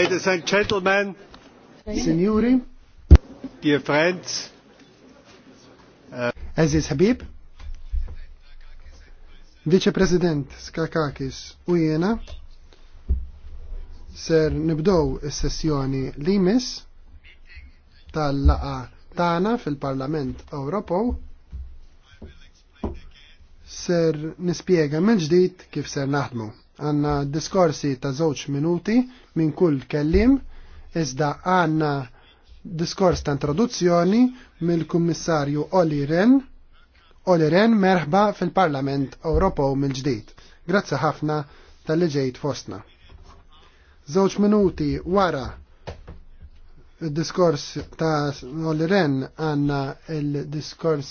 Ladies and gentlemen, Signori, dear friends, uh, Aziz Habib, Vice President Skakakis u jena ser nibdow is-sessjoni li mis tal-laqa tagħna fil-Parlament Ewropew ser nispiega mill ġdid kif ser naħdmu. Għanna diskorsi ta' żewġ minuti minn kull kellim, iżda għanna diskors ta' introduzzjoni mill-Kummissarju Oli Ren. Oli Ren merħba fil-Parlament Ewropew mill-ġdid. Grazzi ħafna tal ġejt fostna. Żewġ minuti wara il-diskors ta' Oli Ren għanna il-diskors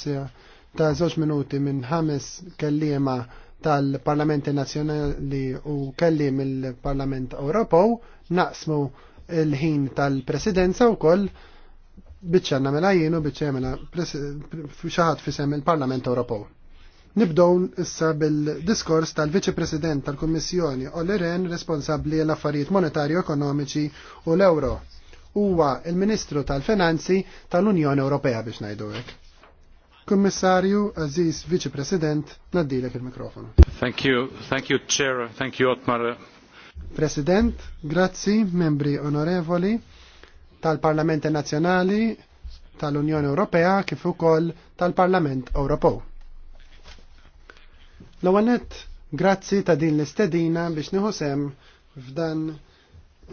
ta' żewġ minuti minn ħames kelliema tal-Parlamenti Nazzjonali u kelli mill-Parlament Ewropew naqsmu l ħin tal-Presidenza u koll bitċa mela jienu bitċa mela xaħat fisem il-Parlament Ewropew. Nibdow issa bil-diskors tal-Viċi President tal-Kommissjoni Olli Ren, responsabli l-affarijiet monetarju ekonomiċi u l-euro. Huwa il-Ministru tal-Finanzi tal-Unjoni Ewropea biex ngħidu hekk. Kummissarju Aziz Vice President, naddilek il-mikrofonu. Thank you, thank you Chair, thank you Otmar. President, grazzi membri onorevoli tal-Parlament Nazzjonali, tal-Unjoni Ewropea kif ukoll tal-Parlament Ewropew. L-ewwel grazzi ta' din l-istedina biex nieħu sem f'dan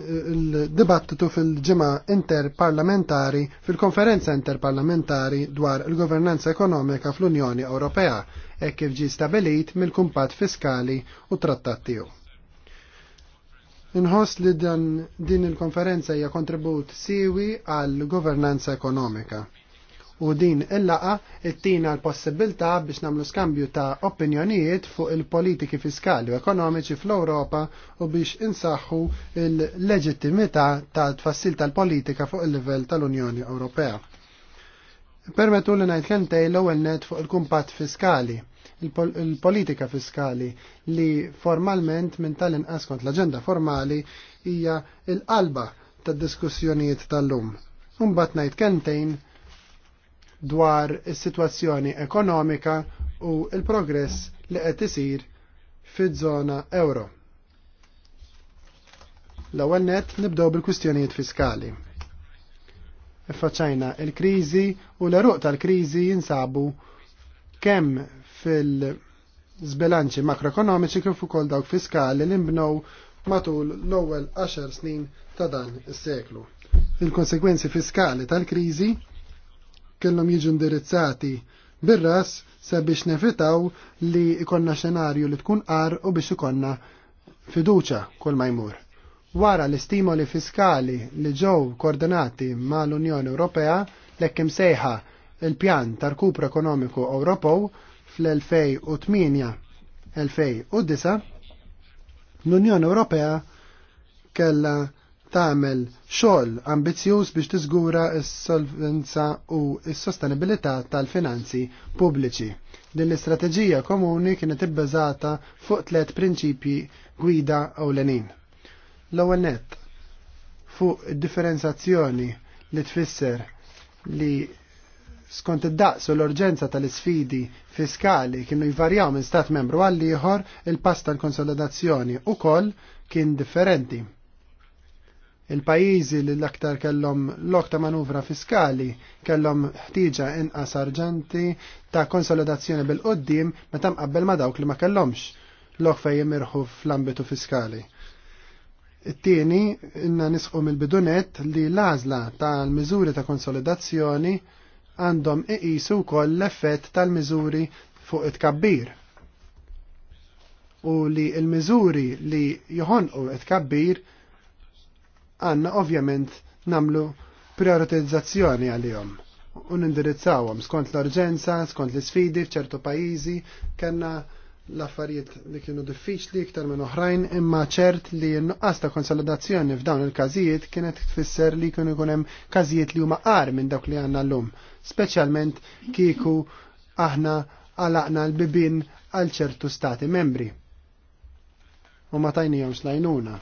il-dibattitu fil-ġimgħa interparlamentari fil-konferenza interparlamentari dwar il-governanza ekonomika fl-Unjoni Ewropea e kif ġi stabilit mill-kumpat fiskali u trattat tiegħu. Inħoss li dan din il-konferenza hija kontribut siwi għall governanza ekonomika u din il-laqa it-tina l-possibilta biex namlu skambju ta' opinjonijiet fuq il-politiki fiskali u ekonomiċi fl-Europa u biex insaħħu il-leġittimità ta' tfassil tal-politika fuq il-livell tal-Unjoni Ewropea. Permetu li najt kentej l-ewwel net fuq il-kumpat fiskali, il-politika fiskali li formalment minn tal-inqas kont l-aġenda formali hija il-qalba tad-diskussjonijiet tal-lum. Umbat najt kentejn dwar is-sitwazzjoni ekonomika u il-progress li qed isir fiż-żona euro. L-ewwel nett nibdew bil-kwistjonijiet fiskali. Iffaċċajna il-kriżi u l-eruq tal-kriżi jinsabu kemm fil- zbilanċi makroekonomiċi kif ukoll dawk fiskali li nbnew matul l-ewwel 10 snin ta' dan is-seklu. Il-konsekwenzi fiskali tal-kriżi kellhom jiġu indirizzati bir-ras sabiex nefitaw li ikonna xenarju li tkun qar u biex ikonna fiduċa kull ma jmur. Wara l-istimoli fiskali li ġew koordinati ma l-Unjoni Ewropea lekk imsejħa il-pjan tar-kupru ekonomiku Ewropew fl-2008-2009 l-Unjoni Ewropea kella tagħmel xogħol ambizzjuż biex tiżgura s-solvenza u s-sostenibilità tal-finanzi pubbliċi. Din l-istrateġija komuni kienet ibbeżata fuq tliet prinċipji gwida ewlenin. L-ewwel nett fuq differenzazzjoni li tfisser li skont id-daqs u l-urġenza tal-isfidi fiskali kienu jvarjaw minn stat membru għall ieħor il-pass tal-konsolidazzjoni u koll kien differenti il-pajizi li l-aktar kellhom lok ta' manuvra fiskali kellhom ħtiġa inqas arġenti ta' konsolidazzjoni bil-qoddim meta qabbel ma' dawk li ma kellhomx lok fejn jimirħu fl-ambitu fiskali. It-tieni inna nisqu mill-bidunet li l-għażla tal-miżuri ta' konsolidazzjoni għandhom iqisu wkoll l-effett tal-miżuri fuq it-kabbir u li l-miżuri li joħonqu it-kabbir għanna ovvjament namlu prioritizzazzjoni għalihom u nindirizzawhom skont l-urġenza, skont l-sfidi f'ċertu pajjiżi, kellna l-affarijiet li kienu diffiċli iktar minn oħrajn, imma ċert li n-nuqqas ta' konsolidazzjoni f'dawn il-każijiet kienet tfisser li kienu jkun hemm każijiet li huma qar minn dawk li għandna llum, speċjalment kieku aħna għalaqna l-bibin għal ċertu stati membri. U ma tajnijomx lajnuna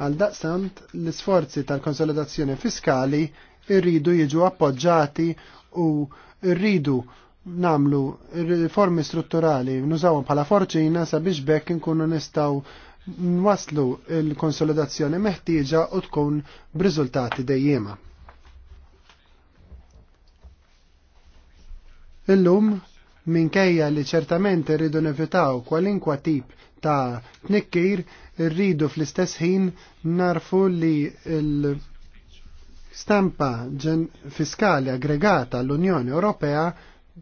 Għal daqsant l-isforzi tal-konsolidazzjoni fiskali irridu jiġu appoġġati u rridu namlu riformi strutturali nużawhom bħala forċina sabiex bekk nkunu nistgħu nwaslu l konsolidazzjoni meħtieġa u tkun b'riżultati dejjema. Illum minkejja li ċertament irridu nevitaw kwalinkwa tip ta' tnikkir rridu fl-istess ħin narfu li l stampa fiskali aggregata l-Unjoni Ewropea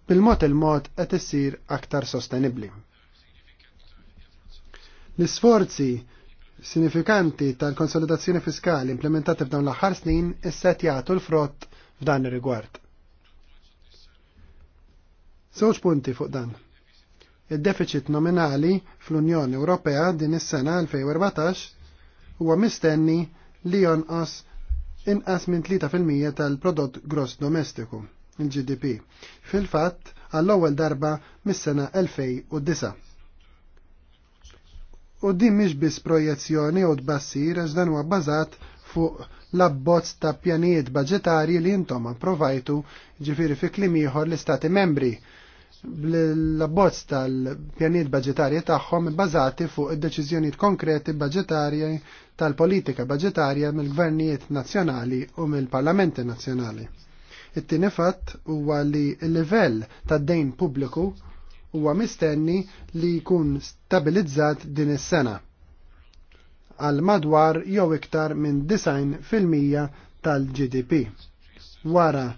bil-mod il-mod qed issir aktar sostenibbli. L-isforzi sinifikanti tal-konsolidazzjoni fiskali implementati f'dawn l-aħħar snin isset jagħtu l-frott f'dan ir-rigward. Żewġ punti fuq dan il deficit nominali fl-Unjoni Ewropea din is-sena 2014 huwa mistenni li jonqos inqas minn 3% tal-prodott gross domestiku, il-GDP. Fil-fatt, għall-ewwel darba mis-sena 2009. U din mhix biss projezzjoni u tbassir għax dan huwa bbażat fuq l-abbozz ta' pjanijiet budġetarji li intom approvajtu ġifiri fi klim ieħor l-Istati membri l-abbozz tal-pjanijiet budgetarji tagħhom bbażati fuq id-deċiżjonijiet konkreti budgetarji tal-politika budgetarja mill-gvernijiet nazzjonali u mill-parlamenti nazzjonali. It-tieni fatt huwa li l-livell tad-dejn pubbliku huwa mistenni li jkun stabilizzat din is-sena għal madwar jew iktar minn 90% tal-GDP wara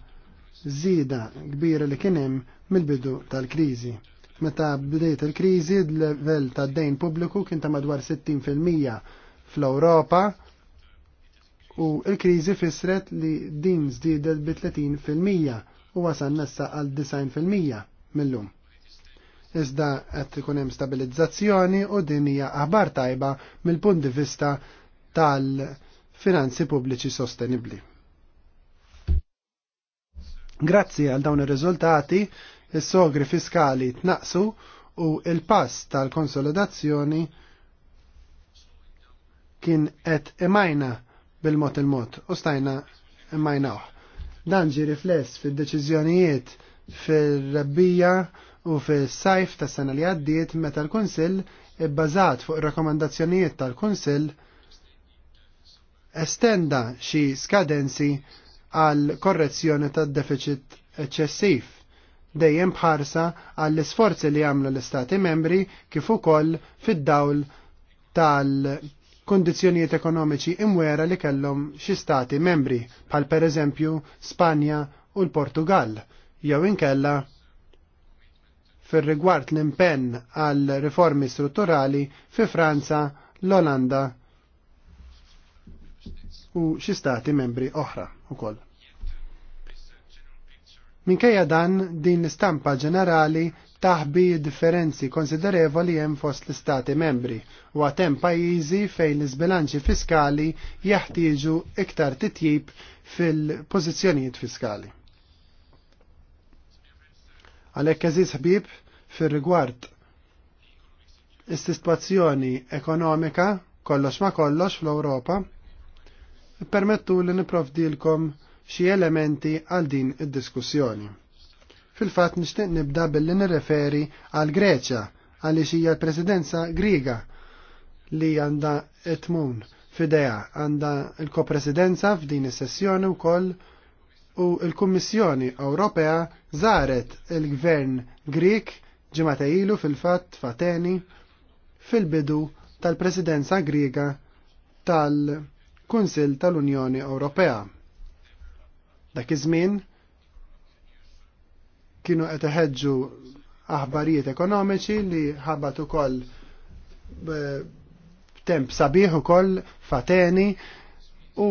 żieda kbira li kien hemm mill-bidu tal-kriżi. Meta bdejt il-kriżi, l-level tad dejn pubbliku kien ta' madwar 60% fl-Ewropa u l-kriżi fisret li din żdiedet bi 30% u wasan nessa għal 90% mill-lum iżda qed ikun hemm stabilizzazzjoni u din hija aħbar tajba mill-punt di vista tal-finanzi pubbliċi sostenibbli. Grazzi għal dawn ir-riżultati, is-sogri fiskali tnaqsu u il-pass tal-konsolidazzjoni kien qed imajna bil-mod il-mod u stajna imajnawh. Dan ġi rifless fil deċiżjonijiet fil rabbija u fil-sajf tas sena li għaddiet meta l-Kunsill ibbażat fuq rakkomandazzjonijiet tal-Kunsill estenda xi skadenzi għal korrezzjoni tad deficit eċċessiv dejjem bħarsa għall isforzi li għamlu l-Istati membri kif ukoll fid-dawl tal-kondizzjonijiet ekonomiċi imwera li kellhom xi stati membri bħal pereżempju Spanja u l-Portugal jew inkella fir-rigward l-impenn għal riformi strutturali fi Franza, l-Olanda u xi stati membri oħra wkoll. Minkejja dan din l-istampa ġenerali taħbi differenzi konsiderevoli hemm fost l-istati membri u għatem pajjiżi fejn l-isbilanċi fiskali jeħtieġu iktar titjib fil-pożizzjonijiet fiskali. Għalhekk eżiż ħbib fir-rigward is-sitwazzjoni ekonomika kollox ma kollox fl-Ewropa permettu li niprofdilkom xi elementi għal din id-diskussjoni. Fil-fatt nixtieq nibda billi nirreferi għal Greċja għaliex hija l-Presidenza Griga li għandha etmun fidea għandha l-kopresidenza f'din is-sessjoni wkoll u l-Kummissjoni Ewropea żaret il-Gvern Grik ġimata fil-fatt fateni fil-bidu tal-Presidenza Griga tal-Presidenza Kunsil tal-Unjoni Ewropea. Dak iż-żmien kienu qed iħeġġu aħbarijiet ekonomiċi li ħabat ukoll eh, temp sabiħ ukoll fateni u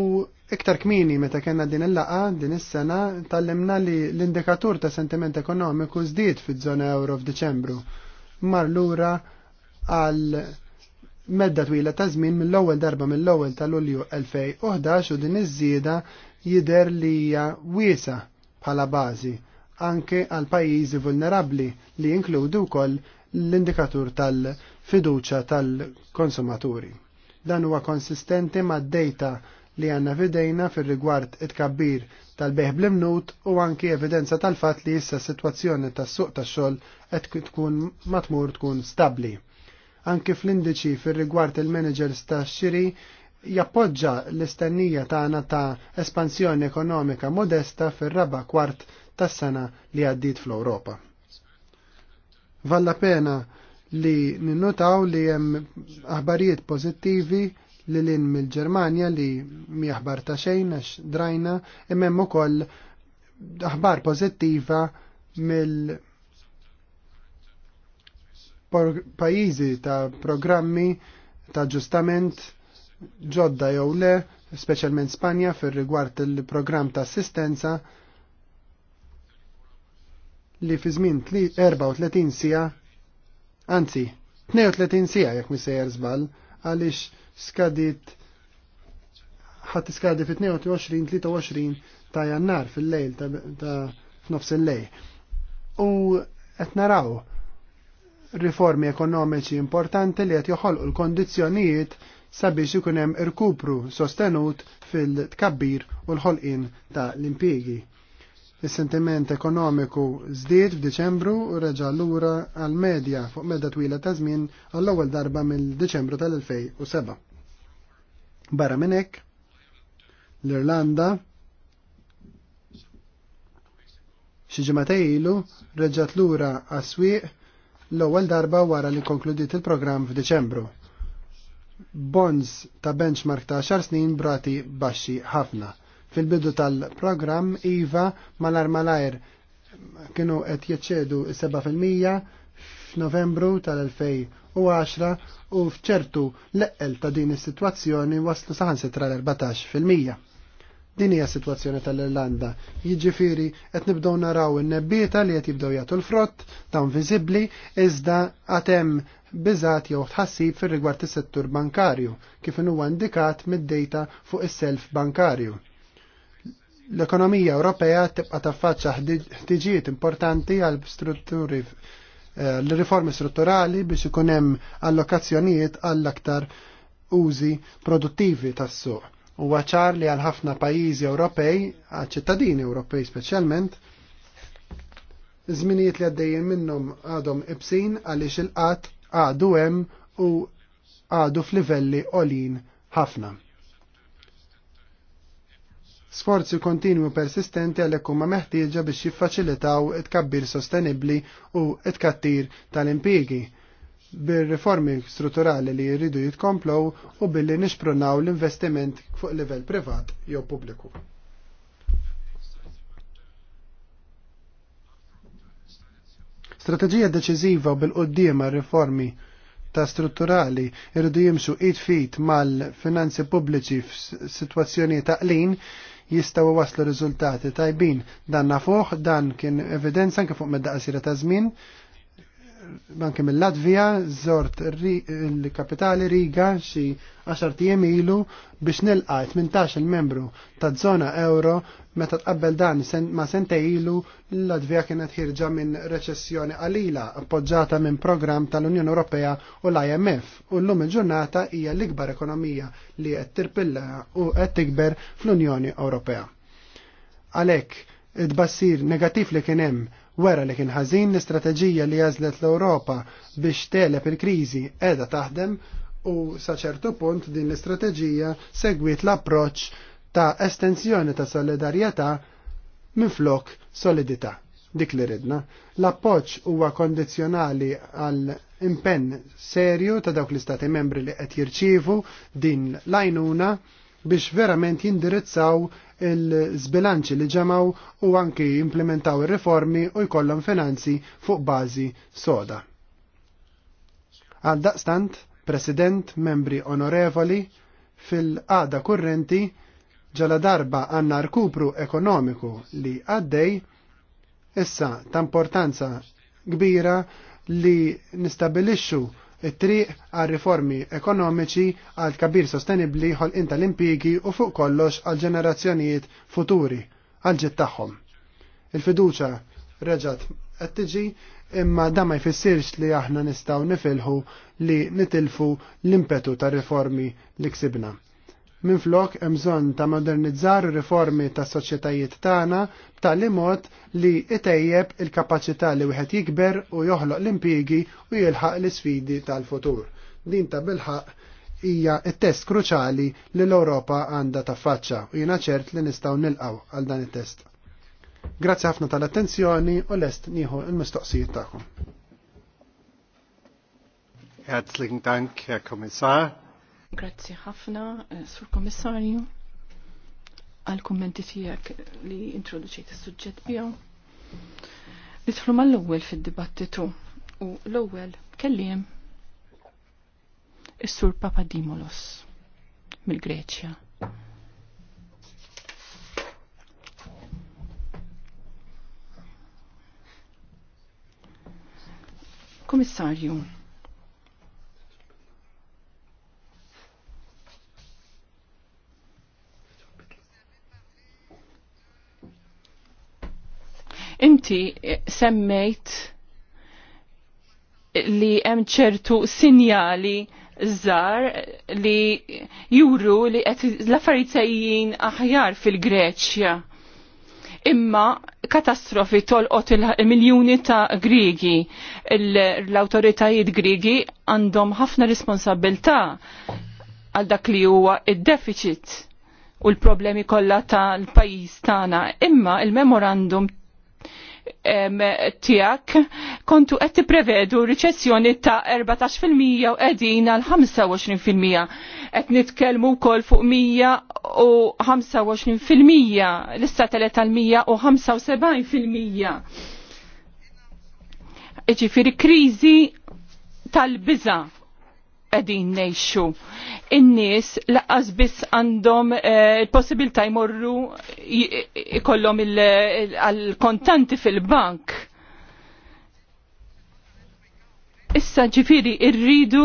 iktar kmini meta kena din il-laqa din is-sena tallimna li l-indikatur ta' sentiment ekonomiku żdied fiż-żona euro f'Diċembru. Mar lura għal medda twila ta' żmien mill-ewwel darba mill-ewwel ta' Lulju 2011 u din iż-żieda jidher li hija wiesa bħala bażi anke għal pajjiżi vulnerabbli li jinkludu wkoll l-indikatur tal fiduċja tal-konsumaturi. Dan huwa konsistenti mad-data li għanna fidejna fir rigward it-kabbir tal-beħ bl-imnut u anki evidenza tal-fat li issa situazzjoni tas suq tax xogħol qed tkun matmur tkun stabli. Anki fl-indiċi fir-rigward il-managers ta' xiri jappoġġa l-istennija tagħna ta' espansjoni ekonomika modesta fir-raba kwart tas-sena li għaddit fl-Ewropa. Valla pena li ninnotaw li hemm aħbarijiet pożittivi li lin mill-Ġermanja li aħbar ta' xejn għax drajna imma hemm ukoll aħbar pożittiva mill pajizi ta' programmi ta' ġustament ġodda jew le, speċjalment Spanja fir rigward il-programm ta' assistenza li fi żmien 34 sija, anzi 32 sija jekk misejjer żball, għaliex skadit ħadd iskadi fi 22-23 ta' jannar fil-lejl ta' f'nofs il-lejl. U qed naraw riformi ekonomiċi importanti li qed joħolqu l-kondizzjonijiet sabiex ikun hemm irkupru sostenut fil-tkabbir u l-ħolqien ta' l-impjiegi. Is-sentiment ekonomiku żdied f'Diċembru u reġa' lura għal medja fuq medda twila ta' żmien għall-ewwel darba mill-Diċembru tal-2007. Barra minn hekk, l-Irlanda xi ġimgħa ilu reġgħet lura għas-swieq l-ewwel darba wara li konkludiet il-programm f'Diċembru. Bonds ta' benchmark ta' xar snin brati baxxi ħafna. Fil-bidu tal-programm IVA malar malajr kienu qed jeċċedu is-7 f'Novembru tal-2010 u fċertu l-eqqel ta' din is-sitwazzjoni waslu saħansitra l-14 fil-mija. Din hija situazzjoni tal-Irlanda. Jiġifieri qed nibdew naraw in-nebbieta li qed jibdew jagħtu l-frott dawn viżibbli iżda għad hemm biżgħat jew tħassib fir-rigward is-settur bankarju kif huwa indikat mid-dejta fuq is-self bankarju. L-ekonomija Ewropea tibqa' taffaċċa ħtiġijiet importanti għal strutturi eh, l-riformi strutturali biex ikun hemm allokazzjonijiet għall-aktar użi produttivi tas-suq Huwa ċar li għal ħafna pajjiżi Ewropej, għal ċittadini Ewropej speċjalment, żminijiet li għaddejjin minnhom għadhom ibsin għaliex il-qatt għadu hemm u għadu f'livelli olin ħafna. Sforzi kontinwi persistenti għalhekk huma meħtieġa biex jiffaċilitaw it-kabbir sostenibbli u it-kattir tal-impjiegi bir-riformi strutturali li jridu jitkomplow u billi nixprunaw l-investiment fuq livell privat jew pubbliku. Strateġija deċiżiva bil-qoddiema riformi ta' strutturali irridu jimxu id fit mal-finanzi pubbliċi f-situazzjoni ta' qlin jistaw waslu riżultati tajbin. Dan nafuħ, dan kien evidenza anke fuq medda qasira ta' żmien anke mill-Latvija, zort il-kapitali Riga xi 10 tiem ilu biex nilqa 18 il-membru ta' zona euro meta tqabbel dan ma' sente ilu l-Latvija kienet ħirġa minn reċessjoni qalila appoġġata minn programm tal-Unjoni Ewropea u l-IMF u llum il-ġurnata hija l-ikbar ekonomija li qed tirpilla u qed tikber fl-Unjoni Ewropea. Għalhekk, id-bassir negattiv li kien hemm Wera li kien ħażin l-istrateġija li jażlet l-Ewropa biex telep il-kriżi qiegħda taħdem u sa ċertu punt din l-istrateġija segwit l-approċċ ta' estensjoni ta' solidarjetà minflok solidità. Dik li ridna. L-appoċ huwa kondizzjonali għal impenn serju ta' dawk l-istati membri li qed jirċievu din l-għajnuna biex verament jindirizzaw il-zbilanċi li ġemaw u anki implementaw il-reformi u jkollhom finanzi fuq bażi soda. Għal daqstant, President, membri onorevoli, fil-qada kurrenti ġala darba għanna rkupru ekonomiku li għaddej issa ta' importanza kbira li nistabilixxu it-triq għal riformi ekonomiċi għal kabir sostenibli ħol inta l-impigi u fuq kollox għal ġenerazzjonijiet futuri għal ġit tagħhom. Il-fiduċa reġat qed tiġi imma da ma jfissirx li aħna nistgħu nifilħu li nitilfu l-impetu ta' riformi li ksibna. Minflok hemm bżonn ta' modernizzar riformi tas soċjetajiet tagħna b'tali mod li itejjeb il-kapaċità li wieħed jikber u joħloq l-impjiegi u jilħaq l-isfidi tal-futur. Din ta' bilħaq hija t-test kruċali li l-Ewropa għandha taffaċċa u jiena ċert li nistgħu nilqgħu għal dan it-test. Grazzi ħafna tal-attenzjoni u lest nieħu l-mistoqsijiet tagħkom. Herzlichen Dank, Herr Kommissar. Grazzi ħafna, eh, Sur Kommissarju. għal kummenti tijak li introduċejt il-sujġet bijaw. Nitħlu mal-ewwel fid-dibattitu u l-ewwel kellim il sur Papadimolos mill-Greċja. Komissarju, Inti semmejt li hemm ċertu sinjali żar li juru li qed l-affarijiet aħjar fil-Greċja. Imma katastrofi tolqot il-miljuni ta' Grigi. L-autoritajiet Grigi għandhom ħafna responsabilità għal dak li huwa id-deficit u l-problemi kollha tal-pajjiż tagħna. Imma il-memorandum tijak kontu qed tipprevedu riċessjoni ta' 14% u qegħdin għal 25%. Qed nitkellmu wkoll fuq 125% l-issa telet tal-175%. Iġifieri kriżi tal biza qegħdin ngħixu. In-nies laqas biss għandhom eh, il-possibilità jmorru ikollhom il-kontanti fil-bank. Issa ġifiri, irridu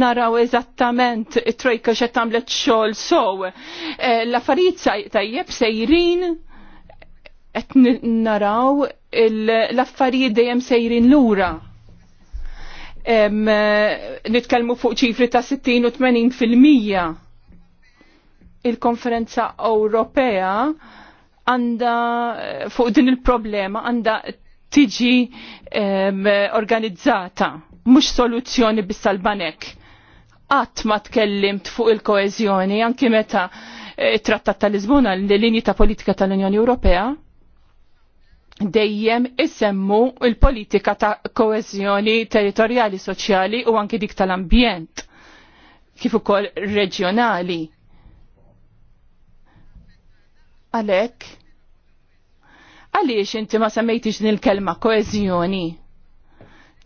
naraw eżattament it-trojka xa tamlet xol sow. Eh, l-affarijiet tajjeb sejrin, et naraw l-affarijiet dejjem sejrin lura. ura Eh, nitkellmu fuq ċifri ta' 60 u 80 fil-mija. Il-konferenza Ewropea għanda eh, fuq din il-problema għanda tiġi organizzata, mhux soluzzjoni biss tal-banek. Qatt ma tkellimt fuq il koezjoni anki meta it-Trattat eh, tal-Lisbona l-linji ta' politika tal-Unjoni Ewropea dejjem isemmu il-politika ta' koezjoni territorjali soċjali u anki dik tal-ambjent kif ukoll reġjonali. Għalek, għaliex inti ma semmejtix din il-kelma koezjoni?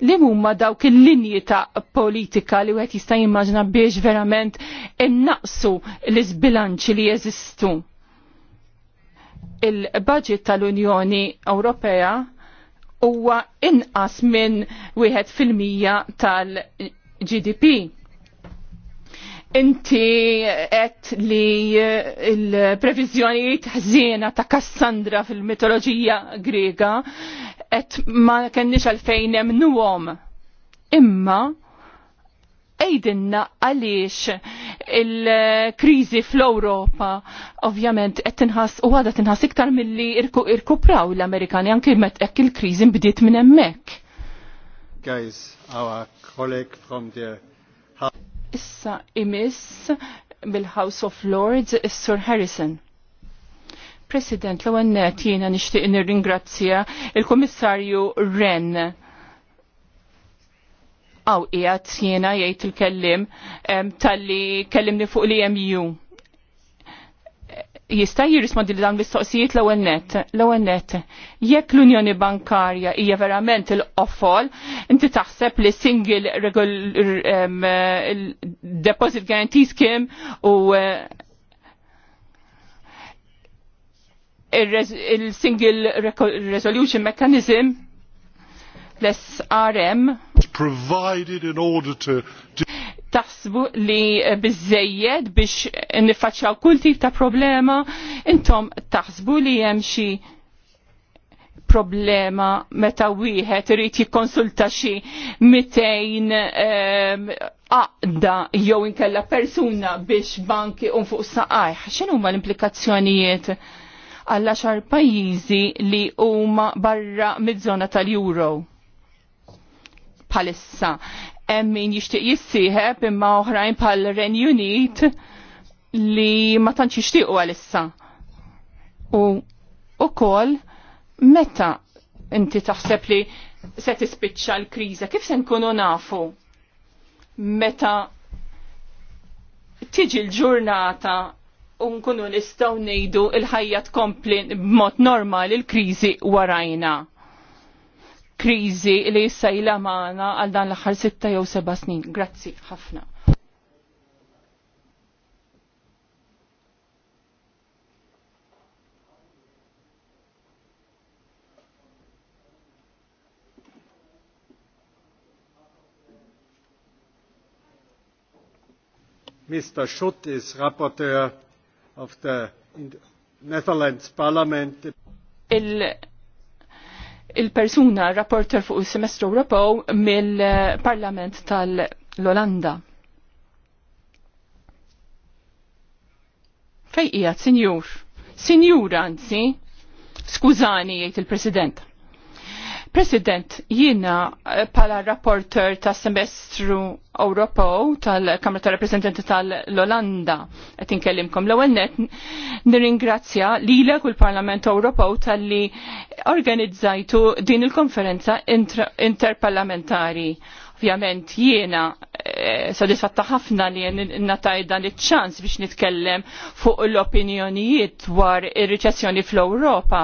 Li huma dawk il-linji ta' politika li wieħed jista' jimmaġna biex verament innaqsu l izbilanċi li jeżistu? il-budget tal-Unjoni Ewropea huwa inqas minn wieħed fil-mija tal-GDP. Inti qed li l-previżjonijiet ħżiena ta' Kassandra fil-mitoloġija Griega qed ma kenniex għalfejn hemm nuhom. Imma ejdinna għaliex il-krizi fl-Europa ovvjament qed tinħass u għadha tinħass iktar milli irkupraw l-Amerikani anke met hekk il-kriżi bdiet minn hemmhekk. Guys, our colleague from the Issa imis mill-House of Lords is-Sir Harrison. President, l-għennet jiena nixtieq nirringrazzja il-Komissarju Ren għaw ijat jena jgħid il-kellim tal-li kellimni fuq li jemju. Jista' jirrispondi li dan mistoqsijiet l-ewwel net. L-ewwel net, jekk l-Unjoni Bankarja hija verament il-qofol, inti taħseb li single regul um, deposit guarantee scheme u eh, il-single resolution mechanism l-SRM provided in order to taħsbu li bizzejjed biex nifaċċaw kull tip ta' problema, intom taħsbu li hemm xi problema meta wieħed irid jikkonsulta xi 200 għaqda ehm, jew inkella persuna biex banki un fuq saqajh. X'inhu huma l-implikazzjonijiet għal għaxar pajjiżi li huma barra mid-żona tal-Euro? palissa. Emmin jishtiq jissieħeb imma oħrajn pal Ren Unit li ma tantx jixtiequ għalissa. U kol, meta inti taħseb li se tispiċċa l-kriża, kif se nkunu nafu meta tiġi l-ġurnata u nkunu nistgħu ngħidu il-ħajja tkompli b'mod normali l-kriżi warajna kriżi li jissa jila magħna għal dan l ħar 6 jew 7 snin. Grazzi ħafna. Mr. Schutt is rapporteur of the Netherlands Parliament il-persuna rapporter fuq il-semestru Ewropew mill-Parlament tal-Olanda. Fejqijat, sinjur. Sinjur, anzi, skużani, jgħid il-President. President, jina eh, pala rapporter ta' semestru Ewropew tal-Kamra ta' Rappresentanti tal-Olanda qed inkellimkom l-ewwel net nirringrazzja lilek u l-Parlament Ewropew talli organizzajtu din il-konferenza interparlamentari. Ovvjament jiena eh, sodisfatta ħafna li nataj dan iċ-ċans biex nitkellem fuq l-opinjonijiet dwar ir-riċessjoni fl-Ewropa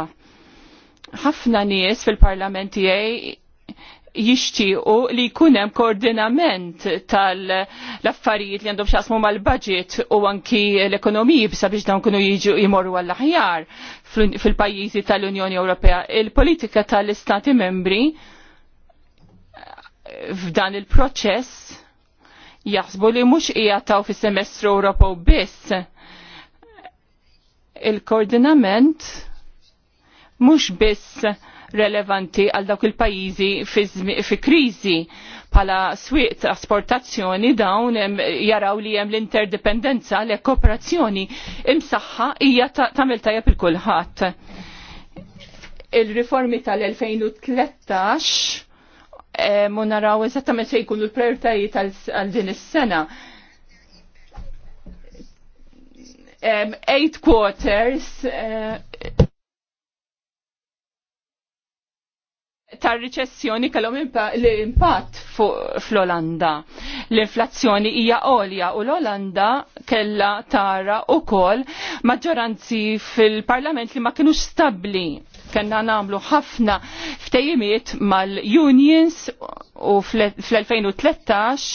ħafna nies fil-parlament tiegħi jixtiequ li jkun hemm koordinament tal-affarijiet li għandhom xasmu mal-budget u anki l-ekonomiji sabiex dawn kunu jiġu jmorru għall-aħjar fil-pajjiżi tal-Unjoni Ewropea. Il-politika tal-Istati membri f'dan il-proċess jaħsbu li mhux hija taw fis-semestru Ewropew biss il-koordinament mhux biss relevanti għal dawk il-pajjiżi fi, fi kriżi bħala swieq ta' asportazzjoni dawn jaraw li hemm l-interdependenza l kooperazzjoni imsaħħa hija tagħmel tajjeb il kulħadd. Il-riformi tal-2013 E, mu naraw eżattament se jkunu l-prioritajiet għal din is-sena. eight quarters uh, tar-riċessjoni kellhom l-impatt fl-Olanda. L-inflazzjoni hija għolja u l-Olanda kellha tara wkoll maġġoranzi fil-Parlament li ma kinux stabbli Kenna namlu ħafna ftejimiet mal-unions u fl-2013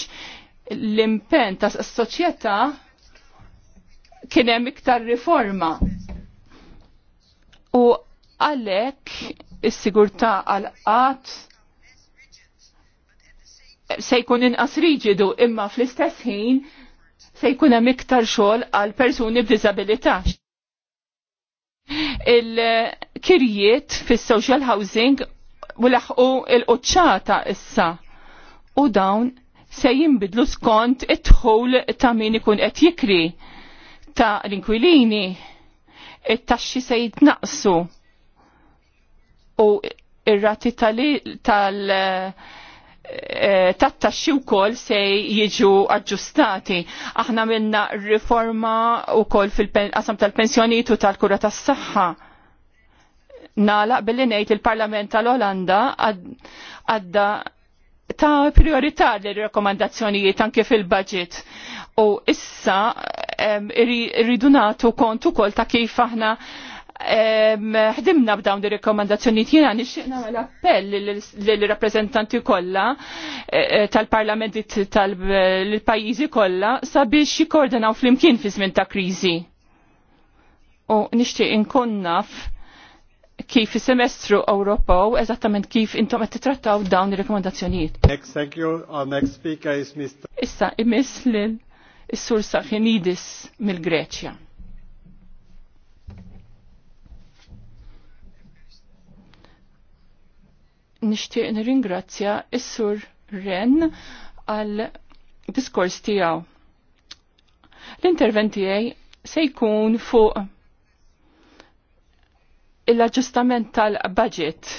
l-impen ta' s kien hemm iktar riforma. U għalhekk is-sigurtà għal qat se jkun inqas riġidu imma fl-istess ħin se jkun hemm iktar xogħol għal persuni b'diżabilità. Il-kirjiet fis-social housing u laħqu l qoċċata issa u dawn se jimbidlu skont it-tħol ta' min ikun qed jikri ta' l-inkwilini it-taxxi se jitnaqsu u ir-rati tal- eh, tat-taxxi wkoll se jiġu aġġustati. Aħna minna riforma wkoll fil-qasam tal-pensjonijiet u tal-kura tas-saħħa. Nalaq billi ngħid il-Parlament tal-Olanda għadda ta' prioritarli li rekomandazzjonijiet anke fil-budget. U issa irridu nagħtu kont ukoll ta' kif aħna ħdimna b'dawn di rekomandazzjoni jiena nixtieq e, e, l appell lill-rappreżentanti kollha tal-parlamenti tal-pajjiżi kollha sabiex jikkoordinaw flimkien fi żmien ta' kriżi. U nixtieq inkun naf kif is-semestru Ewropew eżattament kif intom qed titrattaw dawn ir-rekomandazzjonijiet. Next, thank you. Our next speaker is Mr. Issa imiss lil is-sur Safinidis mill-Greċja. nishtiq nirringrazzja is-sur Ren għal diskors tiegħu. L-intervent tiegħi se jkun fuq l-aġġustament tal-budget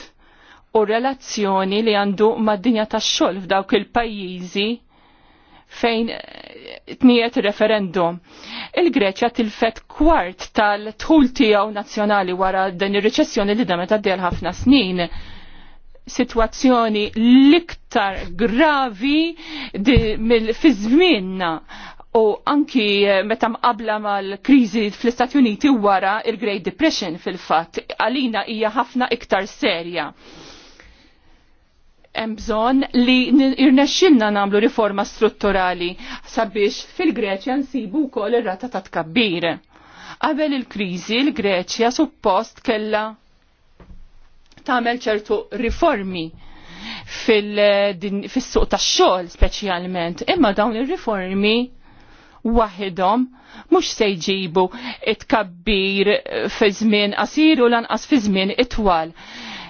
u relazzjoni li għandu mad-dinja tax-xogħol f'dawk il-pajjiżi fejn tniet referendum. Il-Greċja tilfet kwart tal-tħul tiegħu nazzjonali wara din ir-riċessjoni li damet għaddejja ħafna snin situazzjoni liktar gravi fi żmienna u anki eh, meta mqabla mal-kriżi fl-Istati Uniti wara il-Great Depression fil-fatt għalina hija ħafna iktar serja hemm bżonn li irnexxilna nagħmlu riforma strutturali sabiex fil-Greċja nsibu wkoll ir-rata ta' tkabbir. Qabel il-kriżi l-Greċja suppost kella tagħmel ċertu riformi fil-suq tax-xogħol speċjalment, imma dawn ir-riformi waħidhom mhux se jġibu it-kabbir fi żmien qasir u lanqas fi żmien itwal.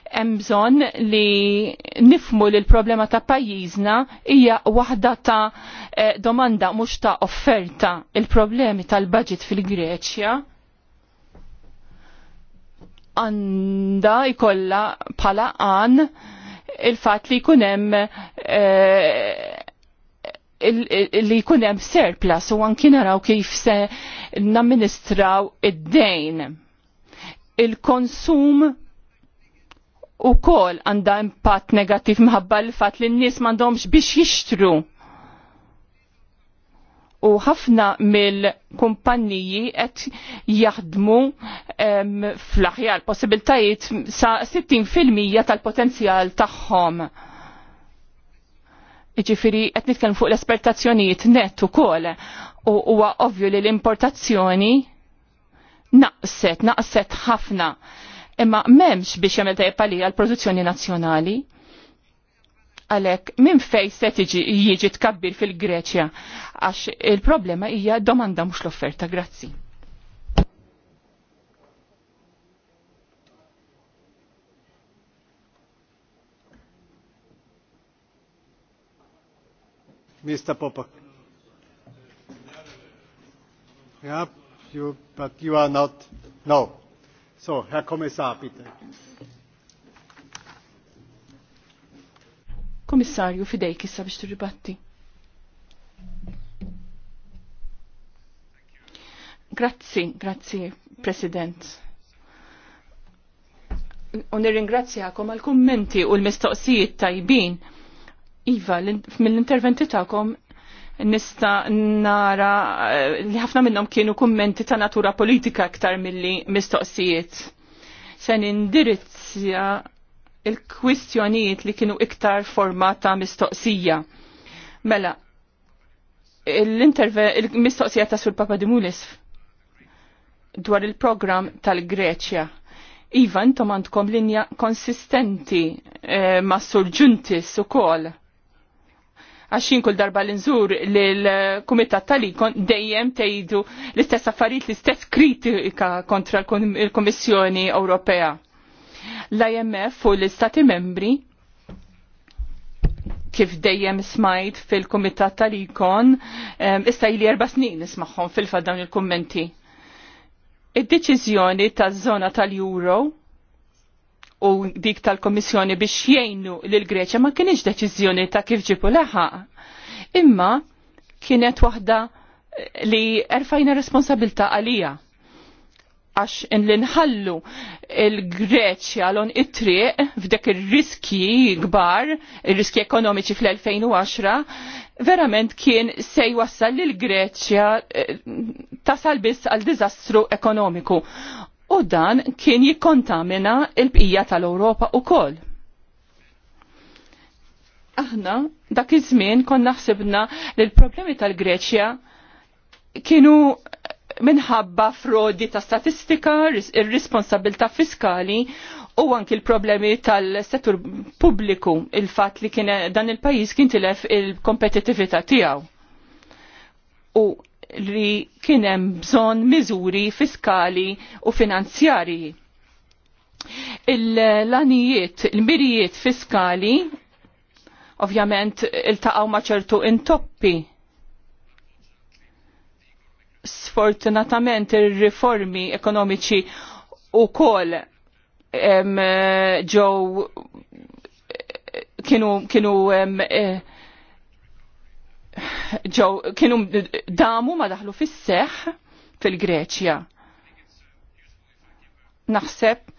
Hemm bżonn li nifmu li l-problema ta' pajjiżna hija waħda ta' eh, domanda mhux ta' offerta. Il-problemi tal-budget fil-Greċja għanda jkolla pala għan il-fat li kunem eh, li kunem surplus u għankin naraw kif se namministraw id-dejn. Il-konsum u kol għanda impatt negativ mħabba l-fat li n-nis mandomx biex jixtru u ħafna mill-kumpanniji qed jaħdmu fl-aħjar possibiltajiet sa 60% tal-potenzjal tagħhom. Ġifiri qed nitkellem fuq l-espertazzjonijiet nett ukoll u huwa ovvju li l-importazzjoni naqset, naqset ħafna imma memx biex jagħmel tajjeb għalija produzzjoni nazzjonali Għalek, minn fej se tiġi jiġi tkabbir fil-Greċja? Għax il-problema hija domanda mhux l-offerta, grazzi. Mr. Popak. Yeah, you, but you are not. No. So, Herr Kommissar, bitte. Komissarju, fidejk issa biex tirribatti. Grazzi, grazzi, President. U nirringrazzjakom għal kummenti u l-mistoqsijiet tajbin. Iva, mill-interventi ta'kom nista nara eh, li ħafna minnhom kienu kummenti ta' natura politika aktar milli mistoqsijiet. Se indirizzja il-kwistjonijiet li kienu iktar formata mistoqsija. Mela, l-mistoqsija ta' Sur Dimulis dwar il-program tal-Greċja. Iva, intom għandkom linja konsistenti e, ma' Sur u kol. Għaxin kull darba l-inżur l-Kumitat tal-Ikon dejjem tejdu l-istess affarijiet, l-istess kritika kontra l-Komissjoni Ewropea L-IMF u l-Istati membri kif dejjem smajt fil-Kumitat tal-Ikon, issa li erba snin nismaħħom fil-fad dawn il-kommenti. Id-deċiżjoni taż-żona tal-Euro u dik tal-Komissjoni biex jgħinu l Greċja ma kienx deċiżjoni ta' kif ġipu laħaq. Imma kienet waħda li erfajna responsabilta għalija għax l-inħallu il-Greċja l-on it-triq f'dek il-riski gbar, il-riski ekonomiċi fl-2010, verament kien se jwassal li l-Greċja eh, tasal biss għal dizastru ekonomiku. U dan kien jikkontamina il-bqija tal-Ewropa u koll. Aħna dak iż-żmien konna ħsibna li l-problemi tal-Greċja kienu minħabba frodi ta' statistika, ir-responsabilta fiskali u anki l-problemi tal-settur pubbliku il-fat li kien dan il-pajis kien tilef il-kompetitività tiegħu. U li kien hemm bżonn miżuri fiskali u finanzjarji. Il-lanijiet, il-mirijiet fiskali ovvjament iltaqgħu ma' ċertu intoppi sfortunatament ir-riformi ekonomiċi u kol ġo kienu kienu eh, kienu damu ma daħlu fis fil-Greċja. Naħseb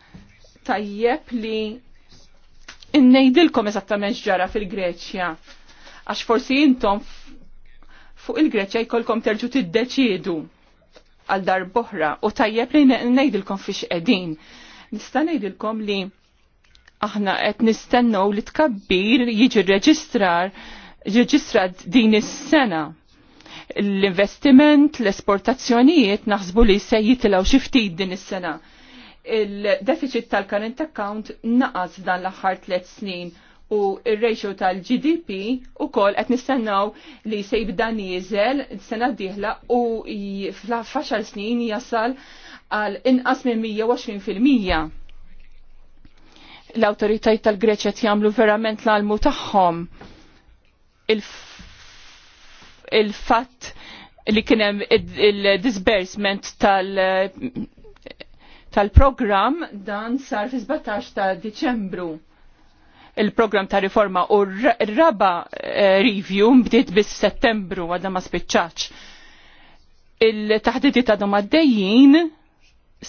tajjeb li innejdilkom eżattament ġara fil-Greċja. Għax forsi intom fuq il-Greċja jkollkom terġu tiddeċiedu għal dar boħra u tajjeb li ngħidilkom fiex qegħdin. Nista' ngħidilkom li aħna qed nistennew li tkabbir jiġi reġistrar reġistrat din is-sena l-investiment, l-esportazzjonijiet naħsbu li se jitilaw xiftit din is-sena. Il-deficit tal-current account naqas dan l-aħħar tliet snin u il-ratio tal-GDP u kol għet nistennaw li sejb dan jizel sena diħla u fl faxar snin jasal għal inqas minn 120%. L-autoritajt tal greċet jagħmlu verament l-almu tagħhom il-fatt li kienem il-disbursement tal- tal-program dan sar fi 17 ta' Diċembru il-program ta' riforma u r-raba eh, review mbdiet bis settembru għadha ma spiċċaċ. Il-taħdidi ta' dom għaddejjin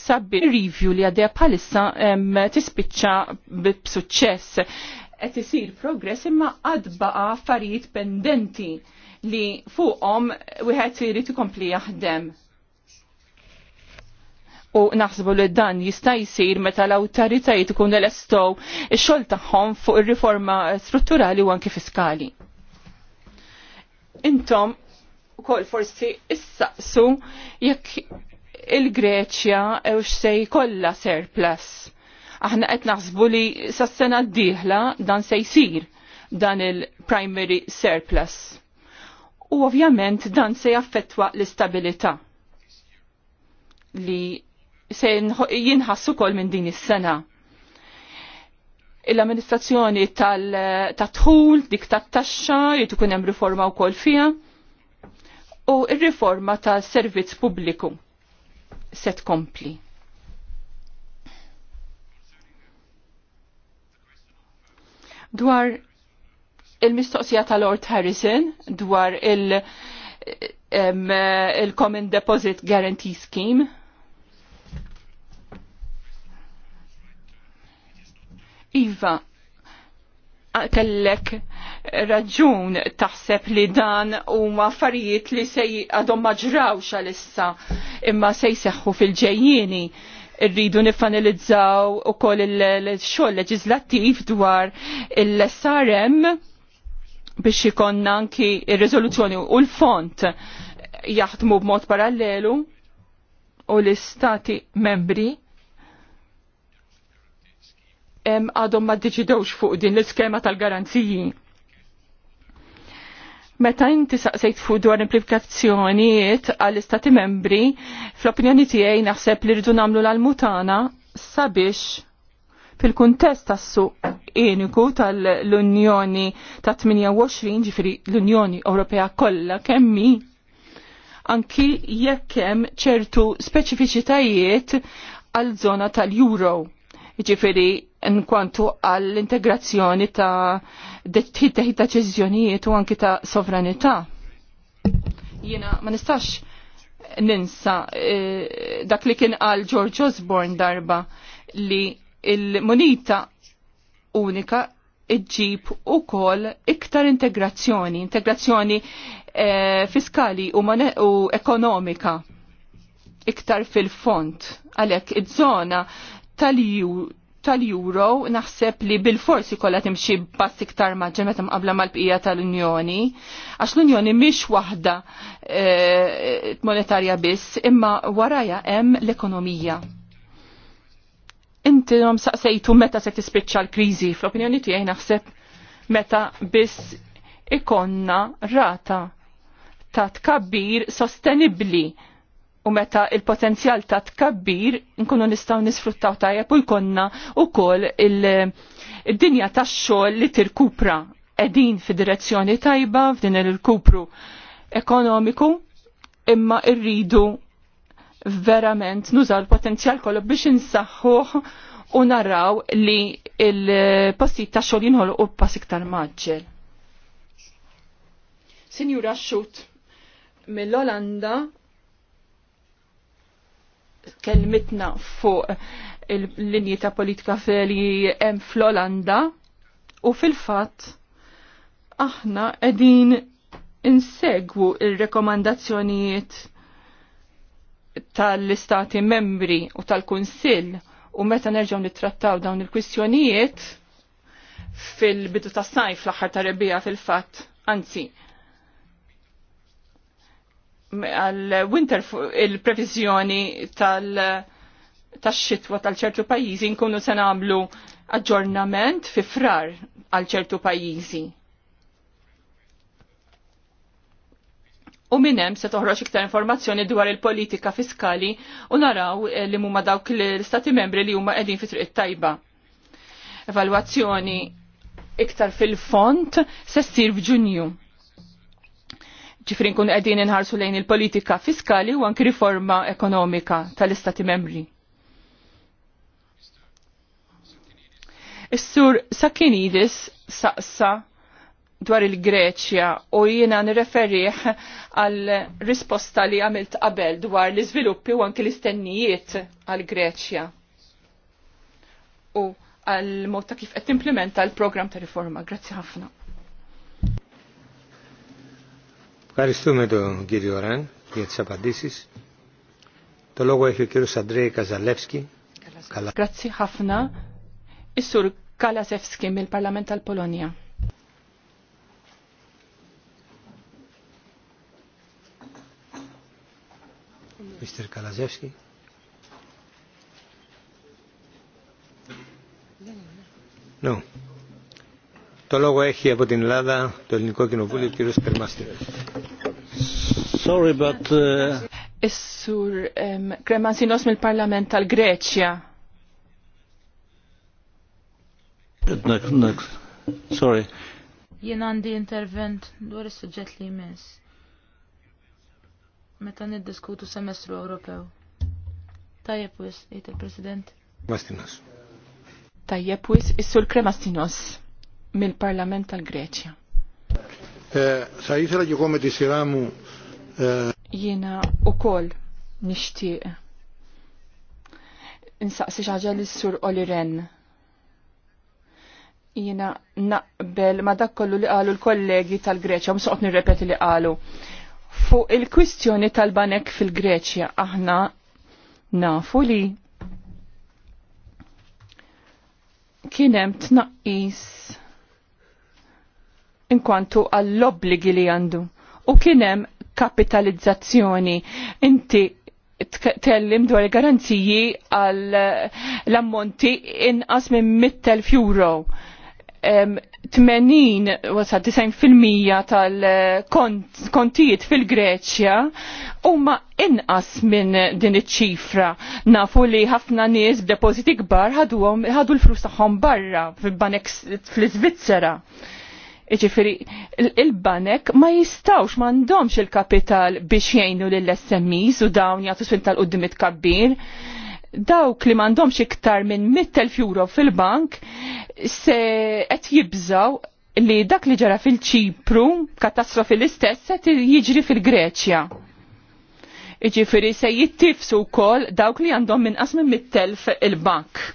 sabbi review li għaddeja bħalissa tispiċċa b'suċċess. Qed isir progress imma għad baqa affarijiet pendenti li fuqhom wieħed irid ikompli jaħdem u naħsbu li dan jista' jsir meta l-awtoritajiet ikun elestow ix-xogħol tagħhom fuq ir-riforma strutturali u anke fiskali. Intom ukoll forsi issaqsu jekk il-Greċja ewx se jkollha surplus. Aħna qed naħsbu li sas-sena d-dieħla dan se jsir dan il-primary surplus. U ovvjament dan se jaffettwa l-istabilità li se jinħassu kol minn din is-sena. Il-amministrazzjoni tal tatħul dik tat-taxxa, jitu kunem riforma u kol fija, u il-riforma tal-servizz pubbliku se tkompli. Dwar il-mistoqsija tal-Lord Harrison dwar il- il-Common Deposit Guarantee Scheme, Iva, kellek raġun taħseb li dan huma affarijiet li se għadhom ma ġrawx għalissa imma se jseħħu fil ġejjini rridu nifanilizzaw u koll il-xol leġizlattiv dwar il-SRM biex ikon anki il rezoluzjoni u l-font jaħdmu b'mod parallelu u l-istati membri għadhom ma ddiċidewx fuq din l-iskema tal-garanziji. Meta inti saqsejt fuq dwar implikazzjonijiet għall-istati membri, fl-opinjoni tiegħi naħseb li rridu nagħmlu l-mutana sabiex fil-kuntest tas-suq iniku tal-Unjoni ta' 28 ġifiri l-Unjoni Ewropea kollha kemmi anki jekk hemm ċertu speċifiċitajiet għal żona tal-Euro Ġifiri, nkwantu għall-integrazzjoni ta' ta' deċiżjonijiet u anki ta' sovranità. Jiena ma nistax ninsa e, dak li kien għal George Osborne darba li il-munita unika iġġib u kol iktar integrazzjoni, integrazzjoni e, fiskali u, u ekonomika iktar fil-font. Għalek, id-zona tal-ju tal-euro naħseb li bil-forsi kollha timxi pass iktar maġġa meta mqabla mal-bqija tal-Unjoni, għax l-Unjoni mhix waħda eh, monetarja biss, imma waraja hemm l-ekonomija. nom saqsejtu meta se tispiċċa l-kriżi, fl-opinjoni tiegħi naħseb meta biss ikonna rata ta' tkabbir sostenibli u meta il-potenzjal ta' tkabbir nkunu nistaw nisfruttaw tajjeb u jkonna u koll il-dinja ta' xogħol li tirkupra edin fi direzzjoni tajba f'din il-kupru ekonomiku imma irridu verament nużaw il-potenzjal kollu biex insaħħuh u narraw li il-postijiet ta' xogħol jinħolqu pass iktar maġġel. Sinjura Xut mill-Olanda kelmitna fuq il-linji ta' politika feli hemm fl-Olanda u fil-fatt aħna qegħdin insegwu il-rekomandazzjonijiet tal-istati membri u tal-Kunsill u meta nerġgħu nittrattaw dawn il-kwistjonijiet fil-bidu tas sajf l-aħħar ta' rebija fil-fatt, anzi għal-winter il-previżjoni tal-xitwa tal ċertu pajjiżi nkunu se nagħmlu aġġornament fi frar għal ċertu pajjiżi. U minn hemm se toħroġ iktar informazzjoni dwar il-politika fiskali u naraw eh, li huma dawk l-istati membri li huma qegħdin fi triq tajba. Evalwazzjoni iktar fil-font se ssir f'Ġunju ġifri kun qegħdin inħarsu lejn il-politika fiskali u anki riforma ekonomika tal-Istati membri. Is-sur Sakinidis saqsa dwar il-Greċja u jiena nirreferih għal risposta li għamilt qabel dwar l-iżviluppi u anki l-istennijiet għal Greċja. U għal mod ta' kif qed implementa l-programm ta' riforma. Grazzi ħafna. Ευχαριστούμε τον κύριο Ραν για τις απαντήσεις. Το λόγο έχει ο κύριος Αντρέη Καζαλεύσκη. Grazzi ħafna. Is-sur Kalasewski mill-Parlament tal-Polonja. Mr. Kalasewski. No. Sorry, but... Uh... Is-sur um, Kremansinos mill-Parlament tal-Greċja. Sorry. Jien għandi intervent dwar is-suġġett li jmiss. Meta niddiskutu semestru Ewropew. Tajjeb wis, jgħid il-President. Mastinos. Tajjeb wis, is-sur Kremastinos mill-Parlament tal-Greċja. Eh, sa jisra ġikom et jisiramu. Eh, Jena u koll nishtiq. Nsaqsi xaġa li s-sur Oliren. Jena naqbel ma dak kollu li qalu l-kollegi tal-Greċja, msoqt nirrepeti li qalu. Fuq il-kwistjoni tal-banek fil-Greċja, aħna nafu li kienem tnaqqis inkwantu għall-obbligi li għandu. U kienem kapitalizzazzjoni. Inti tkellim dwar garanziji għall ammonti inqas minn 100.000 euro. 80 90% tal-kontijiet fil-Greċja huma inqas minn din iċ-ċifra. Nafu li ħafna nies b'depożiti kbar ħadu l-flus tagħhom barra fil-banek fl-Iżvizzera. fil banek fil banek fl iżvizzera Iġifiri, il-banek ma jistawx mandomx il-kapital biex jgħinu l-SMEs u dawn jgħatu spin tal-qoddimit kabbir. Dawk li mandomx iktar minn 100.000 euro fil-bank se qed jibżaw li dak li ġara fil-ċipru, katastrofi l-istess, se jiġri fil-Greċja. Iġifiri se jittifsu kol dawk li għandhom minn qasmin 100.000 il-bank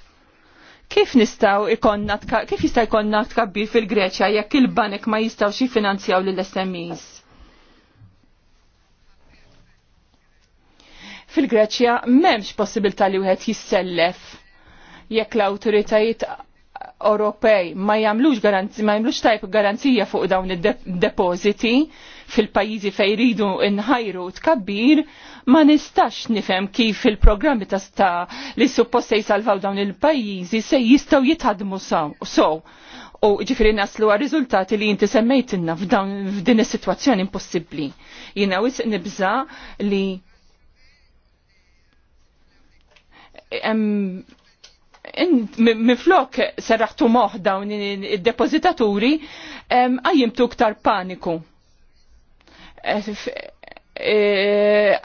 Kif nistaw ikonna, kif jista' jkollna tkabbir fil-Greċja jekk il-banek ma jistgħux jiffinanzjaw lill-SMEs? Fil-Greċja m'hemmx possibilità li wieħed jissellef jekk l-awtoritajiet Ewropej ma jagħmlux garanzi, ma jagħmlux tajb garanzija fuq dawn id-depożiti, fil-pajjiżi fejn jridu nħajru tkabbir, ma nistax nifhem kif il-programmi ta' sta li suppost se jsalvaw dawn il-pajjiżi se jistgħu jitħadmu So, U ġifiri naslu għal riżultati li jinti semmejtinna f'din is-sitwazzjoni impossibbli. Jiena wis nibża li miflok serraħtu moħ dawn id-depozitaturi għajjimtu ktar paniku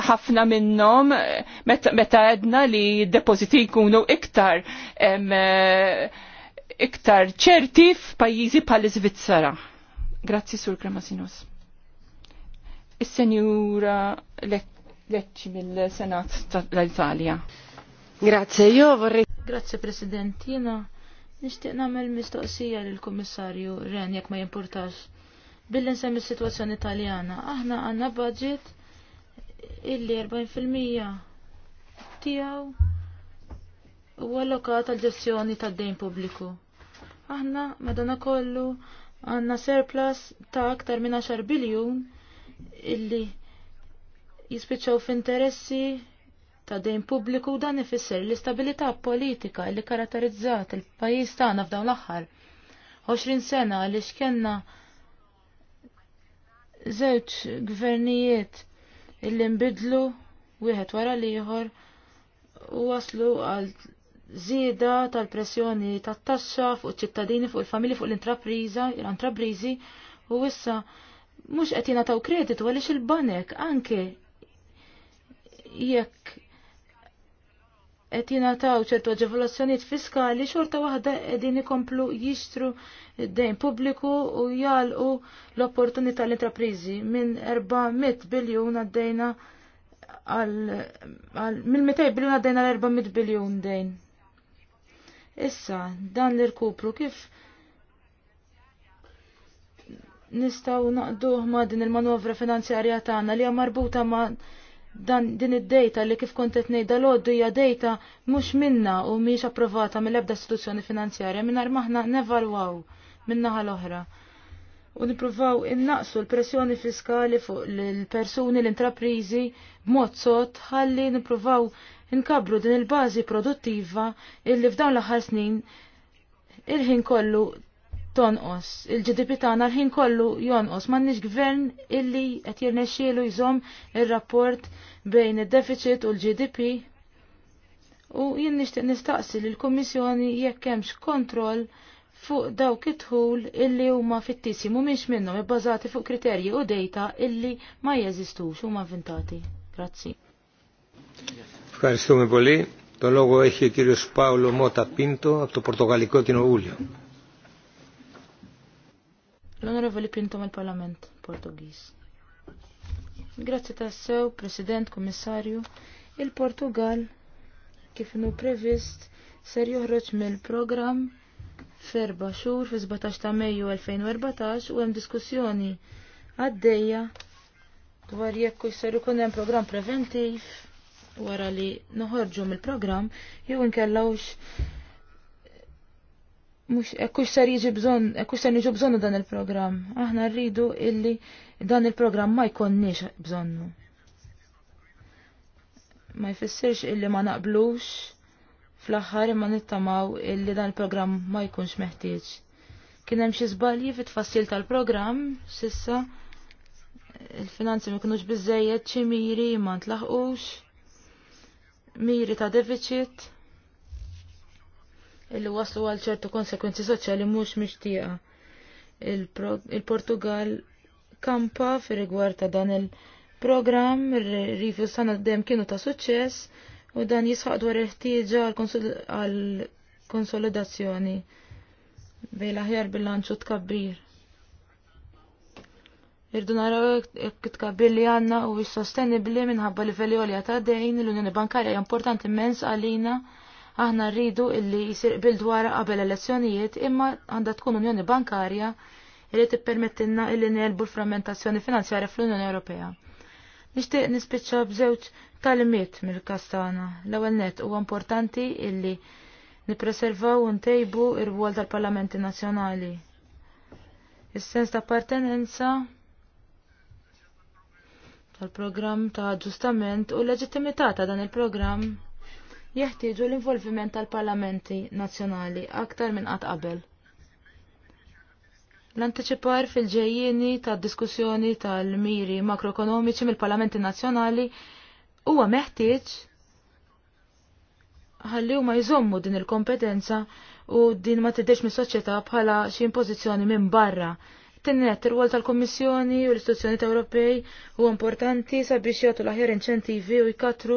ħafna minnom meta għedna li depoziti jkunu iktar eh, iktar ċerti f'pajjiżi bħal iżvizzera Grazzi Sur Kremasinos. Is-senjura Lecci mill-Senat tal-Italja. Grazie, jo vorrei. Grazie President, jena nishtiq namel mistoqsija lill-Kummissarju Ren jekk ma jimportax billi nsemmi s-situazzjoni italjana, Aħna għanna budget illi 40% tiegħu u għallokat għal ġestjoni tad-dejn pubbliku. Aħna madana kollu għanna surplus ta' aktar minn 10 biljun illi jispiċċaw f'interessi ta' dejn pubbliku dan ifisser l-istabilità politika li karatterizzat il-pajjiż tagħna f'dawn l-aħħar 20 sena li xkenna żewġ gvernijiet illi nbidlu wieħed wara l-ieħor u waslu għal zieda tal-pressjoni tat-taxxa fuq ċittadini fuq il-familji fuq l-intrapriża, l-intrapriżi u issa mhux qed jingħataw kreditu għaliex il-banek anke jekk qed jingħataw ċertu aġevolazzjonijiet fiskali xorta waħda qegħdin ikomplu jixtru dejn pubbliku u jgħalqu l-opportunità l-intrapriżi minn 400 biljun għaddejna għal minn 200 biljun għaddejna għal 400 biljun dejn. Issa, dan l-irkupru kif nistaw naqduh ma' din il-manovra finanzjarja tagħna li hija marbuta ma' dan din id-data li kif kontet nejda l-oddu hija data mhux minna u mhix approvata mill-ebda istituzzjoni finanzjarja mingħajr maħna nevalwaw min-naħa l-oħra. U nippruvaw innaqsu l-pressjoni fiskali fuq l-persuni l-intraprizi b'mod sot ħalli nippruvaw inkabru din il-bażi produttiva illi f'dawn l-aħħar snin il-ħin kollu tonqos. Il-GDP tagħna l-ħin kollu jonqos. M'għandniex gvern illi qed jirnexxielu jżomm ir-rapport bejn id-deficit u l-GDP. U jien nixtieq nistaqsi l kummissjoni jekk hemmx kontroll fuq dawk it-tħul illi huma fittisi mhumiex minnhom ibbażati fuq kriterji u dejta illi ma jeżistux huma inventati. Grazzi. Ευχαριστούμε πολύ. Το λόγο έχει ο κύριος Πάολο Μότα Πίντο από το Πορτογαλικό L-Onorevoli Pintom il-Parlament Portugis. Grazzi tassew, President, Komissarju, il-Portugal kif nu previst ser joħroġ mill-programm ferba xhur fi 17 ta' Mejju 2014 u hemm diskussjoni għaddejja dwar jekk jser ikun hemm programm preventiv wara li noħorġu mill-programm jew inkellawx mux ekkux eh, ser jiġi bżon, ekkux eh, ser jiġu bżonnu dan il-program. Aħna rridu illi dan il-program ma jkonniex bżonnu. Ma jfissirx illi ma naqblux fl-aħħar ma nittamaw illi dan il-program ma jkunx meħtieġ. Kien hemm xi żbalji fit-tfassil tal-programm sissa il-finanzi ma jkunux biżejjed xi miri ma ntlaħqux miri ta' deficit illi waslu għal ċertu konsekwenzi soċjali mhux mixtieqa. Il-Portugal kampa fi rigward ta' dan il-programm, rifju sana dem kienu ta' suċċess u dan jisħaq dwar il-ħtieġa għal konsolidazzjoni bejn l-aħjar bil-lanċu tkabbir. Irdu naraw jekk tkabbir li għandna u sostenibli minħabba li velja ta' dejn l-Unjoni Bankarja importanti immens għalina Aħna rridu illi jisir bil dwara qabel elezzjonijiet imma għandha tkun Unjoni Bankarja illi tippermettilna illi nelbu l-frammentazzjoni finanzjarja fl-Unjoni Ewropea. Nixtieq nispiċċa b'żewġ talimiet mill-kastana. L-ewwel net huwa importanti illi nippreservaw u ntejbu r wol tal-Parlamenti Nazzjonali. Is-sens ta' appartenenza tal-programm ta' aġġustament u l-leġittimità ta' dan il-programm jeħtieġu l-involviment tal-parlamenti nazzjonali aktar minn qatt qabel. L-antiċipar fil-ġejjieni tad-diskussjoni tal-miri makroekonomiċi mill-parlamenti nazzjonali huwa meħtieġ ħalli huma jżommu din il-kompetenza u din ma tidex mis-soċjetà bħala xi impożizzjoni minn barra Tinnet ir wol tal-Kommissjoni u l-istituzzjonijiet Ewropej huwa importanti sabiex jagħtu l-aħjar inċentivi u jkatru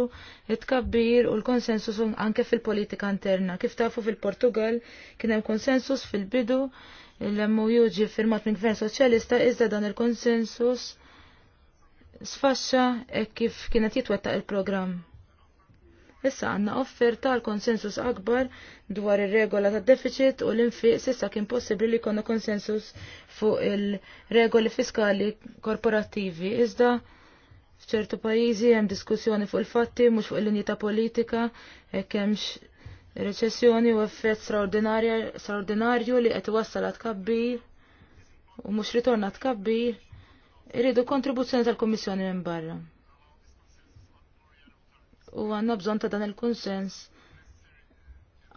it-kabbir u l-konsensus anke fil-politika interna. Kif tafu fil-Portugal kien hemm konsensus fil-bidu l-MOU ġi firmat minn Gvern Soċjalista iżda dan il-konsensus sfaxxa e kif kienet jitwettaq il-programm. Issa għanna offerta għal konsensus akbar dwar ir-regola ta' deficit u l-infiq sissa kien possibli li konna konsensus fuq il-regoli fiskali korporattivi. Iżda f'ċertu pajjiżi hemm diskussjoni fuq il-fatti mhux fuq il-linji ta' politika hekk hemmx reċessjoni u effett straordinarju li qed iwassal tkabbir u mhux ritorna tkabbir irridu kontribuzzjoni tal-Kummissjoni minn barra u għanna bżon ta' dan il-konsens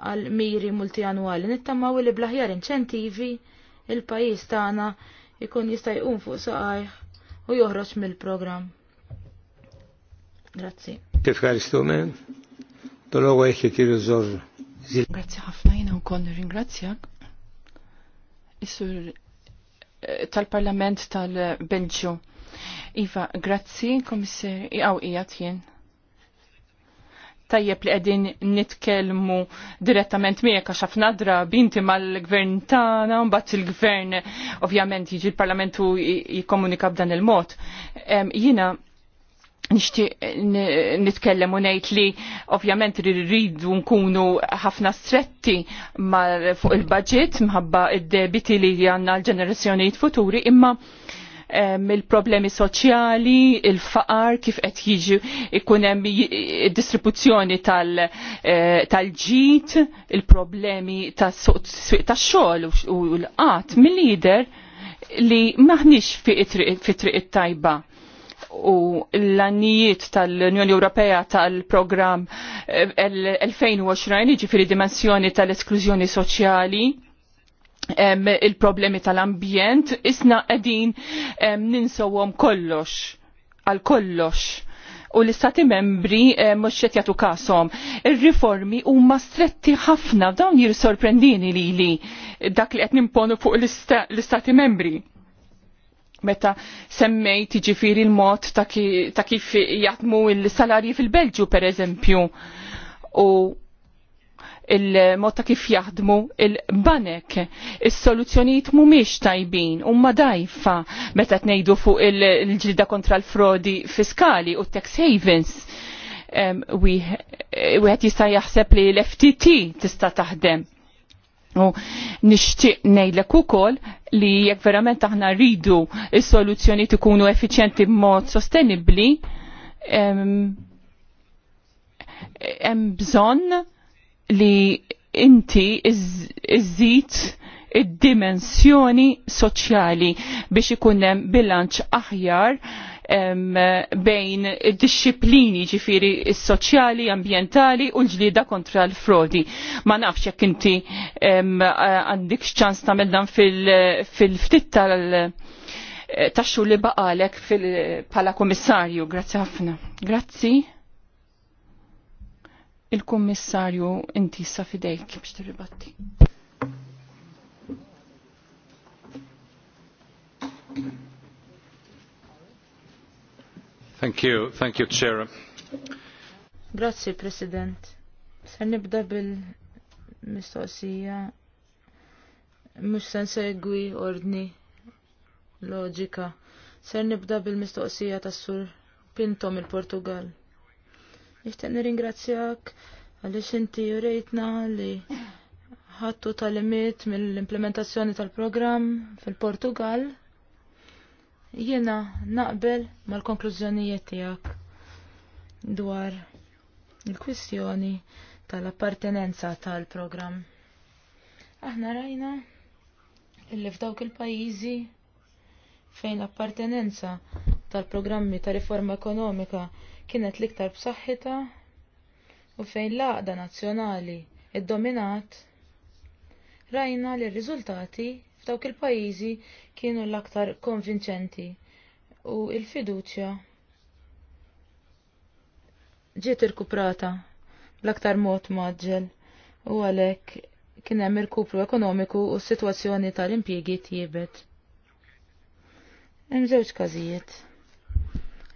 għal miri multianwali. Nittamaw li blaħjar inċentivi il-pajis tagħna ikun jista' jqum fuq saqaj u joħroġ mill-programm. Grazzi. Kif għaristu men? Tolowa jek jitiru zor. Grazzi ħafna jina u kon ringrazzjak. Isur eh, tal-Parlament tal-Belġu. Iva, grazzi, komissar, jgħaw ijat jien tajjeb li qegħdin nitkellmu direttament miegħek għax ħafna drab inti mal-gvern tagħna mbagħad il-gvern ovvjament jiġi l-Parlamentu jikkomunika b'dan il-mod. Jiena nixtieq nitkellem u ngħid li ovvjament rridu nkunu ħafna stretti fuq il-budget mħabba id-debiti li għandna l-ġenerazzjonijiet futuri imma Eh, il-problemi soċjali, il-faqar, kif qed jiġi ikun hemm distribuzzjoni eh, tal-ġid, il-problemi tax-xogħol u l-qatt mill-lider li maħniex fi triq it-tajba u l-annijiet tal-Unjoni Ewropea tal-programm 2020 eh, ġifiri dimensjoni tal-esklużjoni soċjali il-problemi tal-ambjent, isna qegħdin ninsowhom kollox għal kollox u l-istati membri eh, mux jagħtu kasom. Il-riformi huma stretti ħafna, dawn jirsorprendini li li dak li qed nimponu fuq l-istati membri. Meta semmejt ġifiri l-mod ta' kif jatmu l-salarji fil-Belġu, per eżempju, u il-mod kif jaħdmu il-banek. Is-soluzzjonijiet il mhumiex tajbin huma dajfa meta tnejdu fuq il-ġilda kontra l-frodi fiskali u tax havens. U Wieħed jista' jaħseb li l-FTT tista' taħdem. U nixtieq ngħidlek ukoll li jekk verament aħna rridu is-soluzzjoni ikunu effiċjenti b'mod sostenibbli, hemm um, bżonn li inti iżżid id-dimensjoni soċjali biex ikun hemm bilanċ aħjar bejn id-disciplini ġifiri soċjali, ambientali u l-ġlida kontra l-frodi. Ma nafx jekk inti għandik xċans tamel dan fil-ftit tal-taxxu li baqalek pala komissarju. Grazzi ħafna. Grazzi il-kummissarju inti sa fidejk biex tirribatti. Thank you, thank you, Chair. Grazzi, President. Se nibda bil-mistoqsija. Mux sen segwi ordni loġika. Ser nibda bil-mistoqsija tas-sur Pintom il-Portugal. Nixtieq nirringrazzjak għaliex inti rejtna li ħattu tal-limit mill-implementazzjoni tal-programm fil-Portugal. Jiena naqbel mal-konklużjonijiet tiegħek dwar il-kwistjoni tal-appartenenza tal-programm. Aħna rajna illi f'dawk il-pajjiżi fejn l-appartenenza tal-programmi ta' riforma ekonomika kienet liktar b'saħħitha u fejn l-għaqda nazzjonali id-dominat rajna li r-riżultati f'dawk il-pajjiżi kienu l-aktar konvinċenti u il-fiduċja ġiet irkuprata l-aktar mod maġġel u għalhekk kien hemm irkupru ekonomiku u s-sitwazzjoni tal-impjiegi tjiebet. Hemm żewġ każijiet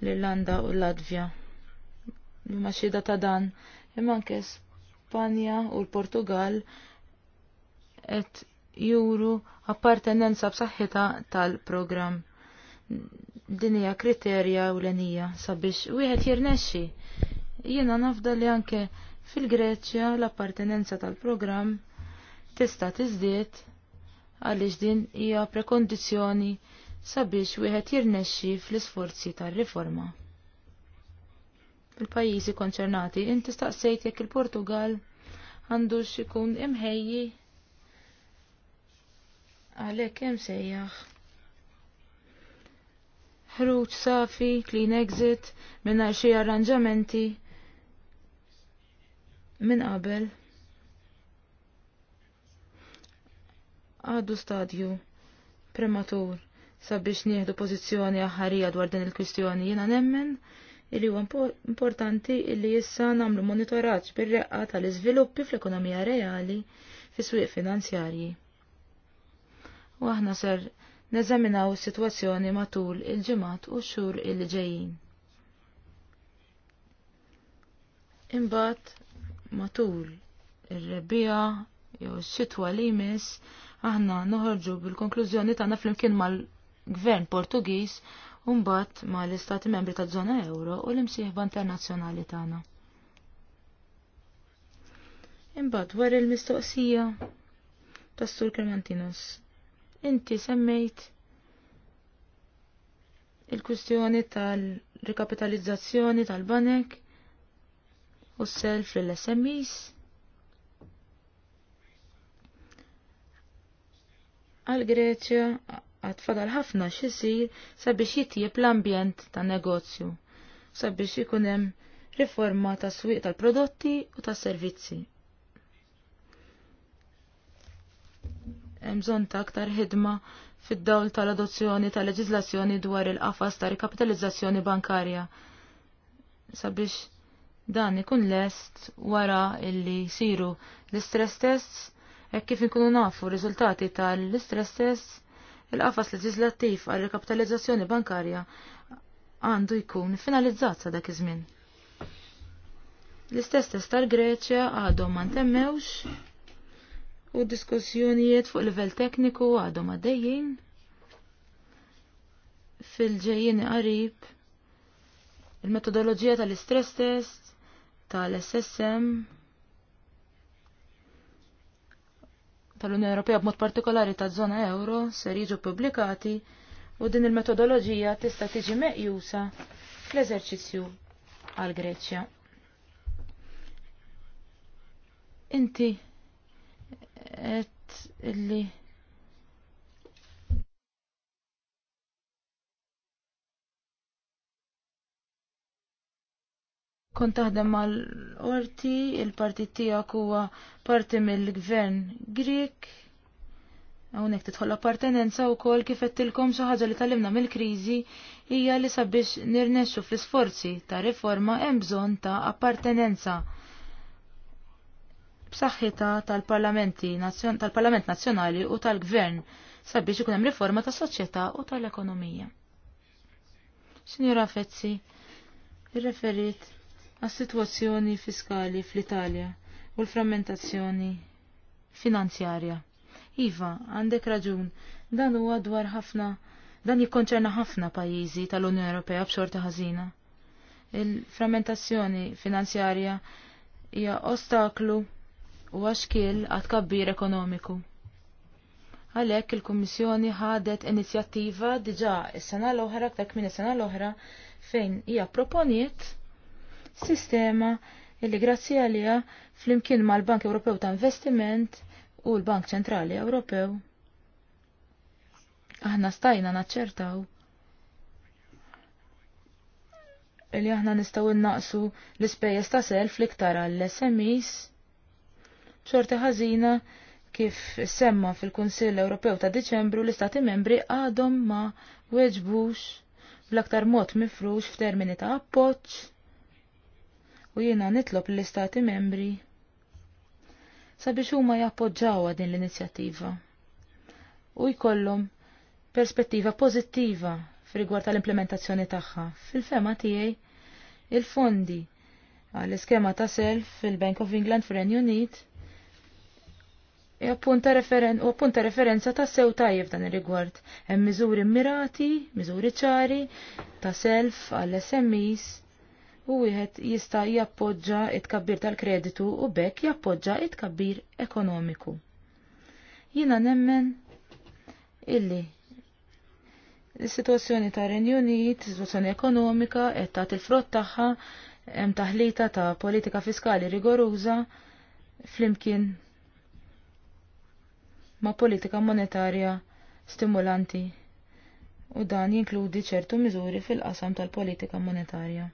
l-Irlanda u l-Latvja ma xida ta' dan. Imma anke Spanja u l-Portugal qed juru appartenenza b'saħħitha tal-programm. Din hija kriterja ewlenija sabiex wieħed jirnexxi. Jiena nafda li anke fil-Greċja l-appartenenza tal-programm tista' tiżdied għaliex din hija prekondizzjoni sabiex wieħed jirnexxi fl-isforzi tar-riforma il-pajjiżi konċernati. Inti staqsejt jekk il-Portugal għandux ikun imħejji għalhekk hemm sejjaħ. Ħruġ safi, clean exit, minna xi arranġamenti minn qabel. Għadu stadju prematur sabiex nieħdu pożizzjoni aħħarija dwar din il-kwistjoni jiena nemmen illi huwa importanti illi issa nagħmlu monitoraġġ bir-reqqa tal-iżviluppi fl-ekonomija reali fis-swieq finanzjarji. U aħna ser neżaminaw is-sitwazzjoni matul il-ġimgħat u x-xhur illi ġejjin. Imbagħad matul ir rebija jew x-xitwa li jmiss aħna noħorġu bil-konklużjoni tagħna flimkien mal-Gvern Portugiż umbat ma l-istati membri ta' zona euro u l-imsieħba internazzjonali tagħna. Imbagħad wara l-mistoqsija tas Sur Kermantinos. Inti semmejt il-kwistjoni tal-rikapitalizzazzjoni tal-banek u s-self lill-SMEs. Għal Greċja għad fadal ħafna xisir sabiex jitjieb l-ambjent ta' negozju, sabiex jikunem riforma ta' swieq tal-prodotti u ta' servizzi. Emżon ta' aktar ħidma fid-dawl tal-adozzjoni ta' leġizlazzjoni dwar il-qafas ta' rikapitalizzazzjoni bankarja sabiex dan ikun lest wara illi siru l-istress tests, hekk kif inkunu nafu riżultati tal-istress tests il-qafas leġislattiv għal rekapitalizzazzjoni bankarja għandu jkun finalizzat sa dak iż-żmien. L-istess test tal-Greċja għadhom ma ntemmewx u diskussjonijiet fuq livell tekniku għadhom għaddejjin fil-ġejjin qarib il-metodoloġija tal-istress test tal-SSM tal-Unjoni Ewropea b'mod partikolari taż-żona euro ser jiġu pubblikati u din il-metodoloġija tista' tiġi meqjusa fl-eżerċizzju għal Greċja. Inti qed illi kont taħdem mal-orti, il-partit tiegħek huwa parti mill-gvern Grik, Hawnhekk tidħol appartenenza wkoll kif qed tilkom xi ħaġa li talimna mill-kriżi hija li sabiex nirnexxu fl-isforzi ta' riforma hemm bżonn ta' appartenenza b'saħħitha tal-Parlamenti tal-Parlament Nazzjonali u tal-Gvern sabiex ikun hemm riforma tas-soċjetà u tal-ekonomija. Sinjora Fezzi, referit għas-sitwazzjoni fiskali fl-Italja u l-frammentazzjoni finanzjarja. Iva, għandek raġun, dan huwa dwar ħafna, dan jikkonċerna ħafna pajjiżi tal-Unjoni Ewropea b'xorta ħażina. Il-frammentazzjoni finanzjarja hija ostaklu u għaxkil għad kabbir ekonomiku. Għalhekk il-Kummissjoni ħadet inizjattiva diġà is-sena l-oħra, ktar kmini is-sena l-oħra, fejn hija proponiet sistema illi grazzi għalija flimkien mal-Bank Ewropew ta' Investiment u l-Bank Ċentrali Ewropew. Aħna stajna naċċertaw illi aħna nistaw innaqsu l-ispejjeż ta' self l-iktar għall-SMEs b'sorti ħażina kif semma fil-Kunsill Ewropew ta' Diċembru l-Istati membri għadhom ma weġbux bl-aktar mod mifrux f'termini ta' appoġġ u jiena nitlob l-istati membri sabiex huma jappoġġawha din l-inizjattiva u jkollhom perspettiva pożittiva f'rigward tal-implementazzjoni tagħha. Fil-fema tiegħi il-fondi għall-iskema ta' self fil-Bank of England fir-Renju Unit u appunta referen referenza ta' sew tajjeb dan ir-rigward. Hemm miżuri mirati, miżuri ċari ta' self għall-SMEs u wieħed jista' jappoġġa it-kabbir tal-kreditu u bekk jappoġġa it-kabbir ekonomiku. Jiena nemmen illi is-sitwazzjoni ta' Renju Unit, sitwazzjoni ekonomika qed tagħti il-frott tagħha hemm taħlita ta' politika fiskali rigoruża flimkien ma' politika monetarja stimulanti u dan jinkludi ċertu miżuri fil-qasam tal-politika monetarja.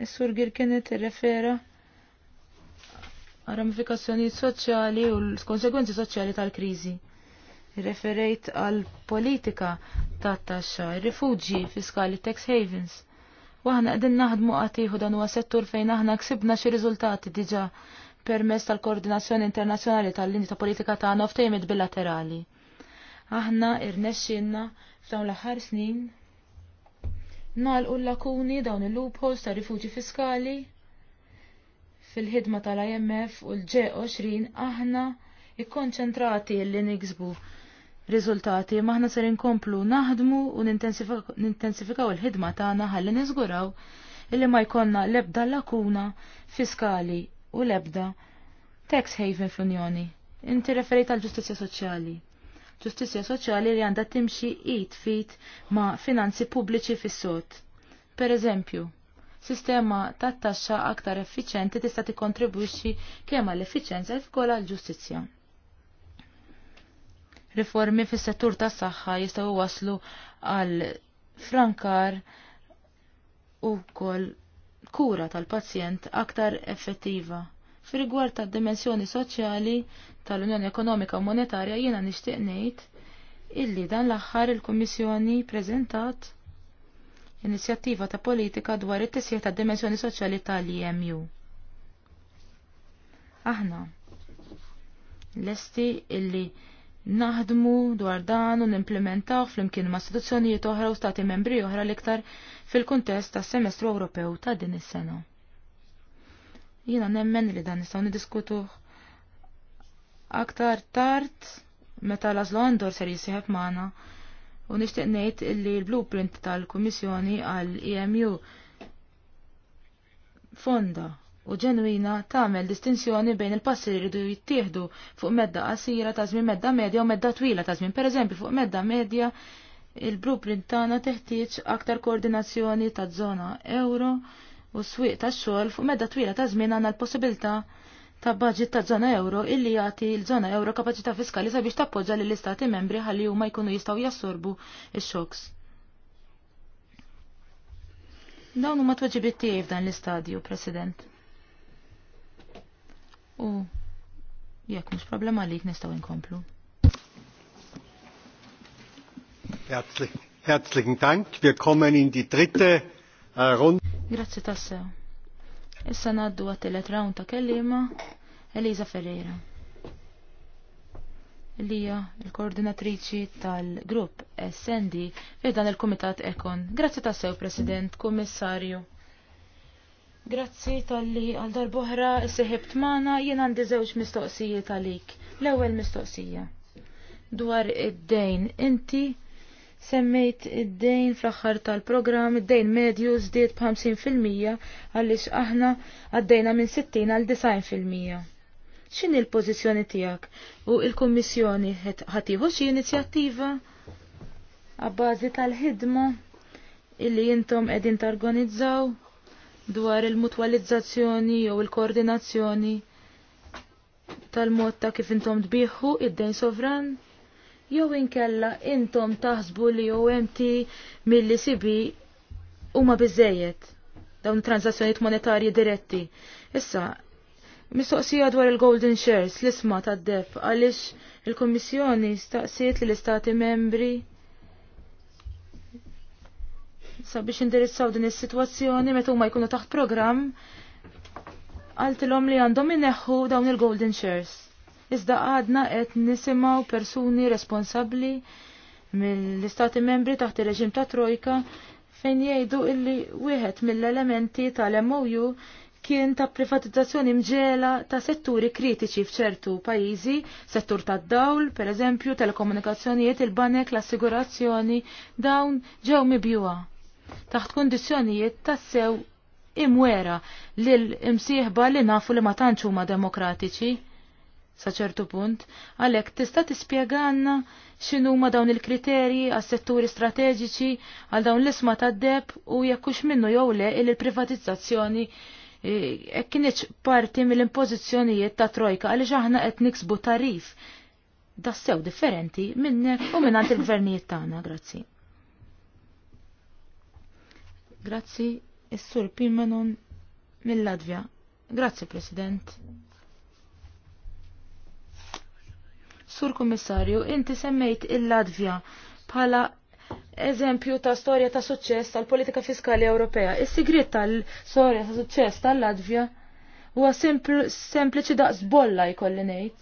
Is-sur Girkenet irrefera ramifikazzjoni soċjali u l-konsekwenzi soċjali tal-kriżi. Referejt għal politika ta' taxxa, rifuġi fiskali tax havens. Waħna qegħdin naħdmu għatiħu dan huwa settur fejn aħna ksibna xi riżultati diġà permess tal-koordinazzjoni internazzjonali tal-linji ta' politika ta' ftejmiet bilaterali. Aħna irnexxinna f'dawn l-aħħar snin nalqu l-lakuni dawn il-loopholes ta' rifuġi fiskali fil-ħidma tal-IMF u l-G20 aħna ikkonċentrati li niksbu riżultati maħna ser inkomplu naħdmu u nintensifikaw il-ħidma tagħna ħalli niżguraw illi ma jkollna lebda lakuna fiskali u lebda tax haven fl-Unjoni. Inti referejt tal ġustizzja soċjali ġustizzja soċjali li għandha timxi id fit ma' finanzi pubbliċi fis-sod. Per eżempju, sistema ta' taxxa aktar effiċenti tista' tikkontribwixxi kemm għall-effiċenza kif ukoll għall-ġustizzja. Riformi fis-settur tas-saħħa jistgħu waslu għal frankar u kol kura tal-pazjent aktar effettiva fil rigward tad-dimensjoni soċjali tal-Unjoni Ekonomika u Monetarja jiena nixtieq ngħid illi dan l-aħħar il-Kummissjoni preżentat inizjattiva ta' politika dwar it-tisjih tad-dimensjoni soċjali tal-EMU. Aħna lesti illi naħdmu dwar dan u nimplementaw flimkien ma' istituzzjonijiet oħra u stati membri oħra l-iktar fil-kuntest tas-semestru Ewropew ta' din is-sena. Jiena nemmen li dan nistgħu niddiskutuh aktar tard meta lażlo Andor ser jisieħeb magħna u nixtieq ngħid illi l-blueprint tal-Kummissjoni għal EMU fonda u ġenwina tagħmel distinzjoni bejn il-passi li jridu jittieħdu fuq medda qasira ta' żmien medda medja u medda twila ta' żmien. Pereżempju fuq medda medja il-blueprint tagħna teħtieġ aktar koordinazzjoni ta' żona euro u s-swieq tax-xogħol fuq medda twila ta' żmien għandna l-possibilità ta' budget ta' żona euro illi jagħti l-żona euro kapaċità fiskali sabiex tappoġġa lill istati membri ħalli huma jkunu jistgħu jassorbu x-xoks. Dawn huma tweġibiet tiegħi f'dan l-istadju, President. U jekk mhux problema għalik nistgħu nkomplu. Herzlichen Dank. Wir kommen in die dritte äh, Runde. Grazzi tassew. Issa naddu għat-telet round ta' kellima Eliza Ferreira. Li hija l-koordinatriċi tal-grupp SND fi dan il-Kumitat Ekon. Grazzi tassew, President, Kummissarju. Grazzi tal-li għal darbohra seħibt mana jien għandi żewġ mistoqsijiet għalik. L-ewwel mistoqsija. Dwar id-dejn, inti Semmejt id-dejn fl-axħar tal-programm, id-dejn medju żdied b'50% għaliex aħna għaddejna minn 60 għal 90%. X'inhi l-pożizzjoni tiegħek u l-Kummissjoni ħatiħu xi inizjattiva għabbażi tal-ħidma illi jintom qegħdin targonizzaw dwar il-mutwalizzazzjoni jew il-koordinazzjoni tal-mod ta' kif intom tbieħu id-dejn sovran? jew inkella intom taħsbu li OMT milli sibi huma biżejjed dawn transazzjonijiet monetarji diretti. Issa, mistoqsija dwar il-Golden Shares l-isma d def għaliex il komissjoni staqsiet li l-Istati membri sabiex indirizzaw din is-sitwazzjoni meta huma jkunu taħt programm għaltilhom li għandhom ineħħu dawn il-Golden Shares iżda għadna qed nisimgħu persuni responsabbli mill-istati membri taħt ir-reġim ta' Trojka fejn jgħidu illi wieħed mill-elementi tal-MOU kien ta' privatizzazzjoni mġela ta' setturi kritiċi f'ċertu pajjiżi, settur tad dawl, per eżempju, telekomunikazzjonijiet, il-banek, l-assigurazzjoni, dawn ġew mibjuwa. Taħt kondizzjonijiet tassew imwera lil imsieħba li nafu li ma tantx huma demokratiċi sa ċertu punt, għalhekk tista' tispjegana xinu ma dawn il-kriterji għas setturi strateġiċi għal dawn l-isma d deb u jekk hux minnu jew le il-privatizzazzjoni hekk e, kienieċ parti mill-impożizzjonijiet ta' trojka għaliex aħna qed niksbu tarif dassew differenti minnek u minnant il-gvernijiet tagħna, grazzi. Grazzi, is-Sur Pimenon mill-Latvja. Grazzi, President. Sur Kummissarju, inti semmejt il-Latvja bħala eżempju ta' storja ta' suċċess tal-politika fiskali Ewropea. Is-sigrit tal-storja ta' suċċess tal-Latvja huwa sempliċi da' zbolla jkolli ngħid.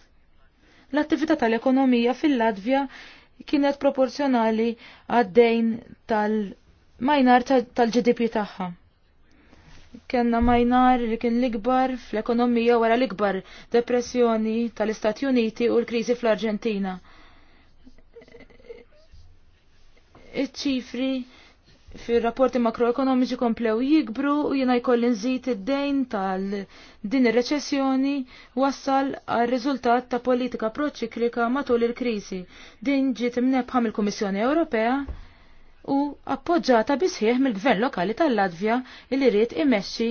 L-attività tal-ekonomija fil-Latvja kienet proporzjonali għad-dejn tal-majnar tal-GDP tagħha kellna majnar li kien l-ikbar fl-ekonomija wara l-ikbar depressjoni tal-Istati Uniti u l-kriżi fl-Arġentina. Iċ-ċifri fil-rapporti makroekonomiċi komplew jikbru u jina jkolli nżid id-dejn tal-din ir-reċessjoni wassal għal riżultat ta' politika proċiklika matul il-kriżi. Din ġiet imnebħa mill-Kummissjoni Ewropea u appoġġata bisħieħ mill-gvern lokali tal-Latvja li rrid imexxi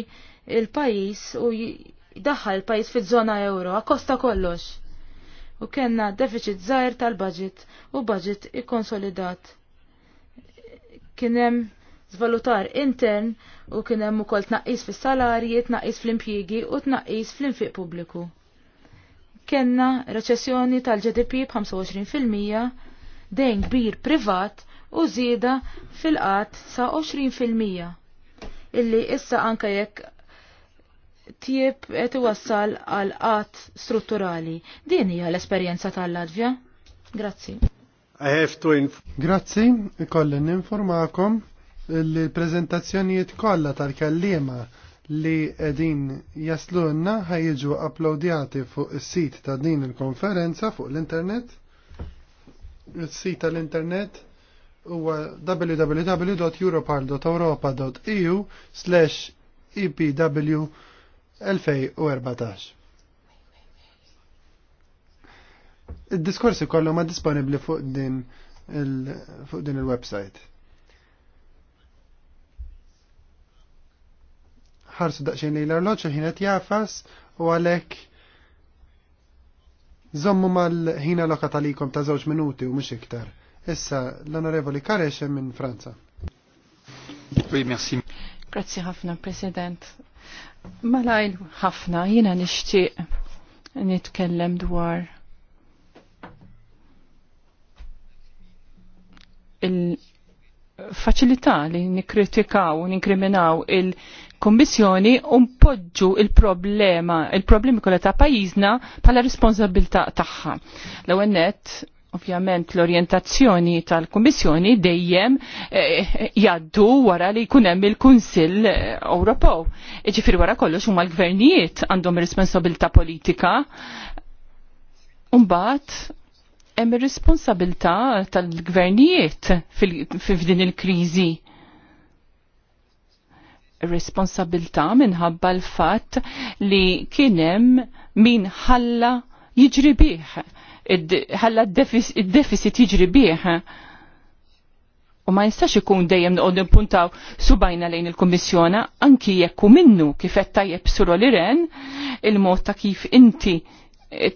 il-pajjiż u jdaħħal il-pajjiż fiż-żona euro kosta kollox. U kellna deficit żgħir tal-budget u budget ikkonsolidat. Kien hemm żvalutar intern u kien hemm ukoll tnaqqis fis-salarji, tnaqqis fl-impjiegi u tnaqqis fl-infiq pubbliku. Kenna reċessjoni tal-GDP b'25% dejn kbir privat u żieda fil-qatt sa 20% illi issa anka jekk tjib qed iwassal għal qat strutturali. Din hija l-esperjenza tal-Latvja. Grazzi. I have to inf Grazzi, ikolli ninformakom li l-prezentazzjonijiet kollha tal-kallima li edin jaslunna ħajġu uploadjati fuq is-sit ta' din il-konferenza fuq l-internet. Is-sit tal-internet huwa www.europarl.europa.eu slash EPW 2014. il diskorsi kollu ma disponibli fuq din fuq din il-website. ħarsu daqxin li l-arloċ ħin qed jafas u għalhekk żommu mal ħina lokatalikom ta' żewġ minuti u mhux iktar. Issa l-Onorevoli Karexe minn Franza. Oui, merci. Grazzi ħafna, President. Malajl ħafna, jina nishtiq nitkellem dwar il-faċilità li nikritikaw, ninkriminaw il-Kommissjoni u mpoġġu il-problema, il-problemi kollha ta' pajjiżna bħala responsabilta tagħha. L-ewwel nett Ovvjament l-orientazzjoni tal-Kummissjoni dejjem eh, jaddu wara li jkun hemm il-Kunsill eh, Ewropew. Ġifieri wara kollox huma l-gvernijiet għandhom responsabilità politika. mbagħad hemm ir-responsabilità tal-gvernijiet f'din il-kriżi Ir-responsabilità minħabba l-fatt li kienem min ħalla jiġri bih ħalla id-deficit jiġri bieħ. Eh? U ma jistax ikun dejjem noqod npuntaw subajna lejn il-Kummissjona anki jekk minnu kif qed tajjeb suro li ren il-mod ta' kif inti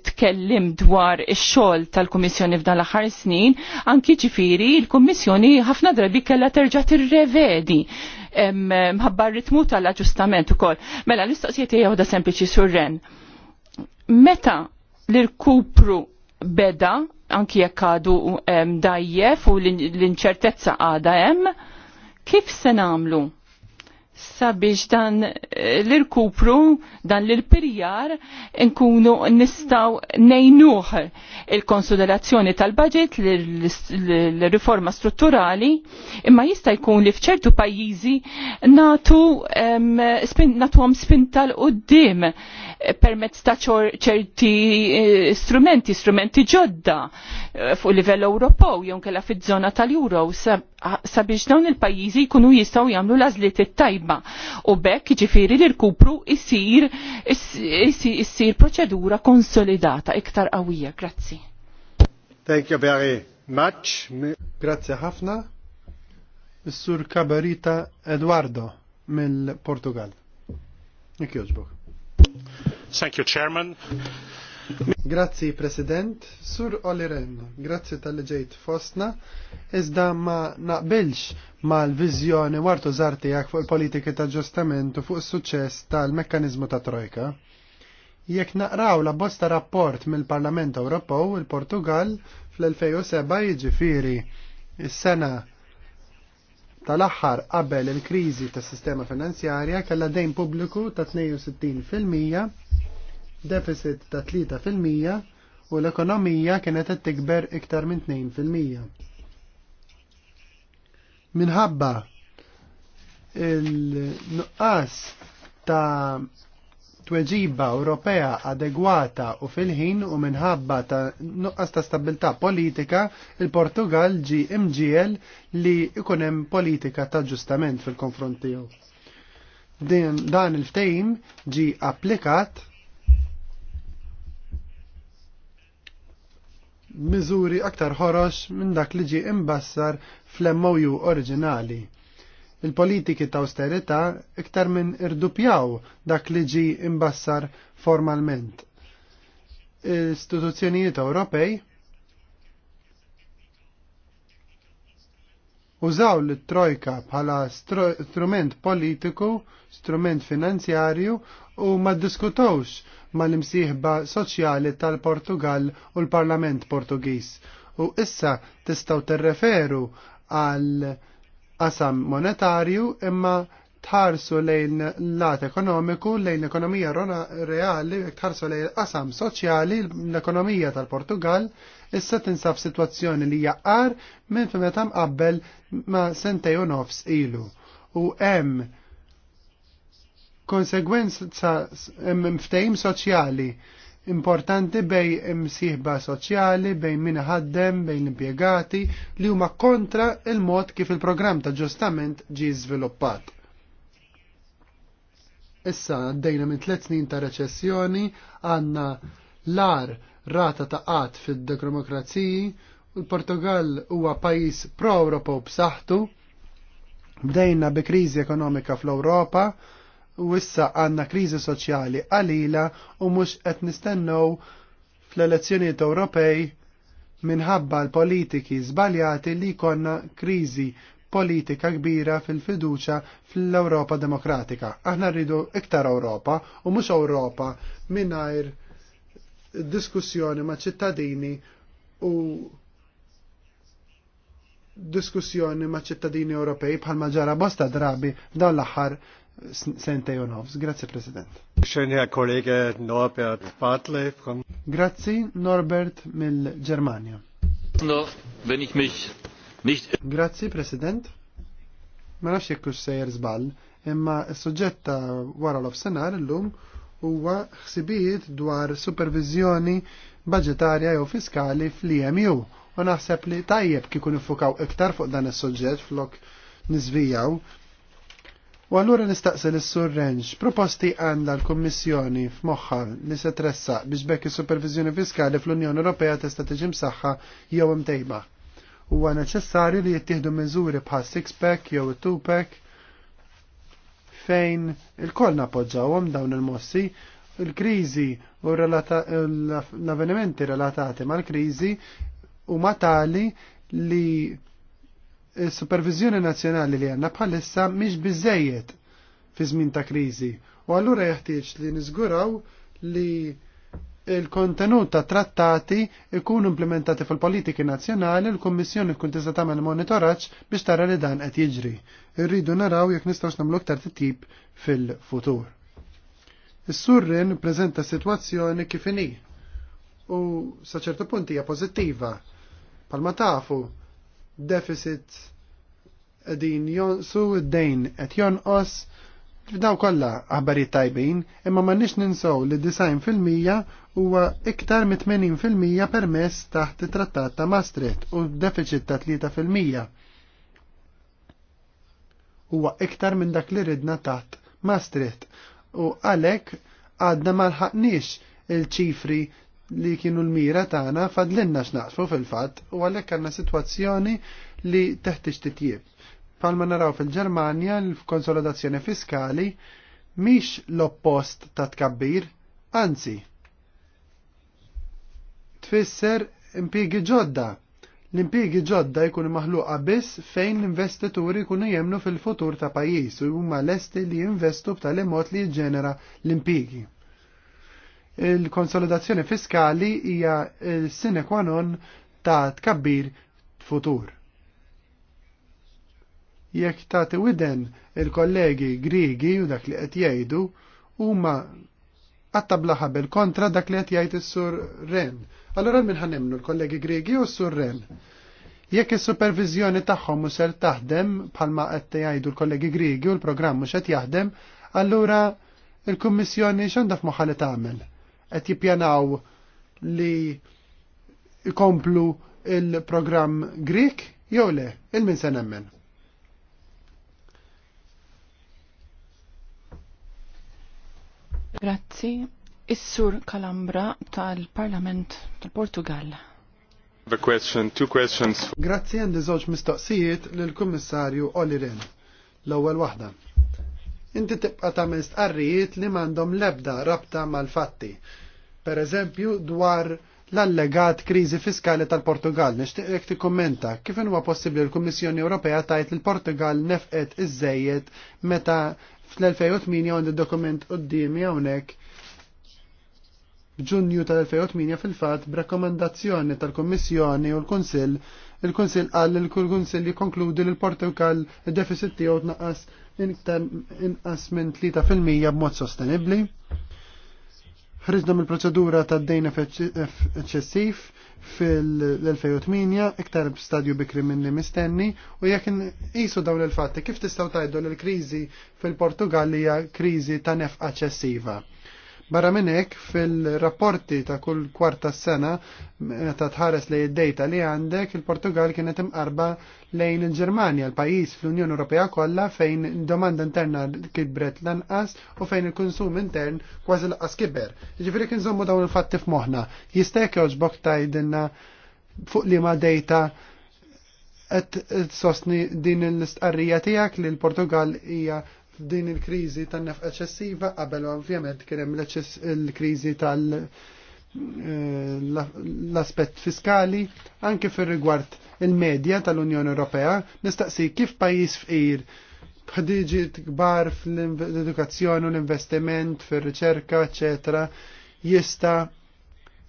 tkellim dwar ix-xogħol tal-Kummissjoni f'dan l-aħħar snin, anki ġifieri l-Kummissjoni ħafna drabi kellha terġa' tirrevedi mħabba ritmu tal-aġustament ukoll. Mela l-istoqsijiet hija waħda sempliċi surren. Meta l-irkupru beda anki jekk għadu dajjef u l-inċertezza għada hemm, kif se nagħmlu? sabiex dan eh, l-irkupru, dan l-pirjar, nkunu nistaw nejnuħ il-konsiderazzjoni tal-budget, l-riforma strutturali, imma jista' jkun li fċertu pajjiżi natu spin, natu għom spinta l-qoddim permezz ta' ċerti eh, strumenti, strumenti ġodda eh, fuq livell Ewropew jew kella fiż-żona tal-Euro eh, sabiex dawn il-pajjiżi jkunu jistgħu jagħmlu l-għażliet it-tajba u bekk jiġifieri li rkupru jsir issir proċedura konsolidata iktar qawwija. Grazzi. Thank you very much. Grazzi ħafna. Is-Sur Cabarita Eduardo mill-Portugal. Ikjoġbok. Thank you, Chairman. Grazzi, President. Sur Oliren, grazzi tal-ġejt fostna. Iżda ma naqbilx ma l-vizjoni wartu zartijak fuq il-politika ta' ġustamentu fuq il-suċess tal-mekkanizmu ta' trojka. Jekk naqraw la bosta rapport mill-Parlament Ewropew, il-Portugal fl-2007 jiġifieri is-sena il portugal fl 2007 jiġifieri is sena tal-aħħar qabel il-kriżi tas-sistema finanzjarja kellha dejn pubbliku ta' 62%, deficit ta' 3% u l-ekonomija kienet qed tikber iktar minn 2%. Minħabba il-nuqqas ta' tweġiba Ewropea adegwata u fil-ħin u minħabba ta' nuqqas ta' stabilità politika, il-Portugal ġi imġiel li ikunem politika ta' ġustament fil-konfront tiegħu. Dan il-ftejim ġi applikat miżuri aktar ħorox minn dak li ġi imbassar fl-MOU oriġinali il-politiki ta' austerita iktar minn irdupjaw dak li ġi imbassar formalment. Istituzzjonijiet Ewropej użaw l-trojka bħala strument politiku, strument finanzjarju u ma diskutawx ma l-imsieħba soċjali tal-Portugal u l-Parlament Portugiż. U issa tistaw terreferu għal qasam monetarju imma tħarsu lejn l-lat ekonomiku, lejn l-ekonomija reali, jek tħarsu lejn qasam soċjali, l-ekonomija tal-Portugal, issa tinsab situazzjoni li jaqqar minn fi meta ma' sentej u nofs ilu. U hemm konsegwenza mftejm soċjali importanti bej imsieħba soċjali, bej min ħaddem, bej l-impjegati li huma kontra il-mod kif il-programm ta' ġustament ġi żviluppat. Issa għaddejna minn tliet snin ta' reċessjoni għandna lar rata ta' qatt fid demokraziji u l-Portugal huwa pajjiż pro-Ewropew b'saħħtu. Bdejna bi kriżi ekonomika fl-Ewropa, u issa għanna kriżi soċjali għalila u mhux qed nistennew fl-elezzjonijiet Ewropej minħabba l-politiki żbaljati li konna kriżi politika kbira fil-fiduċa fl-Europa demokratika. Aħna rridu iktar Europa u mhux Europa mingħajr diskussjoni ma' ċittadini u diskussjoni ma' ċittadini Ewropej bħal maġara bosta drabi dan l-aħħar sentej u nofs. Grazie, President. Xenja kollega Norbert Bartley Grazie, Norbert mill-Germania. No, wenn ich mich nicht... Grazie, President. Ma nafx jekk sejjer żball, imma s-suġġett ta' wara l-offsenar illum huwa ħsibijiet dwar supervizjoni budgetarja jew fiskali fl imu u naħseb li tajjeb kikun ifukaw iktar fuq dan is-suġġett flok nizvijaw U allura nistaqsi l sur Renġ, proposti għanda l-Kommissjoni f'moħħa li se tressa biex bekk il-Supervizjoni Fiskali fl-Unjoni Ewropea tista' tiġi msaħħa jew imtejba. Huwa neċessarju li jittieħdu miżuri bħal six-pack jew two-pack fejn il-koll napoġġawhom dawn il-mossi il-krizi u l-avvenimenti relatati mal-krizi u matali li il-supervizjoni nazjonali li għanna bħalissa miex bizzejiet fi żmien ta' kriżi. U allura jeħtieġ li niżguraw li il-kontenut ta' trattati ikun implementati fil-politiki nazzjonali l-Kummissjoni tkun tista' tagħmel monitoraġġ biex tara li dan qed jiġri. Irridu naraw jekk nistgħux nagħmlu aktar titjib fil-futur. Is-surrin preżenta sitwazzjoni kif inhi u sa ċertu punt hija pożittiva. Palma tafu deficit qegħdin jonsu, id-dejn qed jonqos. F'daw kollha aħbarijiet tajbin, imma ma nix ninsew li design fil-mija huwa iktar mit 80% permess taħt it-Trattat ta' Maastricht u deficit ta' 3% huwa iktar minn dak li ridna taħt Maastricht u għalhekk għadna ma lħaqniex il-ċifri li kienu l-mira tagħna fadlinna x'naqsfu fil-fatt u għalhekk għandna sitwazzjoni li teħtieġ titjieb. Palma naraw fil-Ġermanja l-konsolidazzjoni fiskali mhix l-oppost ta' tkabbir, anzi. Tfisser impjiegi ġodda. L-impjiegi ġodda jkunu maħluqa biss fejn l-investituri jkunu jemnu fil-futur ta' pajjiż u huma lesti li jinvestu b'tali mod li jiġġenera l-impjiegi il-konsolidazzjoni fiskali hija sine qua non ta' tkabbir futur. Jekk tagħti widen il-kollegi Grigi u dak li qed jgħidu huma għattabla ħabel kontra dak li qed jgħid is-sur Ren. Allura minn ħanemnu l-kollegi Grigi u s-sur Ren. Jekk is-supervizjoni tagħhom mhux ser taħdem bħalma qed jgħidu l-kollegi Grigi u l-programm mhux qed jaħdem, allura il-Kummissjoni x'għandha f'moħħa li tagħmel? qed jippjanaw li jkomplu il-programm Grik jew le, il-min se nemmen. Grazzi. Is-Sur Kalambra tal-Parlament tal-Portugal. The question, two questions. Grazzi għandi żewġ mistoqsijiet lill-Kummissarju Olli L-ewwel waħda inti tibqa tagħmel stqarrijiet li m'għandhom l-ebda rabta mal-fatti. Per eżempju dwar l-allegat kriżi fiskali tal-Portugal. Nixtieqek tikkummenta kif huwa possibbli l-Kummissjoni Ewropea tajt il-Portugal nefqet iż meta fl-2008 għandi dokument qoddimi hawnhekk Ġunju tal-2008 fil-fat b'rakkomandazzjoni tal kummissjoni u l-Kunsill, il-Kunsill qal li l-Kunsill jikkonkludi li l-Portugal id-deficit tiegħu tnaqqas inqas minn 3% b'mod sostenibbli. Ħriżna mill-proċedura ta' dejn eċċessiv fil-2008 iktar b'stadju bikri li mistenni u jekk isu dawn il-fatti kif tistgħu tgħidu l kriżi fil-Portugal kriżi ta' nefqa eċċessiva Barra minn hekk fil-rapporti ta' kull kwarta sena ta' tħares li id-dejta li għandek il-Portugal kienet imqarba lejn il-Ġermanja, l-pajjiż fl-Unjoni Ewropea kollha fejn domanda interna kibret lanqas u fejn il-konsum intern kważi laqqas kiber. Ġifieri kien żommu dawn il-fatti f'moħħna. Jista' jekk jogħġbok tgħidilna fuq li ma' dejta qed sostni din l-istqarrija tiegħek li l-Portugal hija din il-kriżi tan-nefqa eċessiva qabel ovvjament kien hemm il-kriżi tal- eh, l-aspett fiskali anke fir rigward il-medja tal-Unjoni Ewropea nistaqsi kif pajjiż fqir bħdiġi kbar fl-edukazzjoni u l-investiment fir-riċerka, eċetera, jista'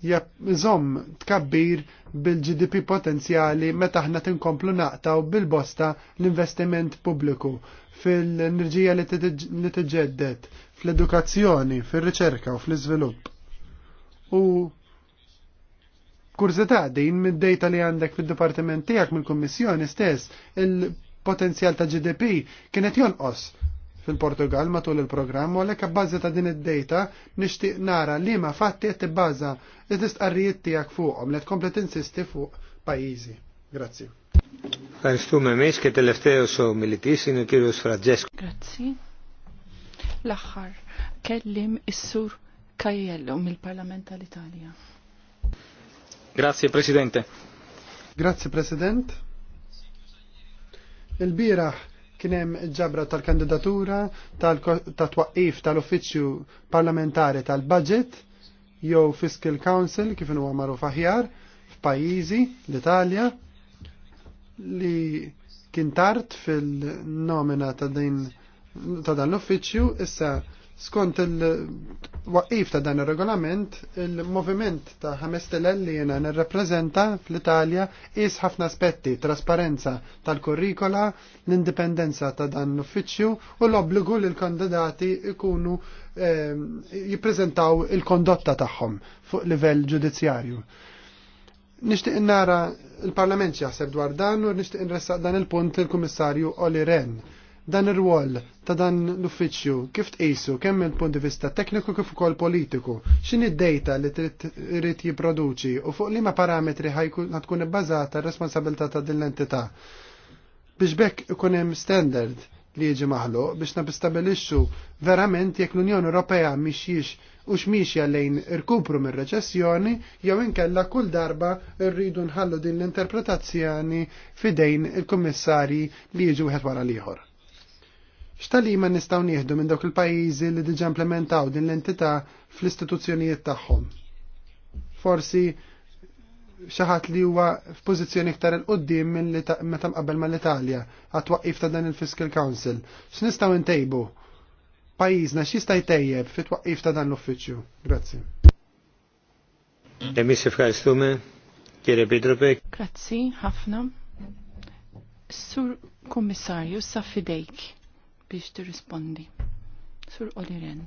jżomm tkabbir bil-GDP potenzjali meta aħna tinkomplu naqtaw bil-bosta l-investiment pubbliku fil-enerġija li t-ġeddet, fl-edukazzjoni, fil-riċerka u fl-iżvilupp. U kurzita din mid-dejta li għandek fil-dipartiment tiegħek mill-Kummissjoni stess, il-potenzjal ta' GDP kienet jonqos fil-Portugal matul il-programm, u għalhekk bbażi ta' din id-dejta nixtieq nara li ma fatti qed tibbaża t istqarrijiet tiegħek fuqhom li tkompli insisti fuq pajjiżi. Grazzi. Ευχαριστούμε L-axħar kellim is-sur Kajjello mill-Parlament tal-Italja. Grazie Presidente. Grazie President. Il-biraħ kien hemm ġabra tal-kandidatura tal-twaqqif tal-Uffiċċju Parlamentari tal-Budget jew Fiscal Council kif huwa magħruf aħjar f'pajjiżi l-Italja li kien tard fil-nomina ta' din ta' dan l-uffiċju, issa skont il-waqif ta' dan il-regolament, il-moviment ta' 5.000 li jena nirrapprezenta fl-Italja is ħafna aspetti, trasparenza tal-kurrikola, l-indipendenza ta' dan l-uffiċju u l-obbligu li l-kandidati ikunu eh, il-kondotta tagħhom fuq livell ġudizzjarju. Nixtieq nara il-Parlament jaħseb dwar dan u nixtieq nressaq dan il-punt il-Kummissarju Oli Ren. Dan ir-rwol ta' dan l-uffiċċju kif tqisu kemm il-punt di vista tekniku kif ukoll politiku, x'inhi d-dejta li trid jipproduċi u fuq liema parametri tkun ibbażata r-responsabilità ta' din l-entità. Biex bekk ikun hemm standard li jiġi maħluq biex nabistabilixxu verament jekk l-Unjoni Ewropea mixjiex u xmiexja jallejn irkupru minn reċessjoni jew inkella kull darba rridu nħallu din l-interpretazzjoni fidejn il kommissari li jiġu wieħed wara l-ieħor. X'talima nistgħu nieħdu minn dawk il-pajjiżi li diġà implementaw din l-entità fl-istituzzjonijiet tagħhom. Forsi xaħat li huwa f'pożizzjoni iktar il qoddim minn meta mqabbel mal-Italja għat-twaqqif ta' dan il-Fiscal Council. X'nistgħu ntejbu pajjiżna x'jista' jtejjeb fit-twaqqif ta' dan l-uffiċċju. Grazzi. Emissi f'Karstume, Kire Bidrobek. Grazzi, ħafna. Sur komissarju, Saffidejk, fidejk biex tirrispondi. Sur Oliren.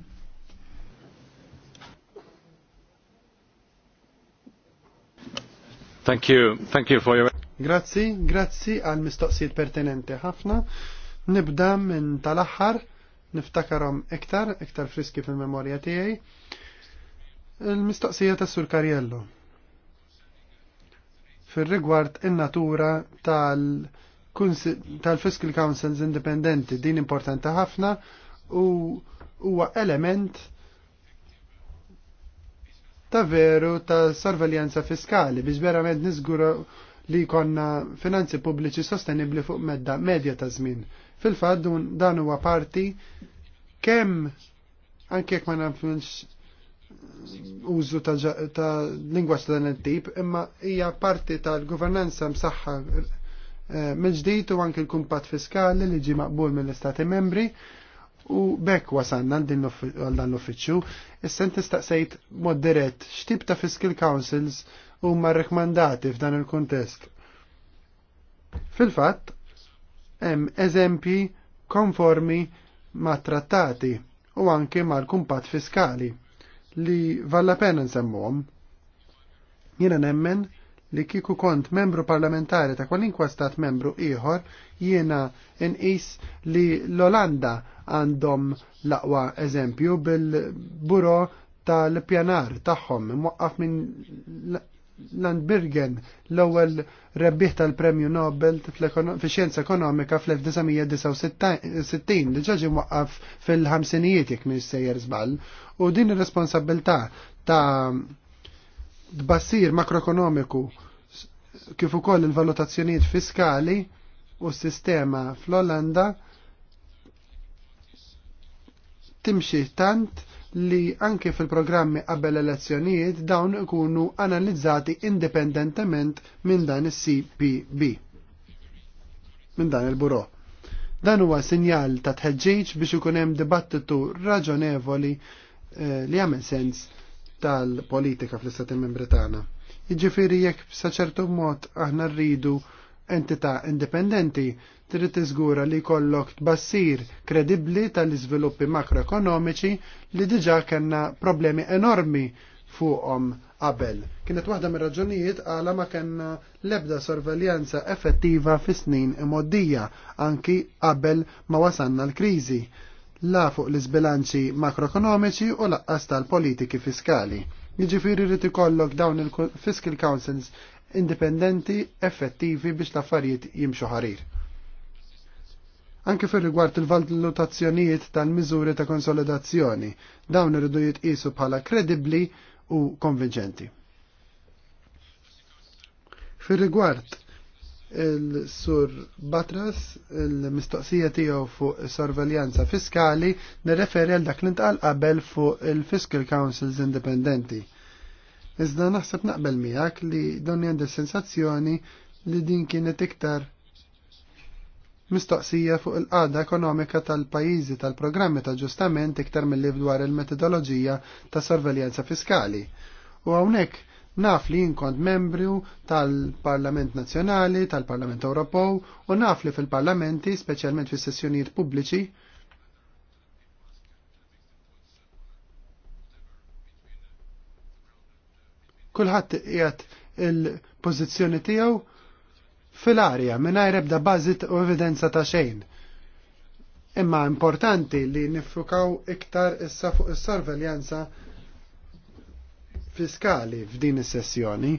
Thank you, thank you for your... Grazzi, grazzi għal mistoqsijiet pertinenti ħafna. Nibda minn tal-aħħar niftakarhom iktar, iktar friski fil-memorja tiegħi. Il-mistoqsija ta' Sur Karjello. Fil-rigward in-natura tal-Fiscal Councils indipendenti din importanti ħafna u huwa element ta' veru ta' sorveljanza fiskali biex verament nizgura li jkollna finanzi pubbliċi sostenibbli fuq medda medja ta' żmien. Fil-fatt dan huwa parti kemm anke jekk ma nafx użu ta', ta lingwaġġ ta' dan it-tip, imma hija parti tal-governanza msaħħa eh, mill-ġdid u anke l-kumpat fiskali li ġi maqbul mill-Istati membri u bekk wasanna għal dan l-uffiċċju. Issa nistaqsejt mod dirett x'tip ta' fiscal councils huma rrekmandati f'dan il-kuntest. Fil-fatt, hemm eżempji konformi ma' trattati u anke mal-kumpat fiskali li valla pena nsemmuhom. Jiena nemmen li kiku kont membru parlamentari ta' kwalinkwa stat membru ieħor jiena nqis li l-Olanda għandhom l-aqwa eżempju bil-buro tal-pjanar tagħhom imwaqqaf minn Landbirgen l-ewwel rebbieħ tal-Premju Nobel fix-xjenza ekonomika fl-1969 li ġie mwaqqaf fil-ħamsinijiet jekk mhix sejjer żball u din ir-responsabilità ta' tbassir makroekonomiku kif ukoll il-valutazzjonijiet fiskali u s-sistema fl-Olanda timxi tant li anke fil-programmi qabel elezzjonijiet dawn ikunu analizzati indipendentement minn dan is-CPB. Minn dan il-buro. Dan huwa sinjal ta' tħeġġiġ biex ikun hemm dibattitu raġonevoli eh, li għamel sens tal-politika fl-Istati Membri tagħna. Jiġifieri jekk sa ċertu mod aħna rridu entità indipendenti trid tiżgura li jkollok tbassir kredibbli tal-iżviluppi makroekonomiċi li diġà kellna problemi enormi fuqhom qabel. Kienet waħda mir raġunijiet għala ma kellna l-ebda sorveljanza effettiva fi snin imoddija anki qabel ma wasanna l-kriżi la fuq l-izbilanċi makroekonomiċi u laqqas tal-politiki fiskali. Jiġifieri rid ikollok dawn il-fiscal councils indipendenti, effettivi biex l-affarijiet jimxu ħarir. Anke fir rigward il-valutazzjonijiet tal-miżuri ta' konsolidazzjoni, dawn irridu jitqisu bħala kredibbli u konvinċenti. Fir rigward il-sur Batras, il-mistoqsija tiegħu fuq sorveljanza fiskali, nirreferi għal dak li ntqal qabel fuq il-Fiscal Councils Independenti Iżda naħseb naqbel miegħek li dan għandi sensazzjoni li din kienet iktar mistoqsija fuq il-qada ekonomika tal-pajjiżi tal-programmi ta' ġustament iktar mill dwar il-metodoloġija ta' sorveljanza fiskali. U hawnhekk naf li jinkont membru tal-Parlament Nazzjonali, tal-Parlament Ewropew u naf li fil-parlamenti, speċjalment fis sessjonijiet pubbliċi, Kulħadd qiegħed il-pożizzjoni tiegħu fil-arja mingħajr ebda bażit u evidenza ta' xejn. Imma importanti li nifrukaw iktar issa fuq is-sorveljanza fiskali f'din is-sessjoni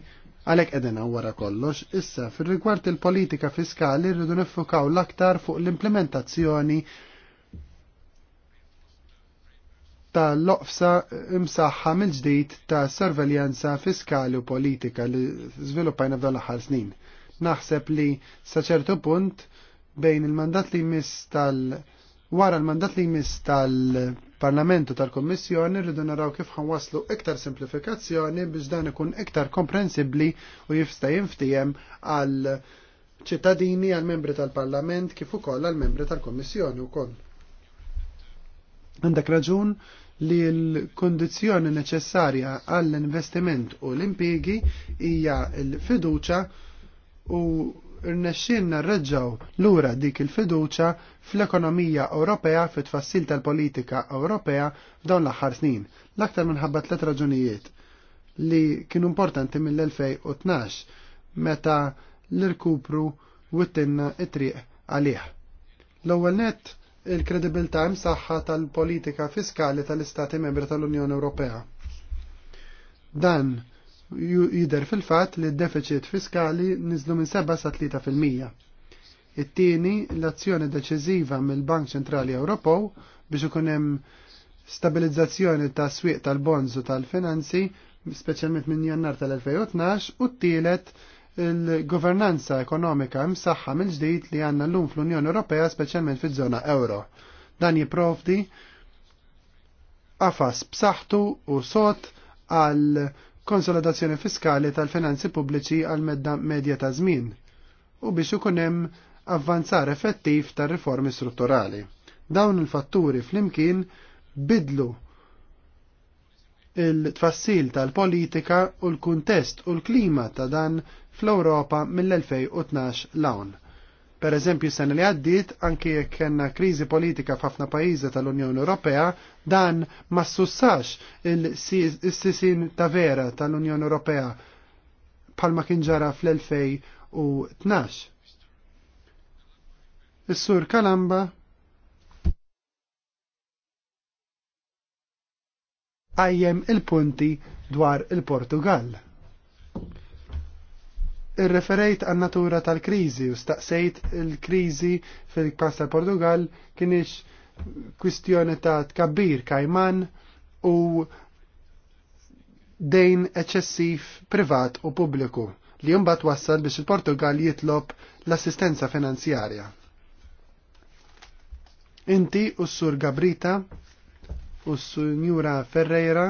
għalek edena wara kollox, issa fil rigward il-politika fiskali rridu nifrukaw l-aktar fuq l-implementazzjoni ta' loqsa imsaħħa mill-ġdid ta' sorveljanza fiskali u politika li żviluppajna f'dan l-aħħar snin. Naħseb li sa' ċertu punt bejn il-mandat li jmiss tal- wara l-mandat li jmiss tal-Parlamentu tal-Kommissjoni rridu naraw kif ħanwaslu iktar simplifikazzjoni biex dan ikun iktar komprensibbli u jista' jinftiem għal ċittadini għal membri tal-Parlament kif ukoll għal membri tal-Kommissjoni wkoll. Għandek raġun li l-kondizjoni neċessarja għall-investiment u l-impiegi hija l-fiduċa u rnexxin narreġġaw lura dik il-fiduċa fl-ekonomija Ewropea fit tfassil tal-politika Ewropea f'dawn l-aħħar snin. L-aktar minħabba tliet raġunijiet li kienu importanti mill-2012 meta l-irkupru wittinna it-triq għalih. L-ewwel nett il-kredibilità saħħa tal-politika fiskali tal-Istati membri tal-Unjoni Ewropea. Dan jider fil-fatt li d-deficit fiskali niżlu minn 7 sa 3%. It-tieni l-azzjoni deċiżiva mill-Bank Ċentrali Ewropew biex ikun hemm stabilizzazzjoni ta' swieq tal bonzu tal-finanzi, speċjalment minn jannar tal-2012, u t-tielet il-governanza ekonomika msaħħa mill-ġdid li għanna l-lum fl-Unjoni Ewropea speċjalment fiż-żona euro. Dan jipprovdi afas b'saħħtu u sot għal konsolidazzjoni fiskali tal-finanzi pubbliċi għal medda medja ta' żmien u biex ikun hemm avvanzar effettiv tar-riformi strutturali. Dawn il-fatturi flimkien bidlu il-tfassil tal-politika u l-kuntest u l-klima ta' dan fl-Ewropa mill-2012 l Per eżempju, sen li għaddit, anki jekk kena krizi politika f'ħafna pajjiżi tal-Unjoni Ewropea, dan ma sussax il-sisin ta' vera tal-Unjoni Ewropea palma kien ġara fl-2012. Is-sur Kalamba għajjem il-punti dwar il-Portugal. Irreferejt għan natura tal-krizi u staqsejt il-krizi fil-kas tal-Portugal kienix kwistjoni ta' tkabbir kajman u dejn eċessif privat u pubbliku li jumbat wassal biex il-Portugal jitlob l-assistenza finanzjarja. Inti u s-sur Gabrita u s-sunjura Ferreira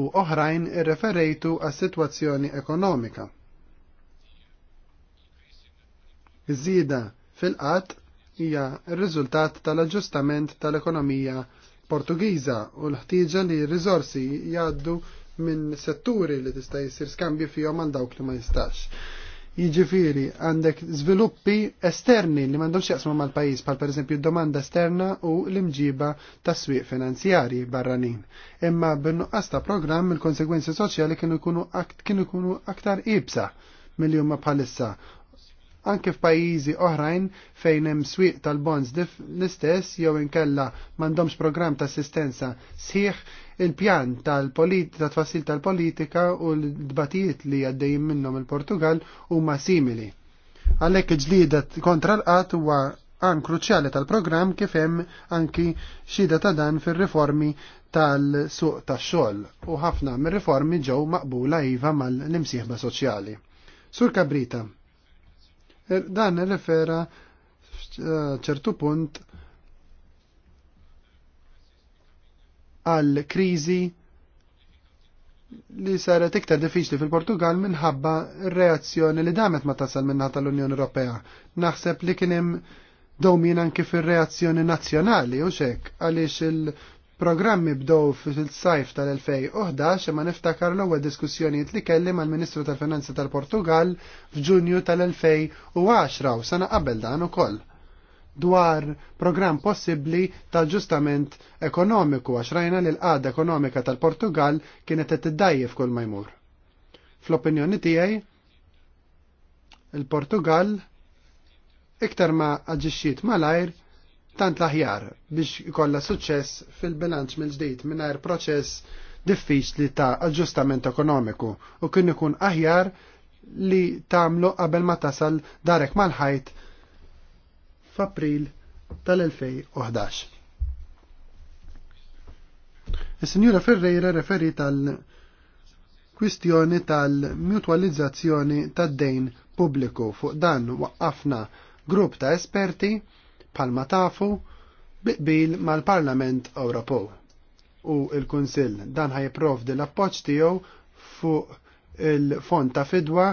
u oħrajn irreferejtu għas situazzjoni ekonomika Iż-żieda fil-qatt hija r-riżultat tal-aġġustament tal-ekonomija Portugiża u l-ħtieġa li r-riżorsi jgħaddu minn setturi li tista' jsir skambju fihom għal dawk li ma jistax. Jiġifieri għandek żviluppi esterni li m'għandhomx jaqsmu mal-pajjiż bħal pereżempju domanda esterna u l-imġiba tas-swieq finanzjarji barranin. Imma bin-nuqqas ta' programm il-konsegwenzi soċjali kienu jkunu aktar ibsa mill-jumma bħalissa anke f'pajjiżi oħrajn fejn hemm swieq tal-bonds l-istess jew inkella m'għandhomx programm ta' assistenza sħiħ il-pjan tal-politika ta' tfassil tal-politika u l-dbatijiet li għaddejjin minnhom il-Portugal huma simili. Għalhekk il-ġlieda kontra l-qatt huwa għan kruċjali tal-programm kif hemm anki xhieda ta' dan fir-riformi tal-suq tax-xogħol u ħafna mir-riformi ġew maqbula iva mal-imsieħba soċjali. Sur Kabrita, Dan refera eh, ċertu punt għal kriżi li saret iktar diffiċli fil-Portugal minħabba r-reazzjoni li damet ma tasal minnaħa tal-Unjoni Ewropea. Naħseb li kien hemm dowmin anki fir-reazzjoni nazzjonali u xek għaliex Programmi bdow fil-sajf tal-2011 imma niftakar l-ewwel diskussjonijiet li kelli mal-Ministru tal-Finanzi tal-Portugal f'Ġunju tal-2010 u sena qabel dan ukoll dwar program possibli ta' ġustament ekonomiku għax rajna li l-qada ekonomika tal-Portugal kienet qed tiddajjef kull ma jmur. Fl-opinjoni tiegħi il-Portugal iktar ma aġixxiet malajr tant l-aħjar biex ikolla suċċess fil-bilanċ mill-ġdid mingħajr proċess diffiċli ta' aġġustament ekonomiku u kien ikun aħjar li tagħmlu qabel ma tasal darek mal-ħajt f'April tal-2011. Is-Sinjura Ferreira referi tal- kwistjoni tal-mutualizzazzjoni tad-dejn pubbliku fuq dan waqqafna grupp ta' esperti palma tafu biqbil mal-Parlament Ewropew u l kunsill dan ħajprovdi l-appoġġ tiegħu fuq il-fond ta' fidwa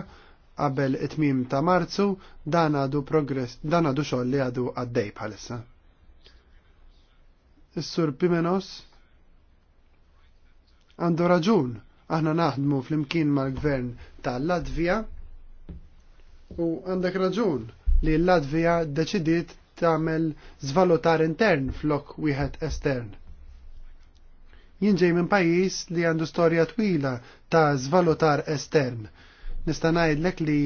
qabel it-tmim ta' Marzu dan għadu progress dan għadu xogħol li għadu għaddej bħalissa. Is-Sur Pimenos għandu raġun aħna naħdmu fl-imkien mal-gvern tal-Latvija u għandek raġun li l-Latvija deċidiet tagħmel zvalutar intern flok wieħed estern. Jien ġej minn pajjiż li għandu storja twila ta' zvalutar estern. Nista' ngħidlek li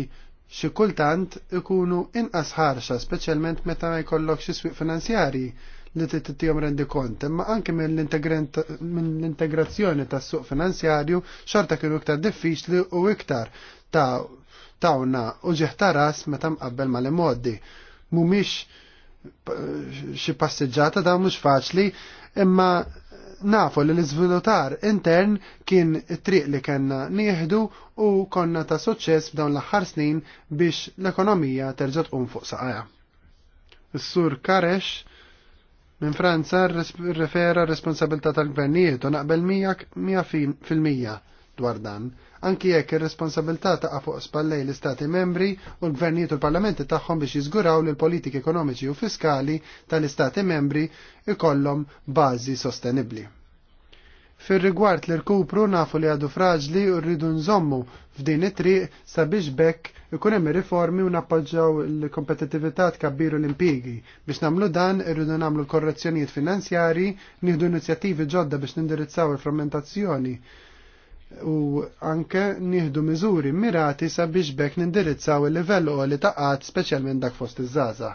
xi kultant ikunu inqas ħarxa, speċjalment meta ma jkollok xi swieq finanzjarji li tittijom rendi kont, imma anke mill-integrazzjoni tas suq finanzjarju xorta kienu iktar diffiċli u iktar ta' tawna u ġeħta ras meta mqabbel mal-imoddi. Mumiex xi passeġġata da mhux faċli, imma nafu li l-iżvilutar intern kien it-triq li kellna nieħdu u konna ta' suċċess f'dawn l-aħħar snin biex l-ekonomija terġa' tqum fuq saqajja. Is-sur Karex minn Franza rrefera r-responsabilità tal-gvernijiet u naqbel 100% fil-mija dwar dan, anki jekk ir-responsabilità taqa' fuq spallej l-Istati membri u l-gvernijiet u l-parlamenti tagħhom biex jiżguraw li l-politiki ekonomiċi u fiskali tal-Istati membri ikollhom bażi sostenibbli. Fir-rigward li rkupru nafu li għadu fraġli u rridu nżommu f'din it-triq sabiex bekk ikun hemm riformi u nappoġġaw l-kompetittività tkabbiru l impigi Biex nagħmlu dan irridu nagħmlu l-korrezzjonijiet finanzjarji, nieħdu inizjattivi ġodda biex nindirizzaw il-frammentazzjoni u anke nieħdu miżuri mirati sabiex bekk nindirizzaw il-livell u ta' taqat speċjalment dak fost iż żaża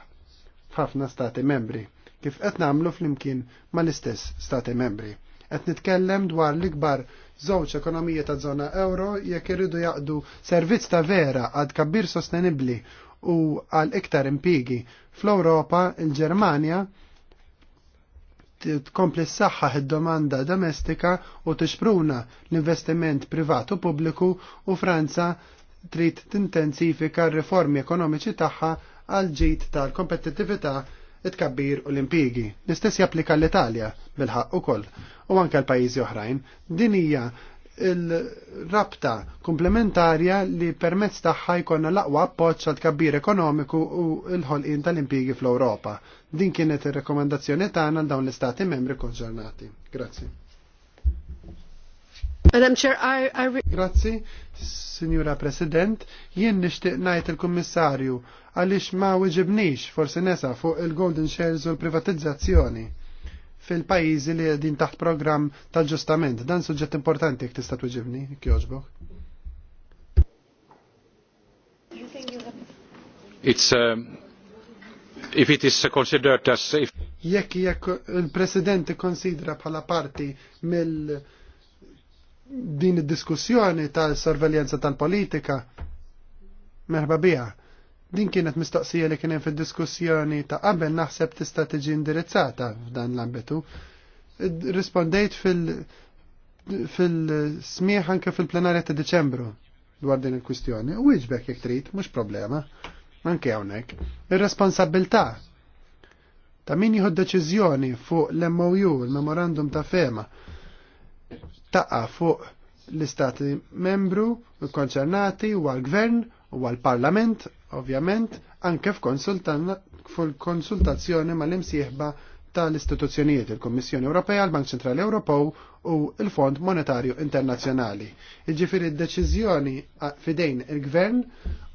f'ħafna stati membri, kif qed nagħmlu flimkien mal-istess stati membri. Qed nitkellem dwar l-ikbar żewġ ekonomija ta' żona euro jekk iridu jaqdu servizz ta' vera għad kabbir sostenibbli u għal iktar impigi fl-Ewropa, il-Ġermanja, il ġermanja tkompli s-saxħa domanda domestika u tixpruna l-investiment privat u pubbliku u Franza trid tintensifika r-riformi ekonomiċi tagħha għal ġid tal kompetitività it-kabbir u l-impigi. L-istess japplika l-Italja bil-ħaq ukoll u anke l-pajjiżi oħrajn. Din hija il-rabta komplementarja li permezz tagħha jkollna l-aqwa appoġġ għal tkabbir ekonomiku u l-ħolqien tal-impjiegi fl-Ewropa. Din kienet ir-rekomendazzjoni tagħna dawn l-istati membri konċernati. Grazzi. Madam Chair, I, I Grazzi, Signora President, jien nixtieq ngħid il-Kummissarju għaliex ma weġibnix forsi nesa fuq il-Golden Shares u l-privatizzazzjoni fil-pajjiżi li din taħt programm tal-ġustament. Dan suġġett importanti jekk tista' tweġibni, jogħġbok. It's um, if it is considered as if jekk jekk il-President konsidra bħala parti mill din id-diskussjoni tal sorveljenza tal-politika merba biha Din kienet mistaqsija li kien hemm fid-diskussjoni ta' qabel naħseb tista' tiġi indirizzata f'dan l-ambitu. Rispondejt fil- smieħ anke fil-plenarja ta' Deċembru dwar din il-kwistjoni. U iġbek jek trid, mhux problema. Anke hawnhekk. Ir-responsabilità ta' min jieħu deċiżjoni fuq l-MOU, il-Memorandum ta' Fema, taqa fuq l-Istati membru, l konċernati u għal-Gvern, u għal-Parlament, ovvjament anke f'konsultazzjoni mal-imsieħba tal-istituzzjonijiet il-Kommissjoni Ewropea, l-Bank Ċentrali Ewropew u l-Fond Monetarju Internazzjonali. Iġifieri d-deċiżjoni fidejn il-Gvern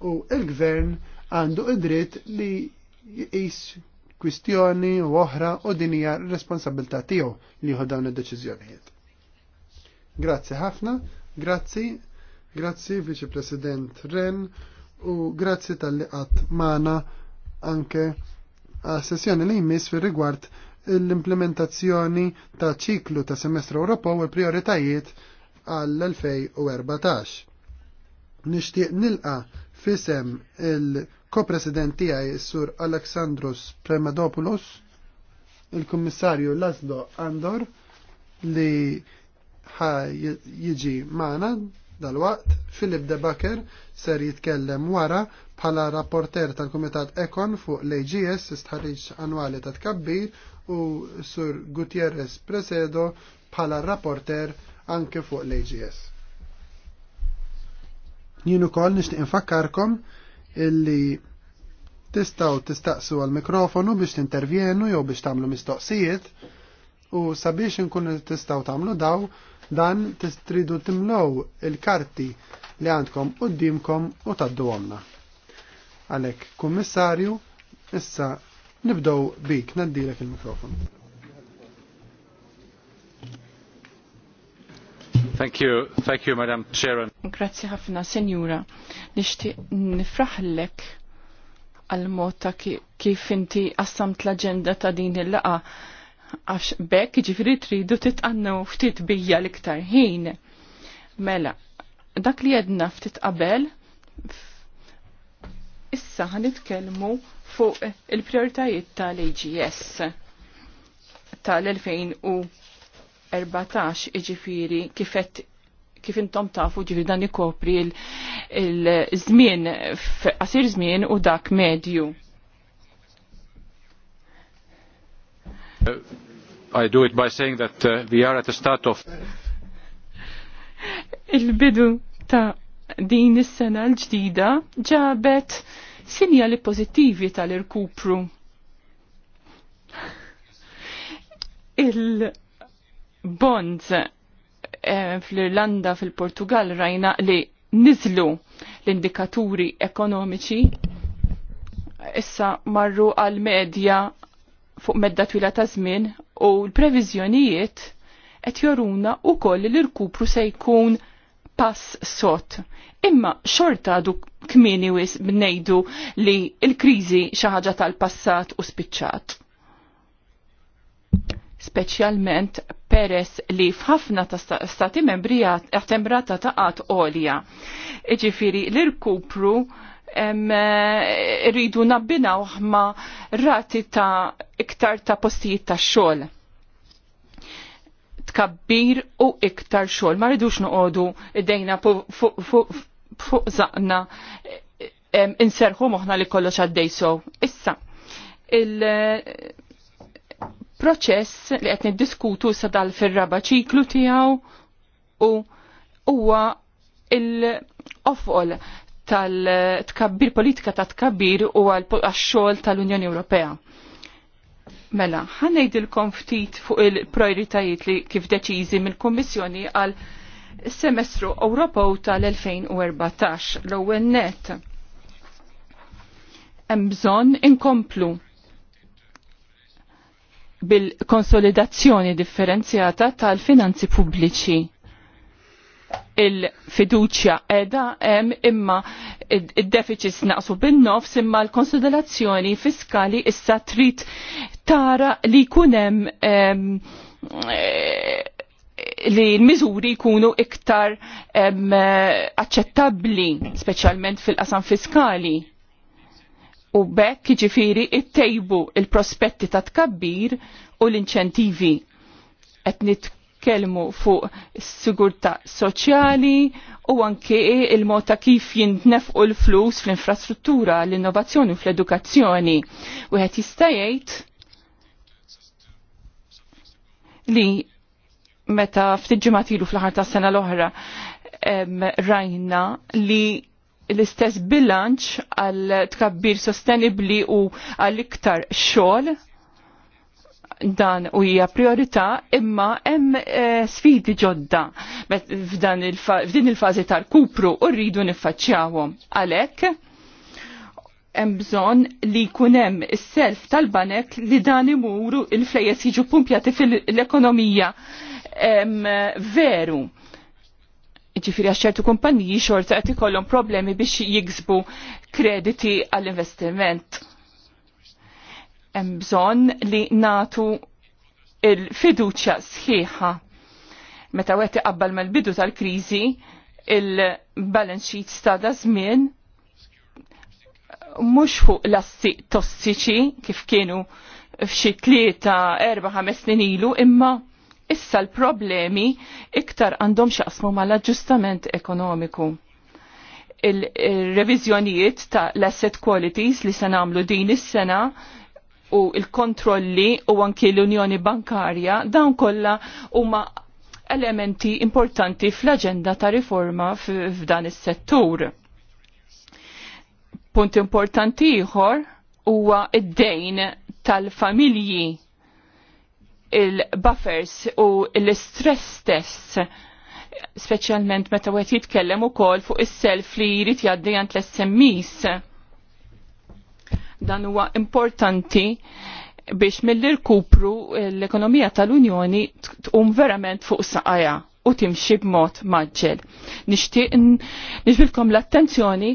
u il-Gvern għandu id-dritt li jqis kwistjoni u oħra u din hija responsabilità tiegħu li jieħu dawn id-deċiżjonijiet. Grazzi ħafna, grazzi, grazzi Viċi President Ren u grazzi tal-li qatt anke għas-sessjoni li jmiss fil rigward l-implementazzjoni ta' ċiklu ta' semestru Ewropew u prioritajiet għall-2014. Nixtieq nilqa fisem il-ko-president tiegħi sur Aleksandros Premadopoulos, il-kummissarju Laszlo Andor li ħa jiġi maħna Dalwaqt, Philip De Baker ser jitkellem wara bħala rapporter tal-Kumitat Ekon fuq l-AGS istħarriġ annwali ta' tkabbir u Sur Gutierrez Presedo bħala rapporter anke fuq l-AGS. Jien ukoll nixtieq infakkarkom illi tistaw tistaqsu għal mikrofonu biex tintervjenu jew biex tagħmlu mistoqsijiet u sabiex inkun tistaw tagħmlu daw Dan tistridu timlow il-karti li għandkom u d-dimkom u taddu għomna. Għalek, kummissarju, issa nibdow bik, naddilek il-mikrofon. Thank you, thank you, Madam Chairman. Grazie ħafna, Senjura. Nishti nifraħlek għal-mota kif inti qassamt l-agenda ta' din il-laqa għax bekk ġifri tridu titqannu ftit bija l-iktar ħin. Mela, dak li jedna ftit qabel, issa ħanitkellmu fuq il-prioritajiet tal-AGS tal-2014 iġifiri kifet kif intom tafu ġifiri dan ikopri il-żmien, qasir żmien u dak medju I do it by saying that uh, we are at the start of Il-bidu ta' din is-sena l-ġdida ġabet sinjali pożittivi tal-irkupru. Il-bonds eh, fl-Irlanda, fil-Portugal rajna li nizlu l-indikaturi ekonomiċi issa marru għal-medja fuq medda twila ta' żmien u l-previżjonijiet qed joruna wkoll li l kupru se jkun pass sot. Imma xorta għadu kmini wis bnejdu li l-kriżi krizi xaħġa tal-passat u spiċċat. Speċjalment peress li f'ħafna ta' stati membri għatembrata ta' għat olja. Iġifiri l-irkupru Eh, rridu nabbinaw ma rati ta' iktar ta' postijiet ta' xogħol tkabbir u iktar xogħol. Ma rridux noqogħdu idejna fuq zaqna inserħu moħna li kollox għaddej sow. Issa, il-proċess li qed niddiskutu sa dal fir-raba ċiklu tiegħu u huwa il-ofqol tal-tkabbir politika ta' tkabbir u għax-xogħol tal-Unjoni Ewropea. Mela, ħanejdilkom ftit fuq il-prioritajiet li kif deċiżi mill-Kummissjoni għal semestru Ewropew tal-2014 l-ewwel net. Hemm bżonn inkomplu bil-konsolidazzjoni differenzjata tal-finanzi pubbliċi il-fiduċja edha hemm imma id-deficits naqsu bin-nofs imma l-konsiderazzjoni fiskali issa trid tara li jkun hemm eh, li l-miżuri jkunu iktar aċċettabbli, speċjalment fil-qasam fiskali. U bekk ġifiri it-tejbu il-prospetti ta' tkabbir u l-inċentivi. Etnit kelmu fuq s-sigurta soċjali u anke il-mod ta' kif jintnefqu l-flus fl-infrastruttura, l-innovazzjoni u fl-edukazzjoni. Wieħed jista' jgħid li meta ftit fl-aħħar tas sena l-oħra rajna li l-istess bilanċ għal tkabbir sostenibli u għal iktar xogħol dan u hija priorità imma hemm eh, sfidi ġodda f'din il-fażi tal-kupru u rridu niffaċċjawhom. Għalhekk hemm bżonn li jkun hemm is-self tal-banek li dan imuru il-flejjes jiġu pumpjati fil-ekonomija veru. Ġifiri għaxċertu kumpaniji xorta qed ikollhom problemi biex jiksbu krediti għall-investiment hemm bżonn li natu il-fiduċja sħiħa. Meta wieħed iqabbal mal-bidu tal-kriżi, il-balance sheets ta' da żmien mhux fuq lassi tossiċi kif kienu f'xi tlieta erba' ħames snin ilu, imma issa l-problemi iktar għandhom xaqsmu mal-aġġustament ekonomiku il-revizjonijiet ta' l-asset qualities li se nagħmlu din is-sena u il-kontrolli u anki l-Unjoni Bankarja dawn kollha huma elementi importanti fl-aġenda ta' riforma f'dan is-settur. Punt importanti ieħor huwa id-dejn tal-familji il-buffers u l-stress tests speċjalment meta wieħed jitkellem ukoll fuq is-self li jrid jgħaddi għand l-SMEs Dan huwa importanti biex mill-irkupru l-ekonomija tal-Unjoni tqum verament fuq saqajja u timxi b'mod maġġel. Nixtieq nixbilkom l-attenzjoni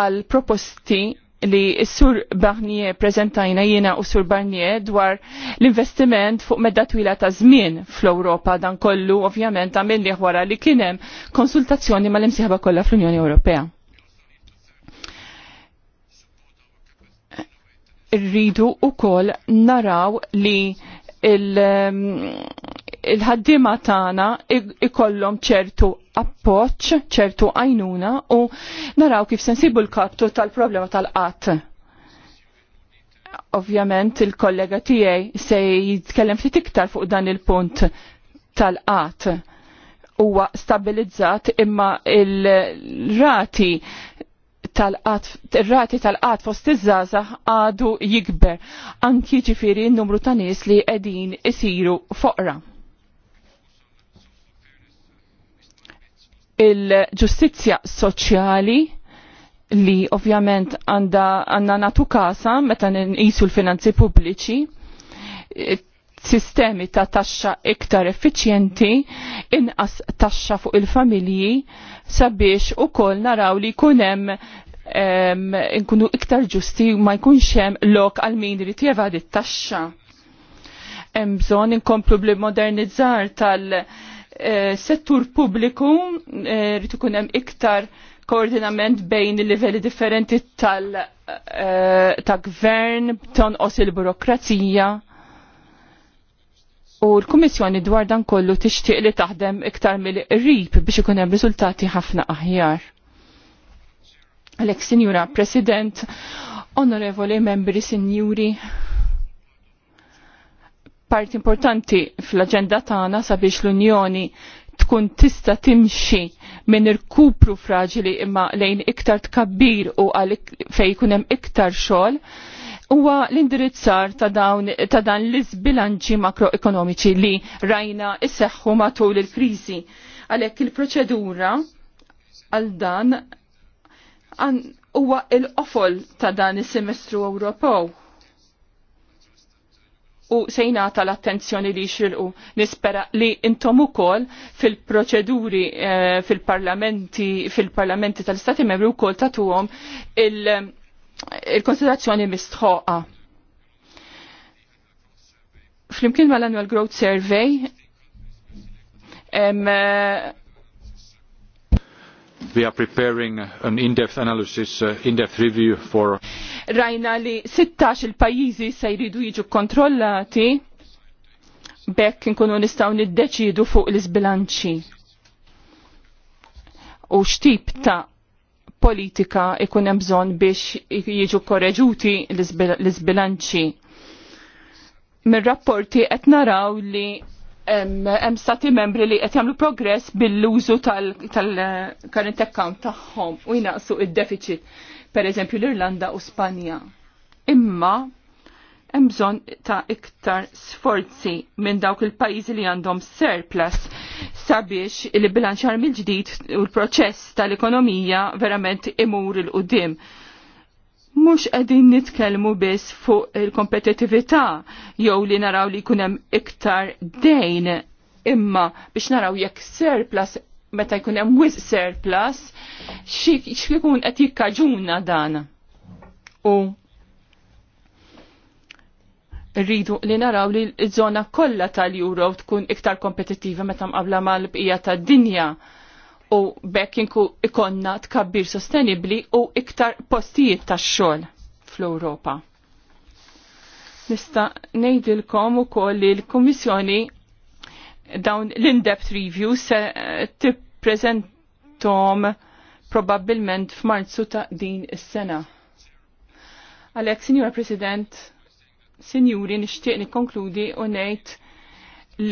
għal proposti li s-sur Barnier prezentajna jiena u s-sur Barnier dwar l-investiment fuq medda twila ta' żmien fl-Ewropa dan kollu ovvjament għamilni wara li kienem konsultazzjoni mal-imsieħba kollha fl-Unjoni Ewropea. rridu u kol naraw li il-ħaddima il um, tagħna ikollhom ċertu appoġġ, ċertu għajnuna u naraw kif sensibu l-kaptu tal-problema tal-qatt. Ovvjament il-kollega tiegħi se jitkellem ftit iktar fuq dan il-punt tal qat huwa stabilizzat imma il-rati tal-rati tal-qat fost iż-żaza għadu jikber, anki ġifiri n-numru ta' nies li qegħdin isiru foqra. Il-ġustizzja soċjali li ovvjament għandha għandna natu kasa meta nqisu l-finanzi pubbliċi sistemi ta' taxxa iktar effiċjenti, inqas taxxa fuq il-familji sabiex ukoll naraw li jkun hemm nkunu iktar ġusti ma jkunx hemm lok għal min irid jevad it taxxa Hemm bżonn inkomplu bli modernizzar tal-settur eh, pubbliku, eh, rrid ikun hemm iktar koordinament bejn il-livelli differenti tal-gvern, eh, tonqos il-burokrazija U l-Kummissjoni dwar dan kollu tixtieq li taħdem iktar mill-qrib biex ikun hemm riżultati ħafna aħjar. Alek Sinjura President, Onorevoli Membri, Sinjuri, part importanti fl-aġenda tagħna sabiex l-Unjoni tkun tista timxi minn irkupru fraġili imma lejn iktar tkabbir u għal fej kunem iktar xogħol huwa l-indirizzar ta' dawn ta' dan l izbilanċi makroekonomiċi li rajna isseħħu matul il-kriżi. Għalhekk il-proċedura għal dan huwa l-qofol ta' dan is-semestru Ewropew. U sejna l attenzjoni li xilqu nispera li intom ukoll fil-proċeduri eh, fil-parlamenti fil-parlamenti tal-Stati Membri wkoll tagħtuhom il- il-konsiderazzjoni mistħoqa. Flimkien ma l annual Growth Survey, em, eh, We are preparing an in-depth analysis, uh, in-depth review for... Rajna li 16 il-pajizi se jridu jiġu kontrollati bekk nkunu nistaw niddeċidu fuq l-izbilanċi. U xtip ta' politika ikun hemm bżonn biex jiġu korreġuti l-isbilanċi. Mir-rapporti qed naraw li hemm stati membri li qed jagħmlu progress bil-użu tal-current account tagħhom u jnaqsu id-deficit, pereżempju l-Irlanda u Spanja. Imma hemm bżonn ta' iktar sforzi minn dawk il-pajjiżi li għandhom surplus sabiex il-bilanċar mill-ġdid u l-proċess tal-ekonomija verament imur il qudim Mhux qegħdin nitkellmu biss fuq il kompetitività jew li naraw li jkun hemm iktar dejn imma biex naraw jekk surplus meta jkun hemm wisq surplus x'ikun qed jikkaġuna dan. U rridu li naraw li l-żona kollha tal-Euro tkun iktar kompetittiva meta mqabla mal-bqija tad-dinja u bekk inku ikonna tkabbir sostenibli u iktar postijiet tax-xogħol fl-Ewropa. Nista' ngħidilkom ukoll li l-Kummissjoni dawn l-in-depth review se eh, tippreżentom probabbilment f'Marzu ta' din is-sena. Għalhekk, Signor President, Sinjuri, nixtieq nikkonkludi u ngħid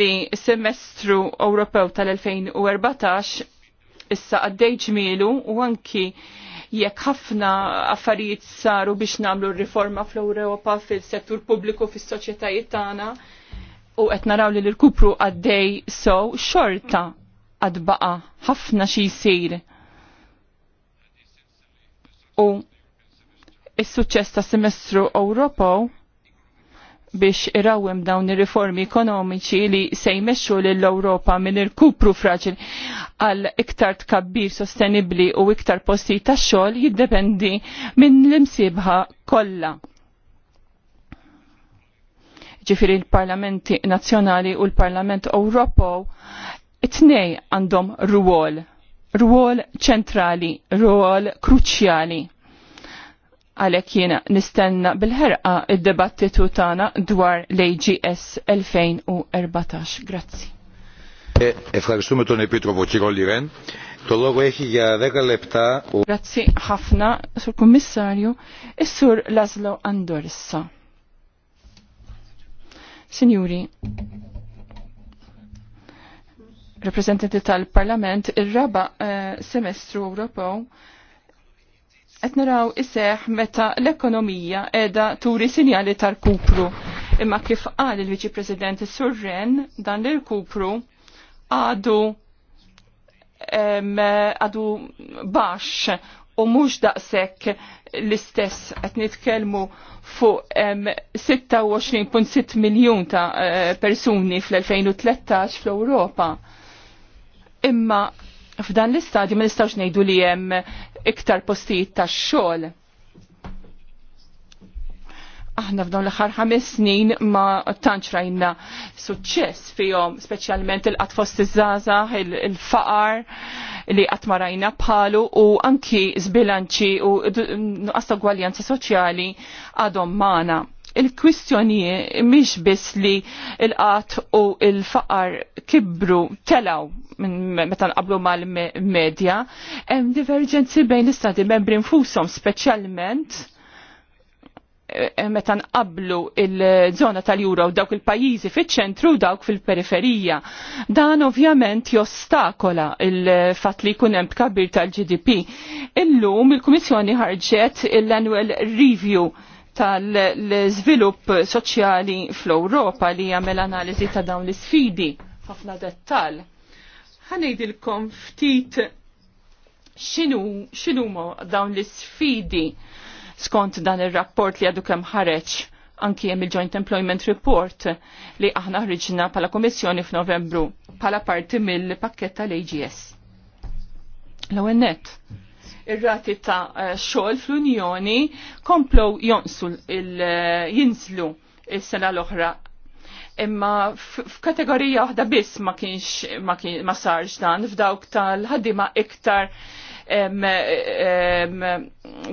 li semestru Ewropew tal-2014 issa għaddej ġmielu u anki jekk ħafna affarijiet saru biex namlu riforma fl-Ewropa fil-settur pubbliku fis-soċjetajiet tagħna u qed naraw li l-kupru għaddej sew xorta għad baqa ħafna xi jsir. U s suċċess ta' semestru Ewropew biex irawem dawn ir-riformi ekonomiċi li se jmexxu lill-Ewropa minn il-kupru fraġil għal iktar tkabbir sostenibbli u iktar posti ta' xogħol jiddependi minn l-imsiebħa kollha. Ġifieri l-Parlamenti Nazzjonali u l-Parlament Ewropew it-tnej għandhom rwol ruwol ċentrali, ruol kruċjali għalek jena nistenna bil-ħerqa id-debattitu tana dwar l-AGS 2014. Grazzi. Eh, Ευχαριστούμε τον Επίτροπο κύριο Λιρέν. Το λόγο έχει για 10 λεπτά ο... Grazie ħafna, sur Kommissarju, is-sur Laszlo Andorissa. Signori, rappresentanti tal-Parlament, il-raba eh, semestru Ewropew qed naraw iseħ meta l-ekonomija qiegħda turi sinjali tal-kupru. Imma kif għal il-Viċi President Surren dan l-kupru għadu għadu baxx u mhux daqshekk l-istess qed nitkellmu fuq 26.6 miljun ta' eh, persuni fl-2013 fl-Ewropa. Imma f'dan l-istadju ma nistgħux ngħidu li hemm iktar postijiet tax xogħol. Aħna f'dawn l-aħħar ħames snin ma tantx rajna suċċess fihom, speċjalment il-qatt fost iż-żgħażagħ, il-faqar li qatt ma rajna bħalu u anki żbilanċi u nuqqas gwaljanza soċjali għadhom magħna il-kwistjoni mhix biss li il-qat u il-faqar kibru telaw meta nqablu mal-medja, hemm diverġenzi bejn l-istati membri nfushom speċjalment eh, meta qablu il zona tal u dawk il-pajjiżi fiċ-ċentru u dawk fil-periferija. Dan ovvjament jostakola il-fatt li jkun hemm tal-GDP. Illum il-Kummissjoni ħarġet l-Annual Review tal-żvilupp soċjali fl-Ewropa li jagħmel analiżi ta' dawn l-isfidi ħafna dettal. Ħanejdilkom ftit xinu xinu dawn l-isfidi skont dan ir-rapport li għadu kemm ħareġ anki jem il-Joint Employment Report li aħna ħriġna pala Komissjoni f'Novembru pala parti mill-pakketta l-AGS. L-ewwel ir-rati ta' eh, xogħol fl-Unjoni komplow jonsu eh, jinslu is-sena l-oħra. Imma f'kategorija waħda biss ma kienx ma, sarx dan f'dawk tal-ħaddiema iktar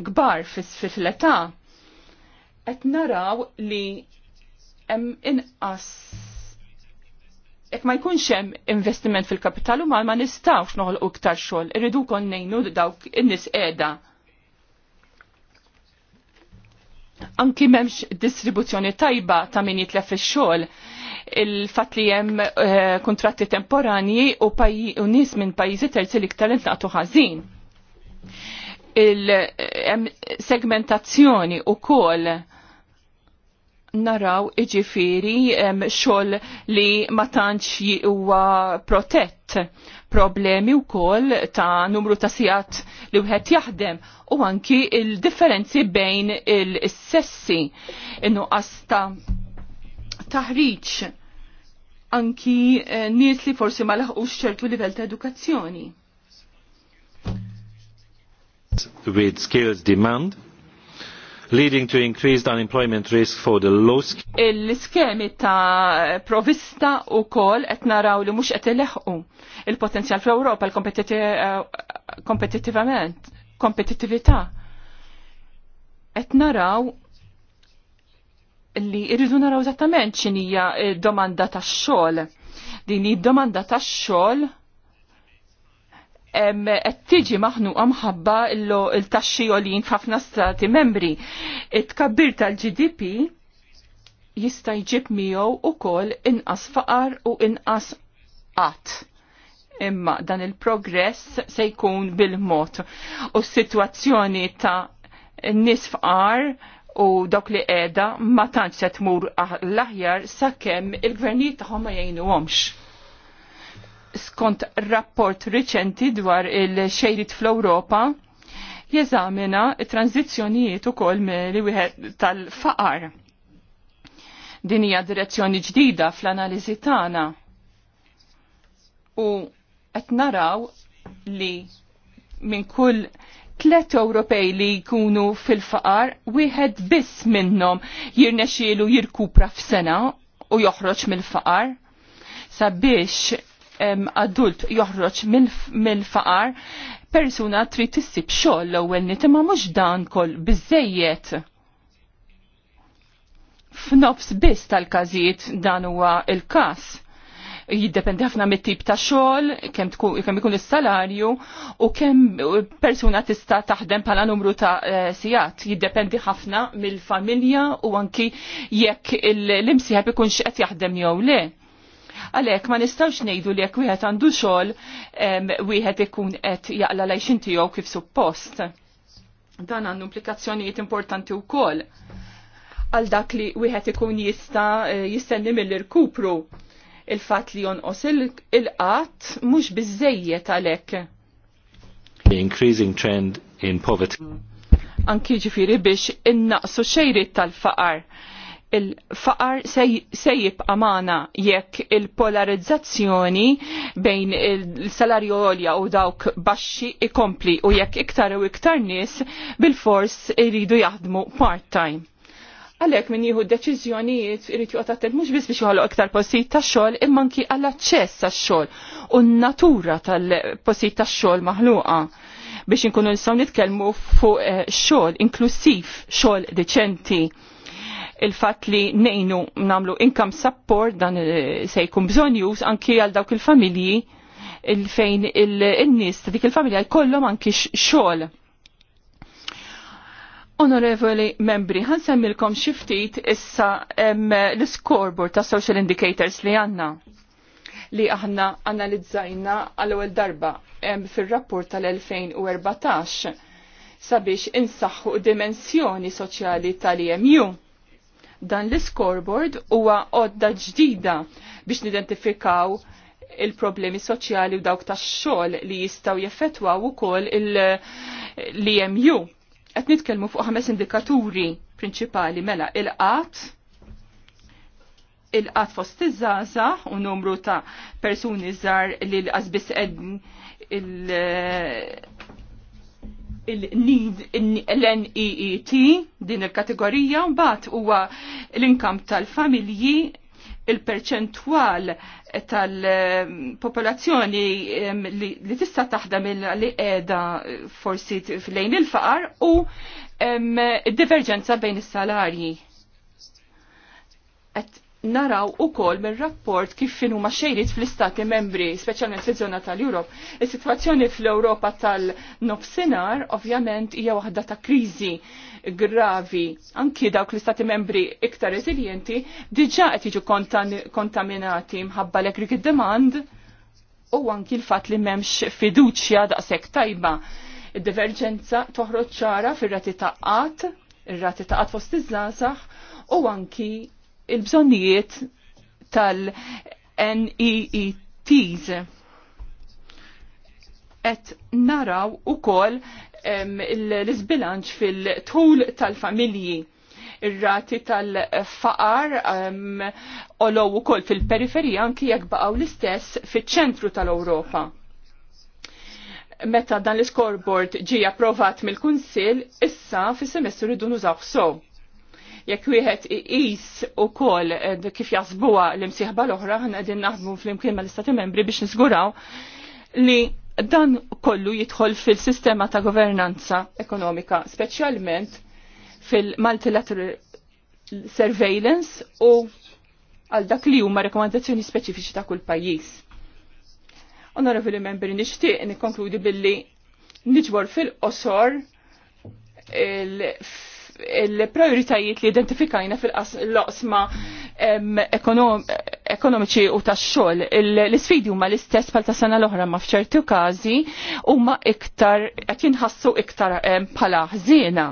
gbar fis-fil-età. Qed naraw li hemm inqas jekk ma jkunx hemm investiment fil-kapital uman ma nistgħux noħolqu iktar xogħol, irridu kon ngħinu dawk in-nies qiegħda. Anki m'hemmx distribuzzjoni tajba ta' min jitlef ix-xogħol il-fatt li hemm eh, kuntratti temporanji u, u nies minn pajjiżi terzi li iktar intaqtu ħażin. Il-segmentazzjoni u kol naraw iġifiri xol li ma tantx huwa protett problemi u koll ta' numru ta' sijat li wħed jaħdem u anki il-differenzi bejn il-sessi innu għasta taħriċ anki eh, nies li forsi ma laħqux ċertu livell ta' edukazzjoni. With skills demand leading to increased unemployment risk for the low skill. Il-skemi ta' provista u kol qed naraw li mhux qed leħu il-potenzjal fl-Ewropa l-kompetittivament, eh, kompetittività. Et naraw li irridu naraw eżattament x'inhija eh, domanda tax-xogħol. Din id-domanda tax-xogħol qed tiġi għamħabba illo l-taxxi għolin f'ħafna stati membri. It-kabbir tal-GDP jista' jġib miegħu ukoll inqas faqar u inqas qatt imma dan il-progress se jkun bil-mod. U s-sitwazzjoni ta' nis fqar u dok li qiegħda ma tantx se tmur l-aħjar sakemm il-gvernijiet tagħhom ma jgħinuhomx skont rapport riċenti dwar il-xejrit fl-Europa jeżamina tranzizzjonijiet ukoll li wieħed tal-faqar. Din hija direzzjoni ġdida fl-analiżi tagħna. U qed naraw li minn kull tlet Ewropej li jkunu fil-faqar, wieħed biss minnhom jirnexxielu jirkupra f'sena u joħroġ mill-faqar sabiex adult joħroġ mill-faqar, persuna trid tissib xogħol l-ewwel nit imma mhux dan kol biżejjed. F'nofs biss tal-każijiet dan huwa il-każ jiddependi ħafna mit-tip ta' xogħol, kemm kemm ikun is-salarju u kemm persuna tista' taħdem bħala numru ta' e, sigħat. Jiddependi ħafna mill-familja u anki jekk l-imsieħeb ikunx qed jaħdem jew le. Għalhekk ma nistgħux ngħidu li jekk wieħed għandu xogħol wieħed ikun qed jaqla lejxin tiegħu kif suppost. Dan għandu implikazzjonijiet importanti wkoll għal dak li wieħed ikun jista' eh, jistenni mill-irkupru il-fat li jonqos il qatt mhux biżejjed għalhekk. The increasing trend in poverty. Anki ġifiri biex innaqsu xejrit tal-faqar il-faqar se jibqa' magħna jekk il-polarizzazzjoni bejn il-salarju għolja u dawk baxxi ikompli u jekk iktar u iktar nies bil-fors iridu jaħdmu part-time. Għalhekk min jieħu deċiżjonijiet irid joqgħod attent mhux biss biex joħloq iktar postijiet tax-xogħol imma anki għall-aċċess ta' xogħol u n-natura tal posit tax-xogħol maħluqa biex inkunu nistgħu nitkellmu fuq eh, xogħol inklusiv, xogħol deċenti il-fat li nejnu namlu income support dan eh, se jkun bżon jus anki għal dawk il-familji il-fejn il-nis dik il-familja jkollhom anki xogħol. Onorevoli membri, ħan semmilkom xiftit issa l-scoreboard ta' social indicators li għanna li aħna analizzajna għal-ewwel darba fir-rapport tal-2014 sabiex insaħħu dimensjoni soċjali tal-EMU Dan l-scoreboard huwa għodda ġdida biex nidentifikaw il-problemi soċjali u dawk tax-xogħol li jistgħu jeffettwaw ukoll l-EMU. Qed nitkellmu fuq ħames indikaturi prinċipali mela il-qatt, il-qatt fost iż żaża u numru ta' persuni żgħar li l-qasbis il- l-NEET e e din il-kategorija mbagħad huwa l-inkam tal-familji il-perċentwal tal-popolazzjoni li tista' taħdem li qiegħda forsi lejn il-faqar u id-diverġenza bejn is-salarji naraw u kol mir rapport kif finu ma xejrit fl-istati membri, specialment fi zona tal-Europ. Il-situazzjoni fl-Europa tal-nofsinar ovvjament hija waħda ta' krizi gravi. Anki dawk l-istati membri iktar resilienti diġa qed jiġu kontaminati mħabba l-ekrik demand u anki l-fat li memx fiduċja daqshekk tajba. Id-diverġenza toħroġ ċara fir-rati ta' qatt, ir-rati ta' qatt fost iż-żgħażagħ u anki il-bżonnijiet tal-NEETs. Et naraw u kol l-izbilanċ fil-tul tal-familji ir-rati tal-faqar olow ukoll fil-periferija anki jekk baqgħu l-istess fiċ-ċentru tal-Ewropa. Meta dan l-scoreboard ġie approvat mill-Kunsill, issa fis-semestru ridu nużaw sow jekk wieħed iqis ukoll eh, kif jasbuha l-imsieħba l-oħra ħana qegħdin naħdmu flimkien mal-Istati Membri biex niżguraw li dan kollu jidħol fil-sistema ta' governanza ekonomika, speċjalment fil-multilateral surveillance u għal dak li huma rekomandazzjoni speċifiċi ta' kull pajjiż. Onorevoli membri, nixtieq nikkonkludi billi niġbor fil-qosor il-prioritajiet li identifikajna fil-loqsma ekonomiċi u ta' xol. L-sfidi huma l-istess pal ta' sena l-oħra ma' fċertu kazi huma iktar, qed jinħassu iktar bħala ħżiena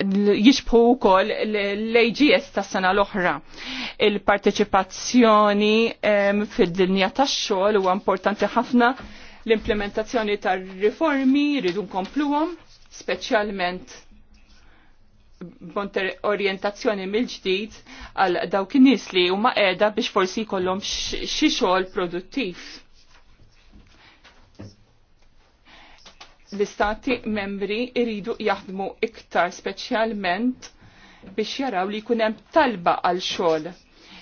jixbħu kol l-AGS ta' sena l-oħra. Il-parteċipazzjoni fil-dinja ta' xol u importanti ħafna l-implementazzjoni tar riformi rridu nkompluhom speċjalment orientazzjoni mill-ġdid għal dawk nis li huma qiegħda biex forsi jkollhom xi xogħol produttiv. L-istati membri iridu jaħdmu iktar speċjalment biex jaraw li jkun hemm talba għal xogħol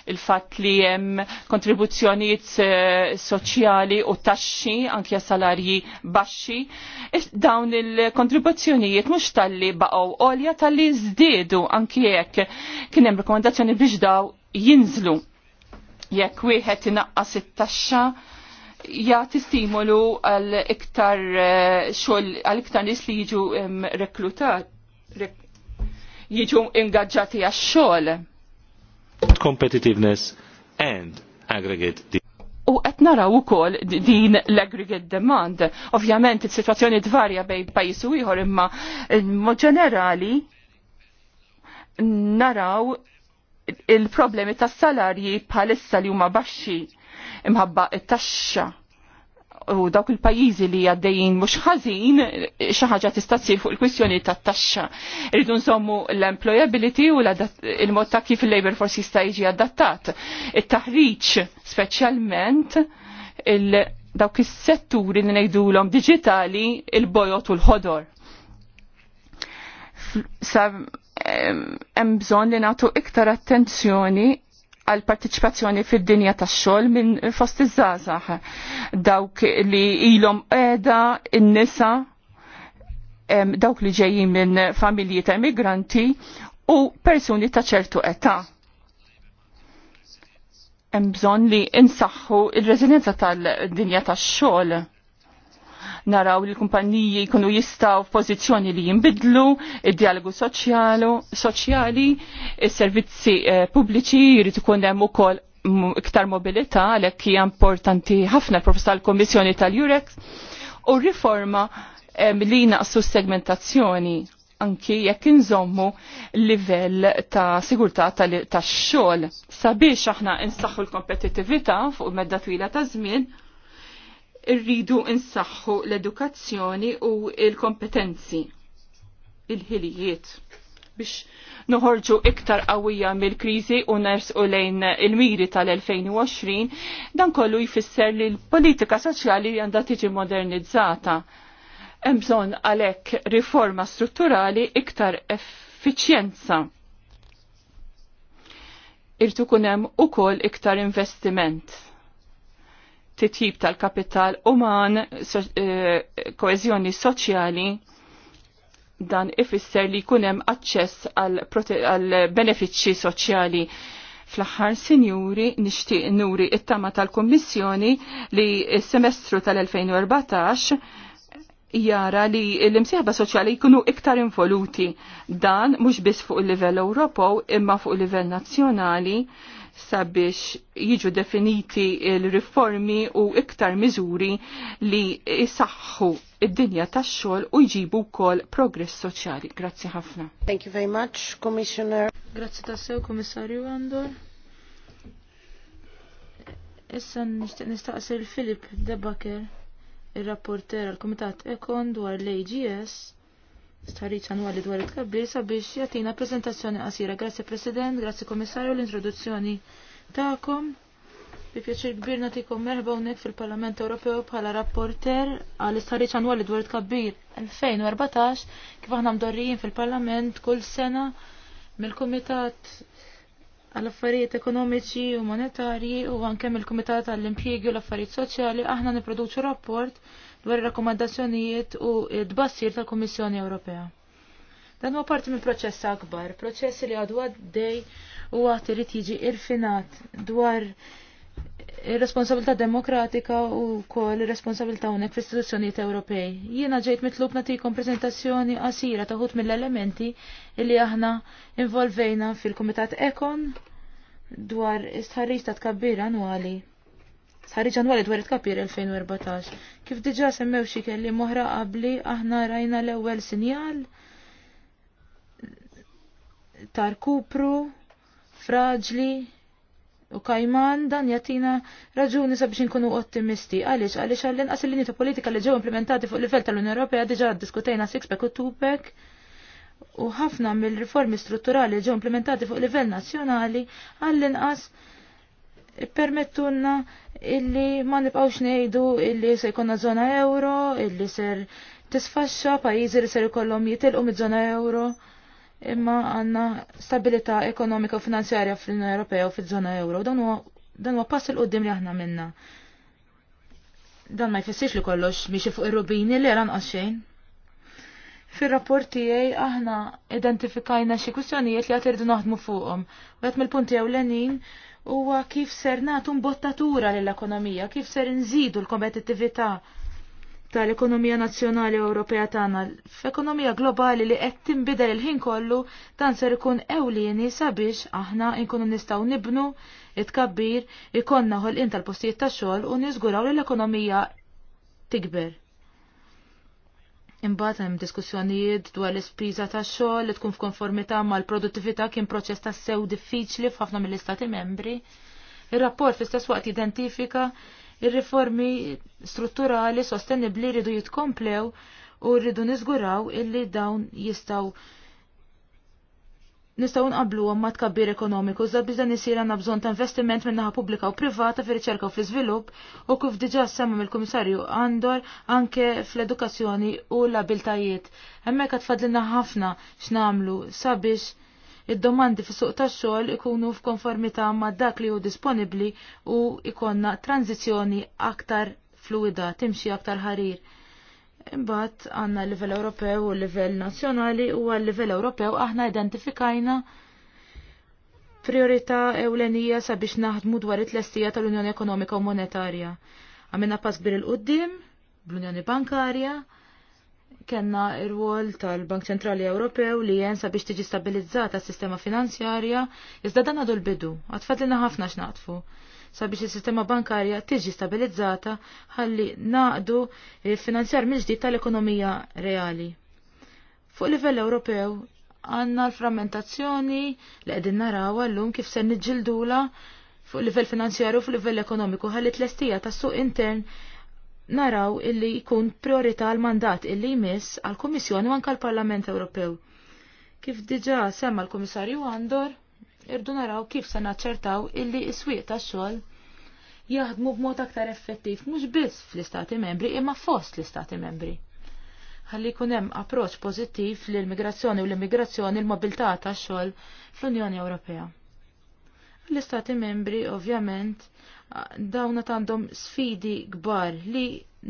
il-fatt li hemm kontribuzzjonijiet eh, soċjali u taxxi anke salarji baxxi, dawn il-kontribuzzjonijiet mhux talli baqgħu għolja talli li anke jekk kien hemm rekomendazzjoni biex daw jinżlu. Jekk wieħed inaqqas it-taxxa jagħti stimolu għal iktar eh, xogħol għal iktar nies li jiġu reklutat jiġu ingaġġati għax-xogħol competitiveness and aggregate U qed naraw ukoll din l-aggregate demand. Ovvjament is-sitwazzjoni tvarja bejn pajjiż u ieħor imma eh, mod ġenerali naraw il-problemi tas-salarji bħalissa li huma baxxi imħabba it-taxxa u dawk il-pajjiżi li għaddejjin mhux ħażin xi ħaġa tista' tsir fuq il-kwistjoni tat-taxxa. Irridu nżommu l-employability u l mod ta' kif il-labor force jista' jiġi adattat. It-taħriġ speċjalment il dawk is-setturi li ngħidulhom diġitali il-bojot u l-ħodor. Sa hemm bżonn li nagħtu iktar attenzjoni għal partiċipazzjoni fid-dinja tax-xogħol minn fost iż-żgħażagħ. Dawk li ilhom qiegħda in-nisa dawk li ġejjin minn familji ta' immigranti u persuni ta' ċertu età hemm bżonn li insaħħu il reżiljenza tal-dinja tax-xogħol naraw li l-kumpanniji jkunu jistaw f'pożizzjoni li jimbidlu, id-dialogu soċjali, il servizzi eh, pubbliċi jrid ikun hemm ukoll iktar mobilità għalhekk hija importanti ħafna l-proposta tal-Kommissjoni tal-Jurex u riforma eh, li naqsu segmentazzjoni anki jekk inżommu livell ta' sigurtà tax-xogħol sabiex aħna insaħħu l-kompetittività fuq medda twila ta' żmien irridu insaħħu l-edukazzjoni u l kompetenzi il-ħilijiet biex noħorġu iktar qawwija mill-kriżi u nersqu lejn il-miri tal-2020, dan kollu jfisser li l-politika soċjali għandha tiġi modernizzata. Hemm bżonn għalhekk riforma strutturali iktar effiċjenza. Irtu kunem u kol iktar investiment titjib tal-kapital uman, eh, koezjoni soċjali, dan ifisser li kunem aċċess għal benefiċċji soċjali. Fl-aħħar sinjuri nixtieq nuri it-tama tal-Kummissjoni li s-semestru tal-2014 jara li l-imsieħba soċjali jkunu iktar involuti. Dan mhux biss fuq il-livell Ewropew imma fuq il level nazzjonali sabiex jiġu definiti il-riformi u iktar miżuri li jisaxħu id-dinja tax-xogħol u jġibu wkoll progress soċjali. Grazzi ħafna. Thank you very much, Commissioner. Grazzi tassew, kommissarju Andor. Issa nistaqsi l-Filip Debaker, ir rapporter għal-Kumitat Ekon dwar l-AGS stħarriċ annwali dwar it-kabbir sabiex jatina prezentazzjoni qasira. Grazzi President, grazzi Komissarju l-introduzzjoni ta'kom. Bi pjaċir kbir natikom merħba unnek fil-Parlament Ewropew bħala rapporter għal istħarriċ annwali dwar it-kabbir 2014 kif aħna mdorrijin fil-Parlament kull sena mill-Kumitat għall-affarijiet ekonomiċi u monetarji u anke mill-Kumitat għall-impjiegi u l-affarijiet soċjali aħna niproduċu rapport dwar ir-rakkomandazzjonijiet u d-bassir tal-Kummissjoni Ewropea. Dan huwa parti minn proċess akbar, proċess li għadu għaddej u għat irid jiġi irfinat dwar ir-responsabilità demokratika u kol ir-responsabilità unek fl-istituzzjonijiet Ewropej. Jiena ġejt mitlub natikom prezentazzjoni qasira taħut mill-elementi li aħna involvejna fil-Kumitat Ekon dwar istħarriġ ta' tkabbir annwali Sari ġanwali dwar it-kapir 2014. Kif diġa semmew xi kelli moħra qabli aħna rajna l-ewwel sinjal tar kupru fraġli u kajman dan jatina raġuni sabiex nkunu ottimisti. Għaliex, għaliex għall-inqas il linita politika li ġew implementati fuq l-level tal-Unjoni Ewropea diġà diskutejna six u Tupek. u ħafna mill-riformi strutturali ġew implementati fuq livell nazzjonali għall-inqas permettunna illi ma nibqawx ngħidu illi se jkollna żona euro, illi ser tisfaxxa pajjiżi li ser ikollhom jitilqu miż-żona euro. Imma għandna stabilità ekonomika u finanzjarja fl-Unjoni Ewropea u fiż-żona euro. Dan huwa pass il qudiem li aħna minna. Dan ma jfissirx li kollox miexi fuq ir-rubini li lanqas xejn. fir rapport tiegħi aħna identifikajna xi kwistjonijiet li qed irdu naħdmu fuqhom. Wieħed mill-punti ewlenin lenin huwa kif ser nagħtu mbottatura lill-ekonomija, kif ser nżidu l-kompetittività tal-ekonomija nazzjonali Ewropea tagħna. F'ekonomija globali li qed tinbidel il-ħin kollu dan ser ikun ewlieni sabiex aħna nkunu nistgħu nibnu it-kabbir ikonna ħolqien tal-postijiet tax-xogħol u niżguraw li l-ekonomija tikber. Imbagħad hemm diskussjonijiet dwar l-ispiża tax-xogħol li tkun f'konformità mal-produttività kien proċess ta' sew diffiċli f'ħafna mill-istati membri. Ir-rapport fl-istess waqt identifika ir-riformi strutturali sostenibbli rridu jitkomplew u rridu niżguraw illi dawn jistgħu nistaw nqablu ma t-kabbir ekonomiku, zda bizda nisira nabżon bżonn ta' investiment minnaħa pubblika u privata fi riċerka u fi iżvilupp u kif diġà semma mill komissarju għandor anke fl-edukazzjoni u l-abiltajiet. Hemmhekk qed tfadlilna ħafna x'namlu sabiex id-domandi fis suq tax-xogħol ikunu f'konformità ma' dak li hu disponibbli u ikonna tranzizjoni aktar fluida, timxi aktar ħarir Imbagħad għandna l-livell Ewropew u l-livell nazzjonali u għal-livell Ewropew aħna identifikajna priorità ewlenija sabiex naħdmu dwar it-lestija tal-Unjoni Ekonomika u Monetarja. Għamina pass bir il-qoddim bl-Unjoni Bankarja, kenna ir-wol tal-Bank Ċentrali Ewropew li jen sabiex tiġi stabilizzata s-sistema finanzjarja, iżda dan għadu l-bidu, għatfadlina ħafna x'naqtfu sabiex is-sistema bankarja tiġi stabilizzata ħalli naqdu il-finanzjar mill-ġdid tal-ekonomija reali. Fuq livell Ewropew għandna l-frammentazzjoni li qegħdin naraw llum kif se niġġildula fuq livell finanzjarju fuq livell ekonomiku ħalli tlestija tas-suq intern naraw illi jkun priorità l mandat illi jmiss għal Kummissjoni u anke għall Parlament Ewropew. Kif diġà semma l-Kummissarju Andor, irdu naraw kif se naċċertaw illi s-swieq tax-xogħol jaħdmu b'mod aktar effettiv mhux biss fl-Istati Membri imma fost l-Istati Membri. Ħalli jkun hemm approċċ pożittiv lill-immigrazzjoni u l-immigrazzjoni l-mobilità tax-xogħol fl-Unjoni Ewropea. L-Istati Membri ovvjament dawn għandhom sfidi kbar li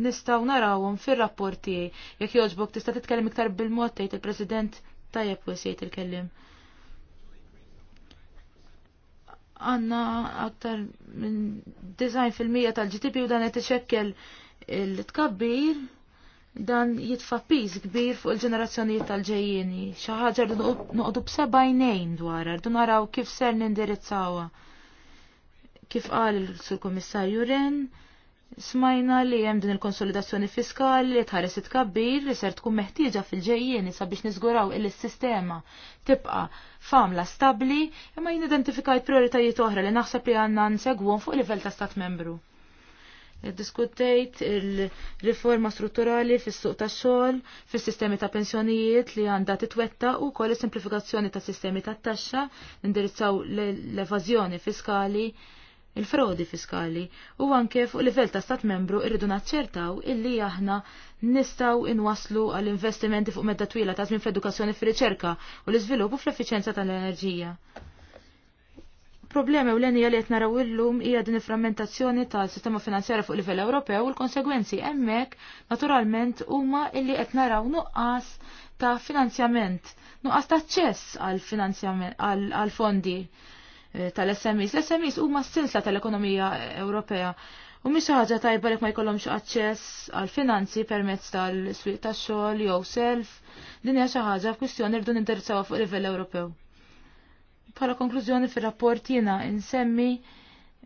nistgħu narawhom fir-rapporti jekk jogħġbok tista' titkellem iktar bil-mod tgħid il-President tajjeb u jsejt il-kellim. il president tajjeb u jsejt il il kellim għanna aktar minn 90% tal-GDP u dan qed ixekkel il-tkabbir dan jitfa' piż kbir fuq il-ġenerazzjonijiet tal ġejjini Xi ħaġa rridu noqogħdu b'sebgħinejn dwar, rridu naraw kif ser nindirizzawha. Kif qal il-Sur Kummissarju Ren, Smajna li hemm din il-konsolidazzjoni fiskali li tħares it-kabbir li ser tkun meħtieġa fil-ġejjieni sabiex niżguraw il sistema tibqa' famla stabbli imma jien identifikajt prioritajiet oħra li naħseb li għandna nsegwhom fuq livell ta' stat membru. Diskutejt il-riforma strutturali fis-suq tax-xogħol, fis-sistemi ta' pensjonijiet li għandha titwetta u koll is-simplifikazzjoni ta' sistemi tat-taxxa, nindirizzaw l-evażjoni fiskali, il-frodi fiskali u anke fuq livell ta' stat membru irridu naċċertaw illi aħna nistaw inwaslu għall investimenti fuq medda twila ta' żmien fl-edukazzjoni fir-riċerka u l-iżvilupp u fl-effiċenza tal-enerġija. Problema u l-enija li qed naraw illum hija din frammentazzjoni tal-sistema finanzjarja fuq livell Ewropew u l-konsegwenzi hemmhekk naturalment huma illi qed naraw nuqqas ta' finanzjament, nuqqas ta' ċess għal fondi Eh, tal-SMEs. L-SMEs huma s-silsa tal-ekonomija Ewropea u mhix ħaġa tajba ma jkollhomx aċċess għal finanzi permezz tal-swieq tax-xogħol jew self. Din hija xi ħaġa f'kwistjoni rridu nindirizzawha fuq livell Ewropew. Bħala konklużjoni fir-rapport jiena insemmi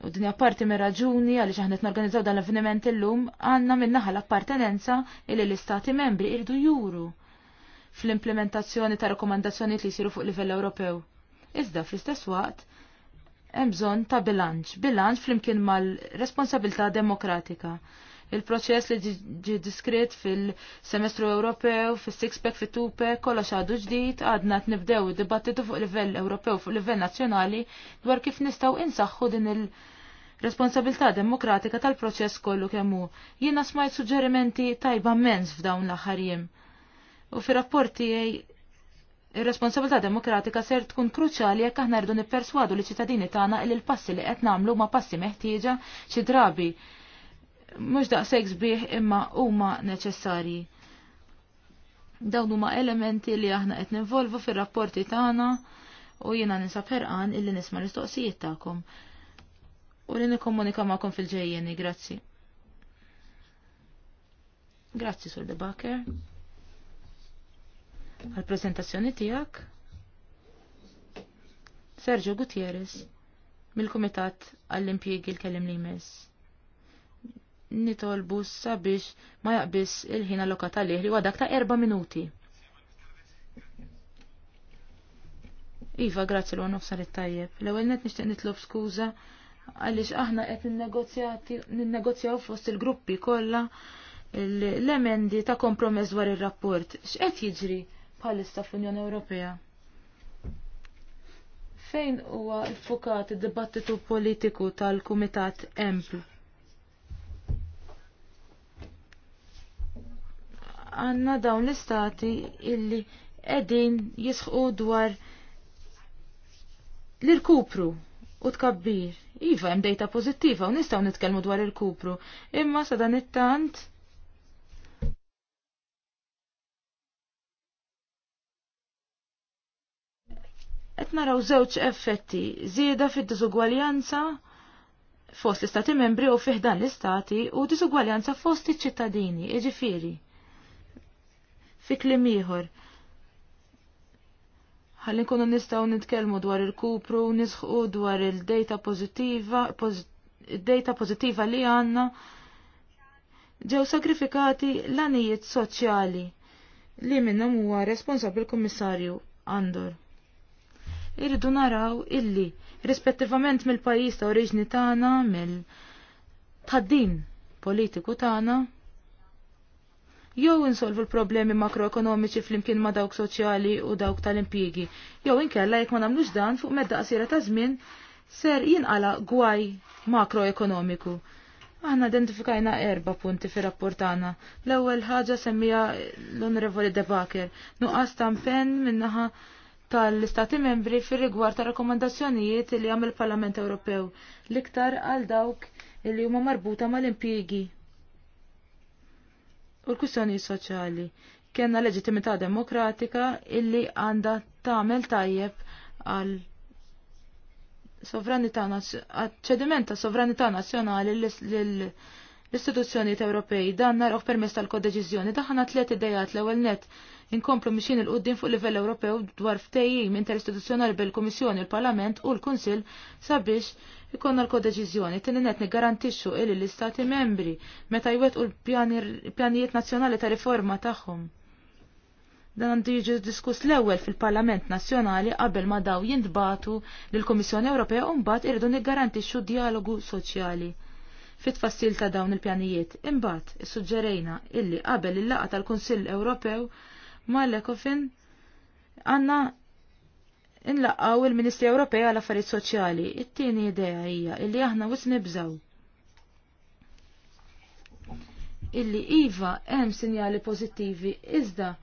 u dinja parti me raġuni għaliex aħna norganizzaw dan l-avveniment illum għandna minnaħa l-appartenenza illi l-istati membri irdu juru fl-implementazzjoni ta' rakomandazzjoni li jisiru fuq livell Ewropew. Iżda fl-istess waqt hemm bżonn ta' bilanċ, bilanċ flimkien mal-responsabilità demokratika. Il-proċess li ġi diskret fil-semestru Ewropew, fil 6 pack fil 2 pack kollox għadu ġdid, għadna t-nibdew dibattitu fuq livell Ewropew, fuq livell nazzjonali, dwar kif nistaw insaxħu din il- responsabilità demokratika tal-proċess kollu kemmu. Jina smajt suġġerimenti tajba mens f'dawn l-aħħar jiem. U fi rapporti Ir-responsabilità demokratika ser tkun kruċjali jekk aħna rridu nipperswadu li ċittadini tagħna li l-passi li qed nagħmlu ma passi meħtieġa xi drabi mhux daqshekk sbieħ imma huma neċessarji. Dawn huma elementi li aħna qed nivolvu fir-rapporti tagħna u jiena ninsab ħerqan illi nisma' l-istoqsijiet tagħkom u li nikkomunika magħkom fil-ġejjeni, grazzi. Grazzi, Sur Baker għal-prezentazzjoni tiegħek. Sergio Gutierrez mill-Kumitat għall-Impjiegi l-kellim li jmiss. Nitolbu sabiex ma jaqbis il-ħin allokat għalih li għadak ta' erba' minuti. Iva, grazzi l-għon ufsar il tajjeb. l għol net nishtiq nitlob skuza għalix aħna qed ninnegozjaw fost il-gruppi kollha l-emendi ta' kompromess dwar ir-rapport. X'qed jiġri? bħalissa fl-Unjoni Ewropea. Fejn huwa fukat id-dibattitu politiku tal-Kumitat Empl? Għanna dawn l-istati illi edin jisħu dwar l-irkupru u tkabbir. Iva, hemm dejta pożittiva u nistgħu nitkellmu dwar il-kupru. Imma sa dan it-tant qed naraw żewġ effetti żieda fid-diżugwaljanza fost l-istati membri u fiħdan l-istati u diżugwaljanza fost iċ-ċittadini, iġifiri. Fi kliem ieħor. Ħalli nkunu nistgħu nitkellmu dwar il-kupru, nisħu dwar il-data pożittiva, id-data pożittiva li għandna ġew sagrifikati l-anijiet soċjali li minnhom huwa responsabbli l-Kummissarju Andor irridu naraw illi rispettivament mill-pajjiż ta' oriġni tagħna mill taddin politiku tagħna jew insolvu l-problemi makroekonomiċi flimkien ma' dawk soċjali u dawk tal-impjiegi, jew inkella jekk ma nagħmlux dan fuq medda qasira ta' żmien ser jinqala gwaj makroekonomiku. Aħna identifikajna erba punti fi rapportana. L-ewwel ħaġa semmija l-Onorevoli Debaker, nuqqas pen minnaħa tal-Istati membri fir rigward ta' rakkomandazzjonijiet li għam il-Parlament Ewropew l-iktar għal dawk li huma marbuta mal-impjigi u l-kwistjoni soċjali. Kienna leġitimità demokratika illi għandha tagħmel tajjeb għal sovranità ċediment ta' sovranità nazzjonali l-istituzzjonijiet Ewropej dan naroh permess tal-kodeċiżjoni daħna tliet idejat l-ewwel net inkomplu mixin il-qoddim fuq livell Ewropew dwar ftejjim interistituzzjonali bil-Kummissjoni, il-Parlament u l-Kunsill sabiex ikonna l-kodeċiżjoni. Tieni net niggarantixxu illi l-Istati membri meta jwettqu l-pjanijiet nazzjonali ta' riforma tagħhom. Dan għandu jiġi diskuss l-ewwel fil-Parlament Nazzjonali qabel ma daw jintbatu lill-Kummissjoni Ewropea u mbagħad irridu niggarantixxu dialogu soċjali fit-tfassil ta' dawn il-pjanijiet. Imbagħad issuġġerejna illi qabel il-laqgħa tal-Kunsill Ewropew mal-Ekofin għanna inlaqaw il-Ministri Ewropea għal affarijiet soċjali. It-tieni idea hija illi aħna wis nibżaw. Illi iva hemm sinjali pożittivi iżda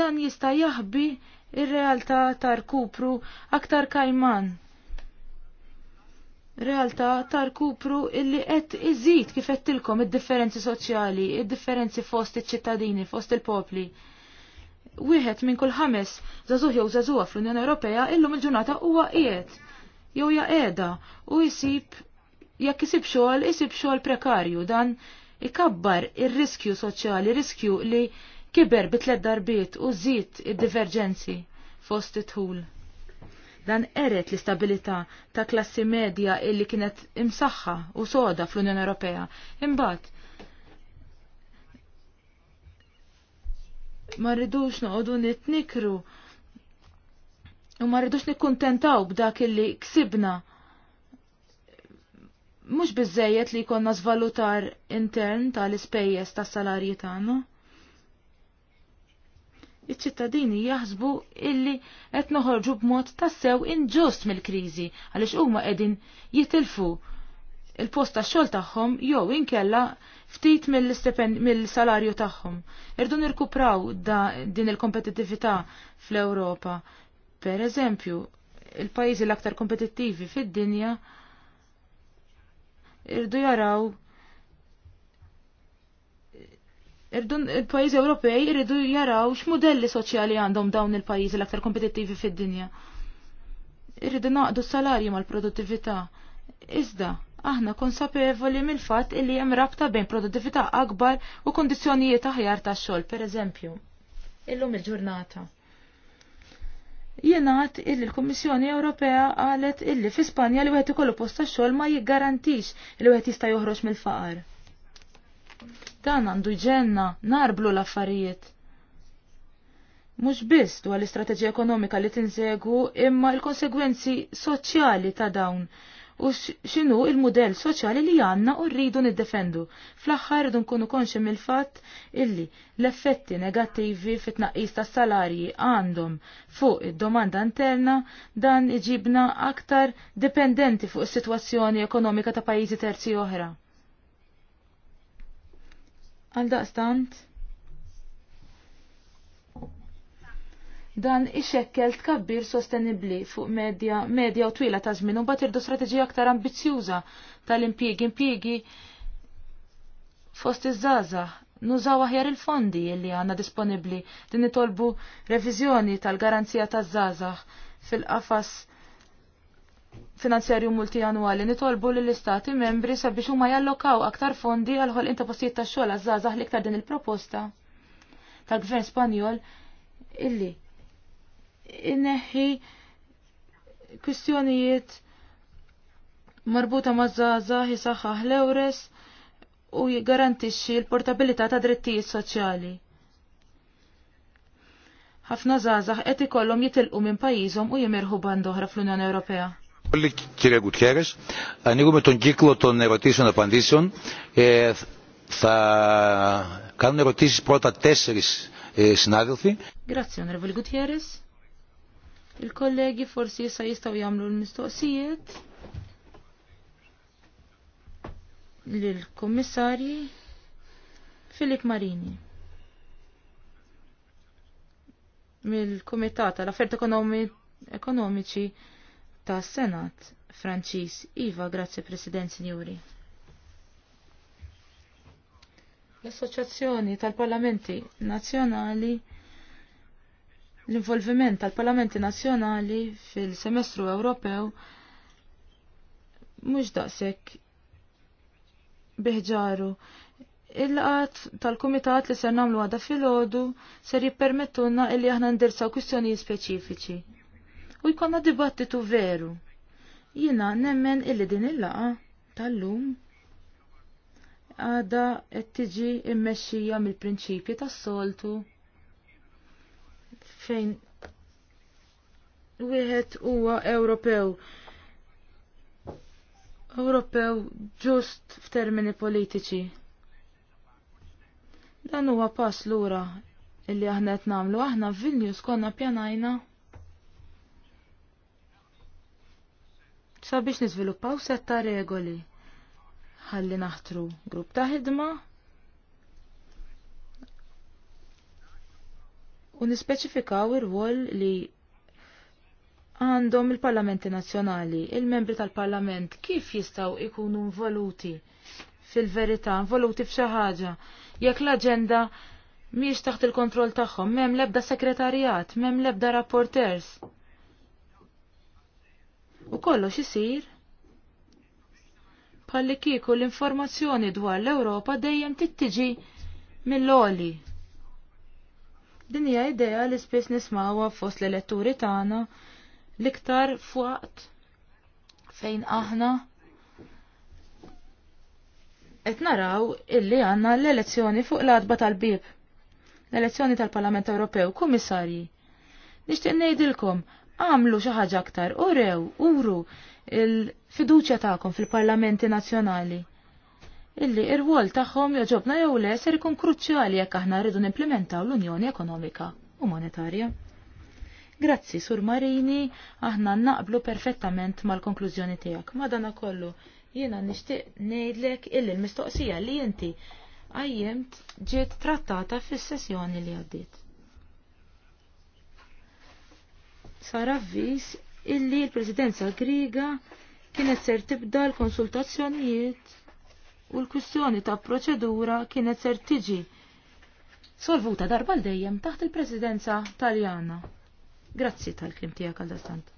dan jista' jaħbi ir-realtà tar kupru aktar kajman realtà tal-kupru illi qed iżid kif qed tilkom id-differenzi soċjali, id-differenzi fost iċ-ċittadini, fost il-popli. Wieħed minn kull ħames żagħżugħ jew żagħżugħa fl-Unjoni Ewropea illum il-ġurnata huwa qiegħed jew ja qiegħda u jsib jekk isib xogħol isib xogħol prekarju dan ikabbar ir-riskju soċjali, riskju li kiber bit-tliet darbiet u żid id-diverġenzi fost it-tul. Dan eret l istabilita ta' klassi medja illi kienet imsaħħa u soda fl-Unjoni Ewropea. Imbagħad ma rridux noqogħdu nitnikru u ma rridux nikkuntentaw b'dak illi ksibna mhux biżejjed li jkollna żvalutar intern tal-ispejjeż tas-salarji tagħna. No? iċ-ċittadini jaħsbu illi qed noħorġu b'mod tassew inġust mill-kriżi għaliex huma qegħdin jitilfu il-post tax-xogħol tagħhom jew inkella ftit mill-salarju mill tagħhom. Irdu nirkupraw din il-kompetittività fl-Ewropa. Per eżempju, il-pajjiżi l-aktar kompetittivi fid-dinja irdu jaraw il pajizi Ewropej irridu jaraw x'modelli soċjali għandhom dawn il-pajjiżi l-aktar kompetittivi fid-dinja. Irridu naqdu s-salarji mal-produttività. Iżda, aħna konsapevoli mill-fatt illi hemm rabta bejn produttività akbar u kondizzjonijiet aħjar tax-xogħol, pereżempju. Illum il-ġurnata. Jenat illi l-Kommissjoni Ewropea qalet illi fi Spanja li wieħed ikollu post tax-xogħol ma jiggarantix li wieħed jista' joħroġ mill-faqar. Dan għandu ġenna narblu l-affarijiet. Mhux biss dwar l-istrateġija ekonomika li tinsegu imma l-konsegwenzi soċjali ta' dawn u x'inhu il-mudell soċjali li għandna u rridu niddefendu. Fl-aħħar dun nkunu konxi mill-fatt illi l-effetti negattivi fit-tnaqqis tas salarji għandhom fuq id-domanda interna dan iġibna aktar dipendenti fuq is-sitwazzjoni ekonomika ta' pajjiżi terzi oħra. Għal daqstant. Dan ixekkel tkabbir sostenibli fuq medja, media u twila ta' żmien u mbagħad irdu strateġija aktar ambizzjuża tal-impjiegi impjiegi fost iż-żgħażagħ nużaw aħjar il-fondi li għandna disponibbli din nitolbu reviżjoni tal-garanzija taż-żgħażagħ fil-qafas finanzjarju multijanwali nitolbu li l-istati membri sabiex huma jallokaw aktar fondi għal ħol inta postijiet ta' xogħol għażażaħ liktar din il-proposta tal-Gvern Spanjol illi inneħħi kwistjonijiet marbuta ma' żgħażagħ jisaħħaħ l-ewres u jgarantixxi l-portabilità ta' drittijiet soċjali. Ħafna żgħażagħ qed ikollhom jitilqu minn pajjiżhom u jimirħu band oħra fl-Unjoni Ewropea. Πολύ κύριε Κουτιέρες. Ανοίγουμε τον κύκλο των ερωτήσεων-απαντήσεων. Ε, θα κάνουν ερωτήσεις πρώτα τέσσερις ε, συνάδελφοι. Grazie, onorevole Gutierrez. Il-kollegi forsi jissa jistaw jamlu l-mistoqsijiet l-kommissari Filip Marini mill-Kumitat tal-Affert ta' Senat Franċis. Iva, grazzi President Signori. L-Assoċjazzjoni tal-Parlamenti Nazzjonali l-involviment tal-Parlamenti Nazzjonali fil-Semestru Ewropew mhux daqshekk biħġaru. Il-qat tal-Kumitat li ser nagħmlu għada filgħodu ser jippermettulna illi aħna ndirsaw kwistjonijiet speċifiċi u jkollna dibattitu veru. Jiena nemmen illi din il-laqa tal-lum għada qed tiġi mmexxija mill-prinċipji tas-soltu fejn wieħed huwa Ewropew. Ewropew ġust f'termini politiċi. Dan huwa pass lura illi aħna qed nagħmlu aħna f'Vilnius konna pjanajna sabiex niżviluppaw setta regoli ħalli naħtru grupp ta' ħidma u nispeċifikaw ir-rwol li għandhom il-parlamenti nazzjonali, il-membri tal-parlament kif jistaw ikunu involuti fil-verità, involuti f'xi ħaġa, jekk l-aġenda miex taħt il-kontroll tagħhom, m'hemm l-ebda sekretarjat, m'hemm l-ebda rapporters. U kollox isir palli kieku l-informazzjoni dwar l-Ewropa dejjem tittiġi mill-oli. Din hija idea li spiss nismawha fost l-elettori tagħna l-iktar fuqt fejn aħna qed naraw illi għandna l-elezzjoni fuq l-adba tal-bib. L-elezzjoni tal-Parlament Ewropew, kummissarji. Nixtieq ngħidilkom għamlu xi ħaġa aktar u rew uru il-fiduċja tagħkom fil-Parlamenti Nazzjonali. Illi ir-wol tagħhom joġobna jew le ser ikun kruċjali jekk aħna rridu nimplementaw l-Unjoni Ekonomika u Monetarja. Grazzi, Sur Marini, aħna naqblu perfettament mal-konklużjoni tiegħek. Madana kollu, jiena nixtieq ngħidlek illi l-mistoqsija li inti għajjemt ġiet trattata fis-sessjoni li għaddiet. sar avviż illi l-Presidenza Griega kienet ser tibda l-konsultazzjonijiet u l-kwistjoni ta' proċedura kienet ser tiġi solvuta darba l-dejjem taħt il-presidenza taljana. Grazzi tal-klim tijak għal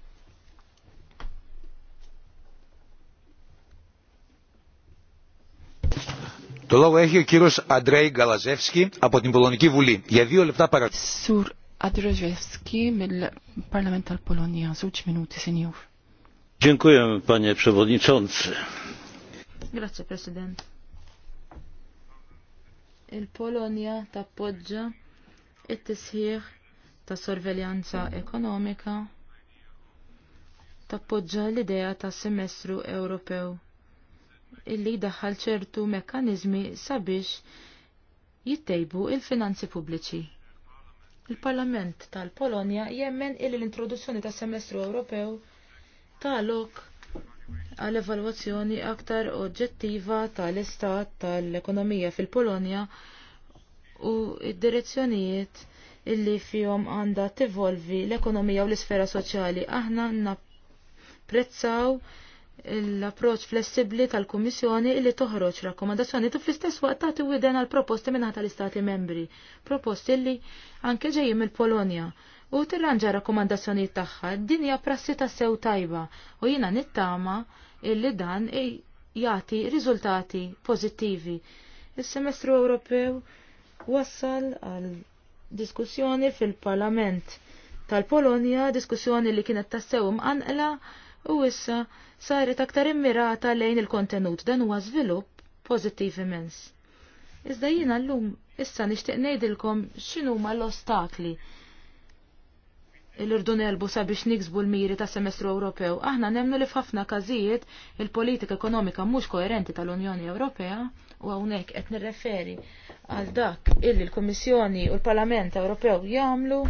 Το λόγο έχει ο κύριος Αντρέι Γκαλαζεύσκι από την Πολωνική Βουλή. Για δύο λεπτά παρακαλώ. Adrożewski mill-Parlament tal-Polonja. Żewġ minuti, senjur. Dziękuję, panie przewodniczący. Grazie, president. Il-Polonja tappoġġa it-tisħiħ ta' sorveljanza ekonomika tappoġġa l-idea ta' semestru Ewropew illi daħħal ċertu mekkaniżmi sabiex jittejbu il-finanzi pubbliċi. Il-Parlament tal-Polonja jemmen illi l-introduzzjoni tas semestru Ewropew talok għal evalwazzjoni aktar oġġettiva tal-istat tal-ekonomija fil-Polonja u id-direzzjonijiet illi fihom għandha tivolvi l-ekonomija u l-isfera soċjali. Aħna napprezzaw prezzaw l-approċ flessibli tal-Kummissjoni li toħroġ rakkomandazzjoni tu fl-istess waqt tagħti widen għal proposti minn tal-Istati membri, proposti li anke ġejjin mill-Polonja u tirranġa rakkomandazzjonijiet tagħha din hija prassi ta' sew tajba u jiena nittama illi dan jagħti riżultati pożittivi. Is-semestru Ewropew wassal għal diskussjoni fil-Parlament tal-Polonja, diskussjoni li kienet tassew mqanqla u issa saret aktar immirata lejn il-kontenut dan huwa żvilupp pożittiv immens. Iżda jiena llum issa nixtieq ngħidilkom x'inhuma l-ostakli l-irdu nelbu sabiex niksbu l-miri ta' semestru Ewropew. Aħna nemnu li f'ħafna każijiet il-politika ekonomika mhux koerenti tal-Unjoni Ewropea u hawnhekk qed nirreferi għal dak illi l-Kummissjoni u l-Parlament Ewropew jagħmlu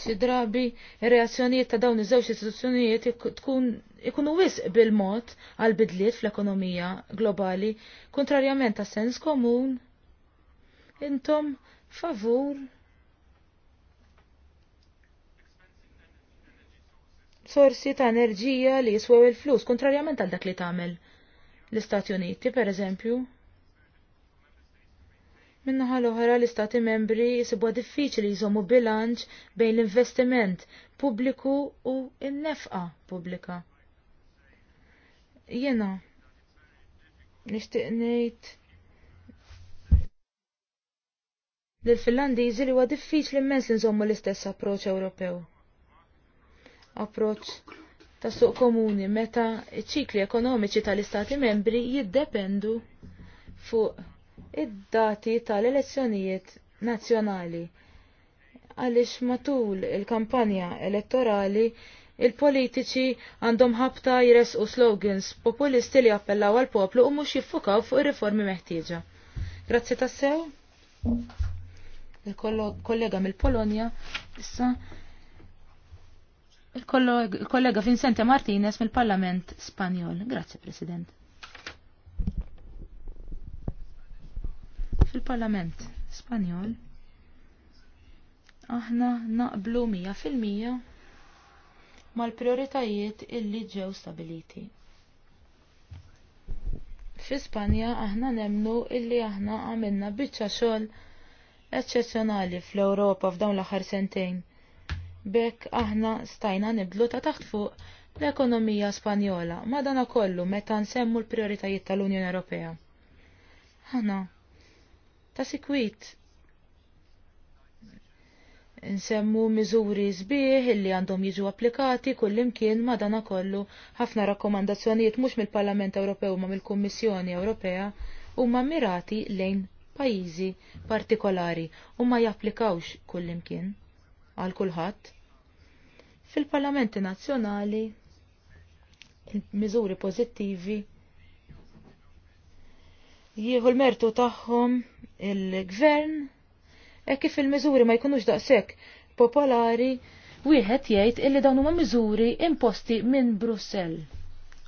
Xi drabi ir-reazzjonijiet ta' dawn iż-żewġ istituzzjonijiet tkun ikunu wisq bil-mod għal bidliet fl-ekonomija globali, kontrarjament ta' sens komun. Intom favur sorsi ta' enerġija li jiswew il-flus, kontrarjament għal dak li tagħmel l-Istati Uniti, per eżempju. Minnaħa l-oħra l-istati membri jisibu diffiċli jżommu bilanċ bejn l-investiment pubbliku u n-nefqa pubblika. Jena, nishtiqnejt ngħid finlandizi li huwa diffiċli immens li nżommu l-istess approċċ Ewropew. Approċċ ta' suq komuni meta ċikli ekonomiċi tal-istati membri jiddependu fuq id-dati tal-elezzjonijiet nazzjonali għaliex matul il-kampanja elettorali il-politiċi għandhom ħabta jresqu slogans populisti li appellaw għal poplu u mhux jiffukaw fuq ir-riformi meħtieġa. Grazzi tassew. Il-kollega mill-Polonja issa il-kollega Vincente Martinez mill-Parlament Spanjol. Grazzi, President. Fil-Parlament Spanjol aħna naqblu mija fil-mija mal-prioritajiet illi ġew stabiliti. Fi Spanja aħna nemnu illi aħna għamilna biċċa xogħol eċċezzjonali fl-Ewropa f'dawn l-aħħar sentejn. Bekk aħna stajna nibdlu ta' taħt fuq l-ekonomija Spanjola madana kollu meta nsemmu l-prioritajiet tal-Unjoni Ewropea. Aħna Ta' sikwit nsemmu miżuri sbieħ illi għandhom jiġu applikati kullimkien ma dana kollu ħafna rakkomandazzjonijiet mhux mill-Parlament Ewropew ma mill-Kummissjoni Ewropea huma mirati lejn pajjiżi partikolari u ma japplikawx kullimkien għal kulħadd. Fil-Parlamenti Nazzjonali il-miżuri pożittivi jieħu l-mertu tagħhom il-gvern e kif il-miżuri ma jkunux daqshekk popolari wieħed jgħid illi dawn huma miżuri imposti minn Brussell.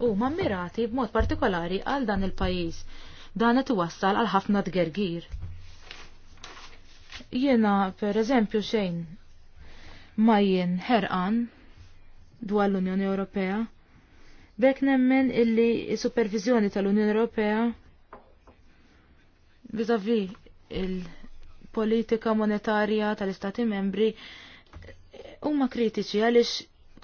U ma mirati b'mod partikolari għal dan il-pajjiż. Dan qed iwassal għal ħafna tgergir. Jiena per eżempju xejn ma jien ħerqan dwar l-Unjoni Ewropea. Bek nemmen illi s supervizjoni tal-Unjoni Ewropea vizavi il-politika monetarja tal-Istati membri huma kritiċi għaliex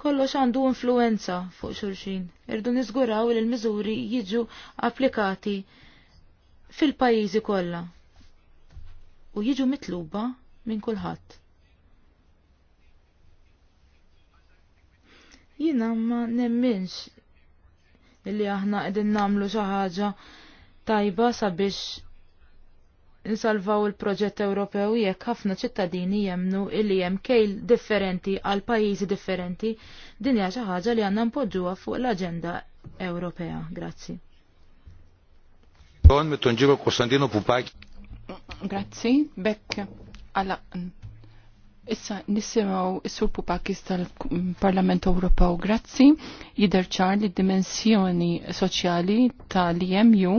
kollox għandu influenza fuq xulxin. Irdu niżguraw li l-miżuri jiġu applikati fil-pajjiżi kollha u jiġu mitluba minn kulħadd. Jiena ma nemminx illi aħna qegħdin nagħmlu xi ħaġa tajba sabiex nsalvaw il-proġett Ewropew jekk ħafna ċittadini jemnu illi jem kejl differenti għal pajjiżi differenti din hija xi ħaġa li għandna npoġġuha fuq l-aġenda Ewropea. Grazzi. Kostantino Grazzi, bekk għala Issa nisimaw is-sur Pupakis tal-Parlament Ewropew grazzi jidher ċar li dimensjoni soċjali tal imu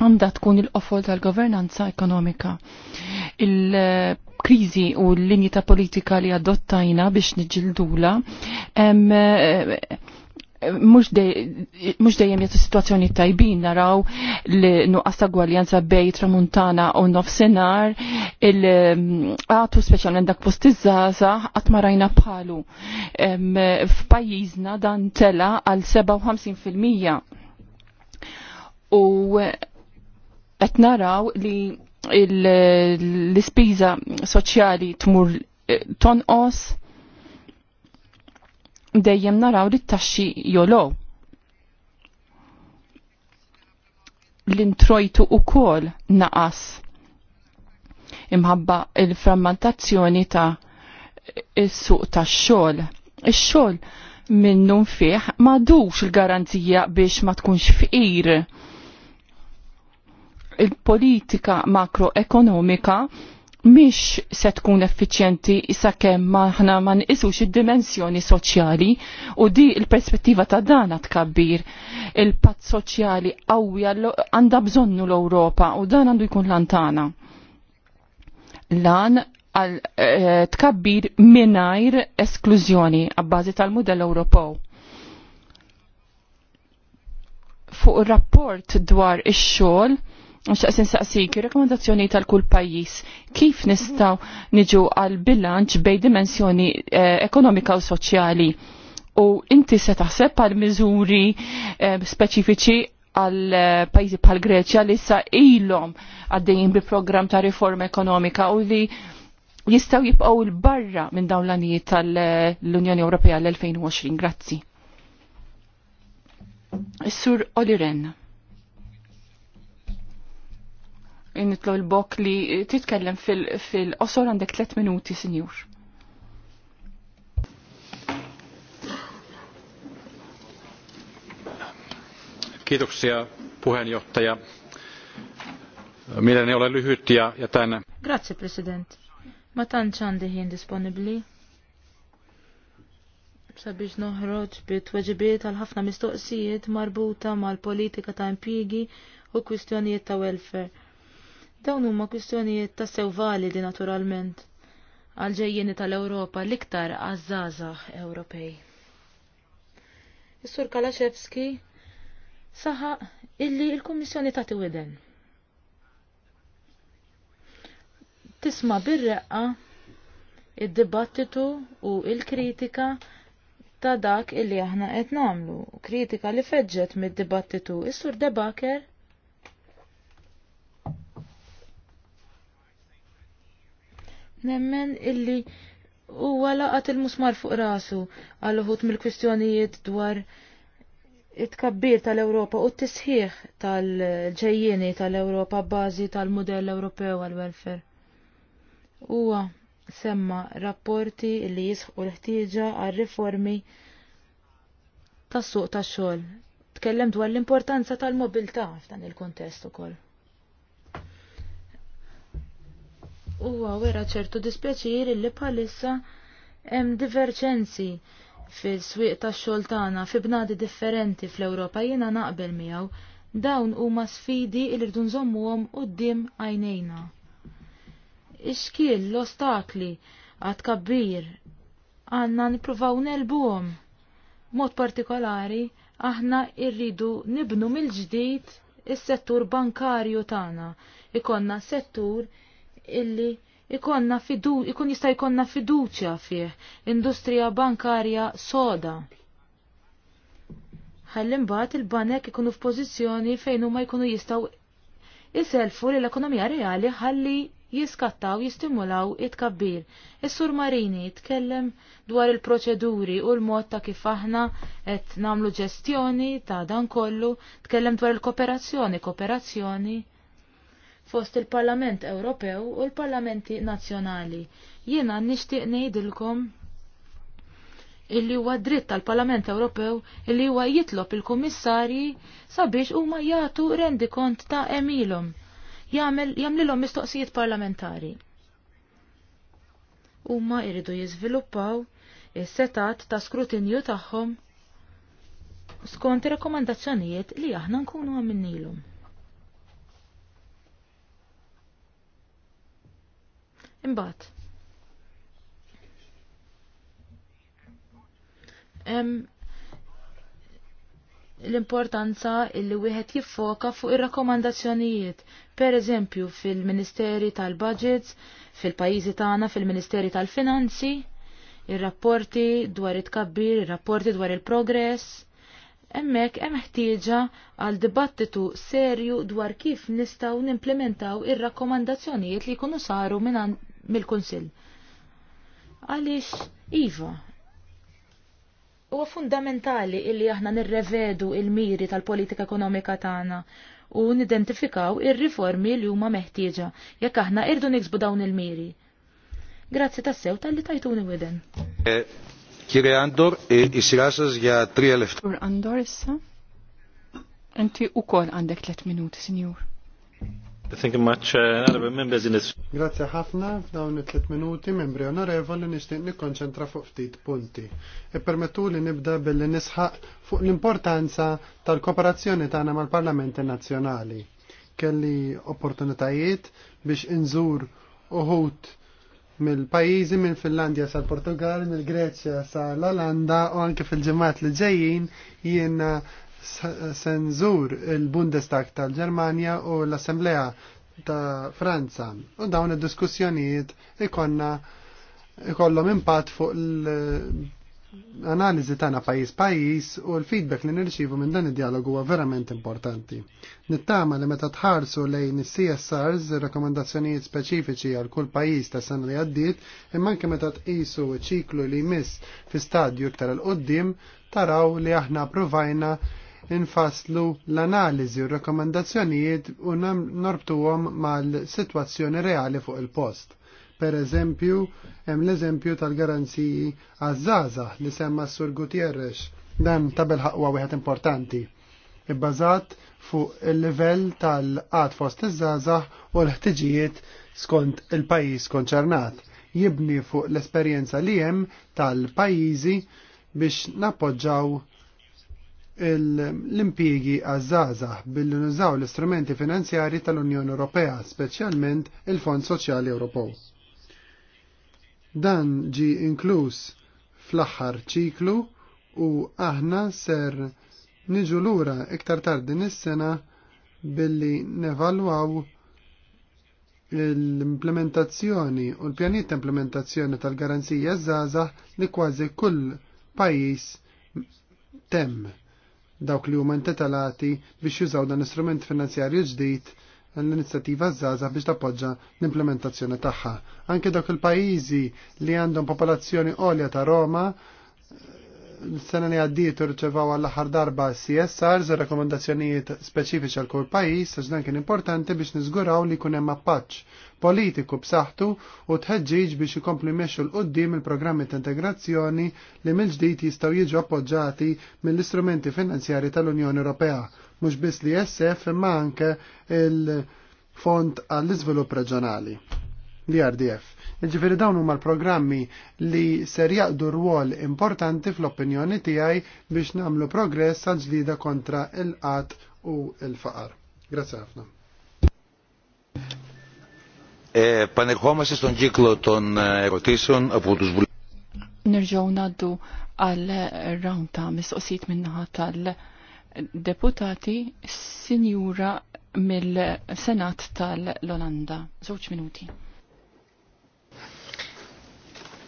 għanda tkun il-qofol tal-governanza ekonomika. Il-krizi u l-linji ta' politika li adottajna biex nġildula mux dejjem jgħat situazzjoni tajbin naraw l-nuqqas ta' gwaljanza bej tramuntana u nofsenar il-għatu speċjalment dak post iż-żaza għat marajna bħalu. F'pajjiżna dan tela għal 57%. U qed naraw li l-ispiża soċjali tmur eh, tonqos dejjem naraw li t-taxxi jolow. L-introjtu ukoll naqas imħabba il-frammentazzjoni ta' il-suq ta' xol. Il-xol minnum fih dux il-garanzija biex ma tkunx fqir il-politika makroekonomika mhix se tkun effiċjenti sakemm aħna ma nqisux id-dimensjoni soċjali u di l-perspettiva ta' dana tkabbir il-patt soċjali qawwija għandha bżonnu l-Ewropa u dan għandu jkun lantana. Lan għal eh, tkabbir minajr esklużjoni għabbażi tal-modell Ewropew. Fuq ir-rapport dwar ix-xogħol Nxaqsin saqsik, rekomendazzjoni tal-kull pajis, kif nistaw niġu għal bilanċ bej dimensjoni eh, ekonomika u soċjali? U inti se taħseb għal miżuri eh, speċifiċi għal eh, pajzi bħal Greċja li sa ilhom għaddejjin bi program ta' riforma ekonomika u li jistaw jibqgħu il barra minn dawn l-anijiet tal-Unjoni Ewropea l-2020. Grazzi. sur Oliren. nitlu l-bok li titkellem fil-qosor fil għandek 3 minuti, sinjur. Kiitoksia puheenjohtaja. Mieleni olen lyhyt ja, ja tänne. Grazie, president. Ma tantx għandi ħin disponibbli sabiex noħroġ bit weġibiet għal ħafna mistoqsijiet marbuta mal-politika ta' impjigi u kwistjonijiet ta' welfare. Dawn huma kwistjonijiet ta' sew validi naturalment għal-ġejjeni tal-Ewropa l-iktar għazzazax Ewropej. Is-Sur Kalaxevski saħaq illi il-Kummissjoni tagħti widen. Tisma' bir-reqqa id-dibattitu u il-kritika ta' dak illi aħna qed nagħmlu, kritika li feġġet mid-dibattitu. Is-Sur Debaker Nemmen illi huwa laqat il-musmar fuq rasu għal uħut mill-kwistjonijiet dwar it-kabbir tal-Ewropa u t-tisħiħ tal-ġejjeni tal-Ewropa bażi tal-modell Ewropew għal-welfare. Huwa semma rapporti li jisħu l-ħtieġa għal riformi tas-suq tax-xogħol. Tkellem dwar l-importanza tal-mobilità f'dan il-kontest ukoll. huwa wera ċertu dispjaċir li bħalissa hemm diverġenzi fis swieq tax-xogħol tagħna fi bnadi differenti fl-Ewropa jiena naqbel miegħu dawn huma sfidi li rridu nżommuhom quddiem għajnejna. Ix-xkiel l-ostakli għad kabbir għandna nippruvaw nelbuhom. Mod partikolari aħna rridu nibnu mill-ġdid is-settur bankarju tagħna. Ikonna settur, illi ikonna fidu, ikun jista' jkonna fiduċja fih, industrija bankarja soda. Ħalli mbagħad il-banek ikunu f'pożizzjoni fejn huma jkunu jistgħu iselfu l-ekonomija reali ħalli jiskattaw jistimulaw it-kabbir. Is-sur Marini tkellem dwar il-proċeduri u l-mod ta' kif aħna qed namlu ġestjoni ta' dan kollu, tkellem dwar il-kooperazzjoni, kooperazzjoni. kooperazzjoni fost il-Parlament Ewropew u l-Parlamenti Nazzjonali. Jiena nixtieq ngħidilkom illi huwa dritt tal-Parlament Ewropew illi huwa jitlob il-kummissarji sabiex huma jagħtu rendi kont ta' emilhom jagħmel jagħmlilhom mistoqsijiet parlamentari. Huma jridu jiżviluppaw is-setat ta' skrutinju tagħhom skont ir-rakkomandazzjonijiet li aħna nkunu għamilnilhom. Imbagħad. l-importanza illi wieħed jiffoka fuq ir-rakkomandazzjonijiet, per eżempju fil-Ministeri tal-Budgets, fil-pajjiżi tagħna fil-Ministeri tal-Finanzi, ir-rapporti dwar it tkabbir ir-rapporti dwar il-progress, Hemmhekk hemm ħtieġa għal dibattitu serju dwar kif nistgħu nimplementaw ir-rakkomandazzjonijiet li jkunu saru minn mill-Kunsill. Għaliex iva, huwa fundamentali illi aħna nirrevedu il-miri tal-politika ekonomika tagħna u nidentifikaw ir-riformi li huma meħtieġa jekk aħna irdu niksbu dawn il-miri. Grazzi tassew tal-li tajtuni widen. Eh, Kire Andor, e is-sirasas ja 3 Andor issa? Inti u kol għandek 3 minuti, sinjur. Thank you much, uh, honorable members in this. Grazie ħafna f'dawn it-tliet minuti membri onorevoli nixtieq nikkonċentra fuq ftit punti. Ippermettu e li nibda billi nisħaq fuq l-importanza tal-kooperazzjoni tagħna mal-Parlamenti Nazzjonali. Kelli opportunitajiet biex inżur uħut mill mill-Finlandja minn Finlandja sal portugal mill-Greċja sal olanda u anke fil-ġemat li ġejjin jiena senżur il-Bundestag tal-Ġermanja u l-Assemblea ta' Franza. U dawn id-diskussjonijiet ikonna ikollhom impatt fuq l-analiżi tagħna pajjiż pajjiż u l-feedback li nirċivu minn dan id-dialogu huwa verament importanti. Nittama li meta tħarsu lejn is-CSRs rekomendazzjonijiet speċifiċi għal kull pajjiż ta' sena li għaddiet, imma anke meta tqisu ċiklu li jmiss fi stadju iktar il qoddim taraw li aħna provajna infaslu l-analiżi u r-rekomendazzjonijiet u norbtuhom mal-sitwazzjoni reali fuq il-post. Per eżempju, hemm l-eżempju tal-garanziji għaż li semma s-Sur Gutierrex. dan tabel ħaqwa wieħed importanti ibbażat fuq il-livell tal-qat fost iż żaza u l-ħtiġijiet skont il-pajjiż konċernat. Jibni fuq l-esperjenza li hemm tal-pajjiżi biex nappoġġaw l-impiegi għazzazax billi nużaw l-istrumenti finanzjari tal-Unjoni Ewropea, speċjalment il-Fond Soċjali Ewropew. Dan ġi inkluż fl-aħħar ċiklu u aħna ser niġu lura iktar tard din is-sena billi nevalwaw l-implementazzjoni u l-pjaniet ta' implementazzjoni tal-garanzija żgħażagħ li kważi kull pajjiż temm dawk li huma intetalati biex jużaw dan l-istrument finanzjarju ġdid l-inizjattiva Zaza biex tappoġġa l-implementazzjoni tagħha. Anke dawk il-pajjiżi li għandhom popolazzjoni għolja ta' Roma l-sena li għaddiet rċevaw għall-aħħar darba CSRs, rekomendazzjonijiet speċifiċi għal kull pajjiż, għax dan kien importanti biex niżguraw li jkun hemm politiku b'saħħtu u tħedġiġ biex ikomplu mexxu l qudiem il-programmi ta' integrazzjoni li mill-ġdid jistgħu jiġu appoġġati mill-istrumenti finanzjari tal-Unjoni Ewropea, mhux biss li SF imma anke il-Fond għall-Iżvilupp Reġjonali. DRDF. rdf Ġifiri dawn huma l-programmi li ser jaqdu rwol importanti fl-opinjoni tiegħi biex nagħmlu progress għal ġlida kontra il-qat u il-faqar. Grazzi ħafna. Πανερχόμαστε e, στον κύκλο των ερωτήσεων από τους βουλευτές. naddu għal round ta' mistoqsijiet minnaħa tal-deputati Sinjura mill-Senat tal-Olanda. Żewġ minuti.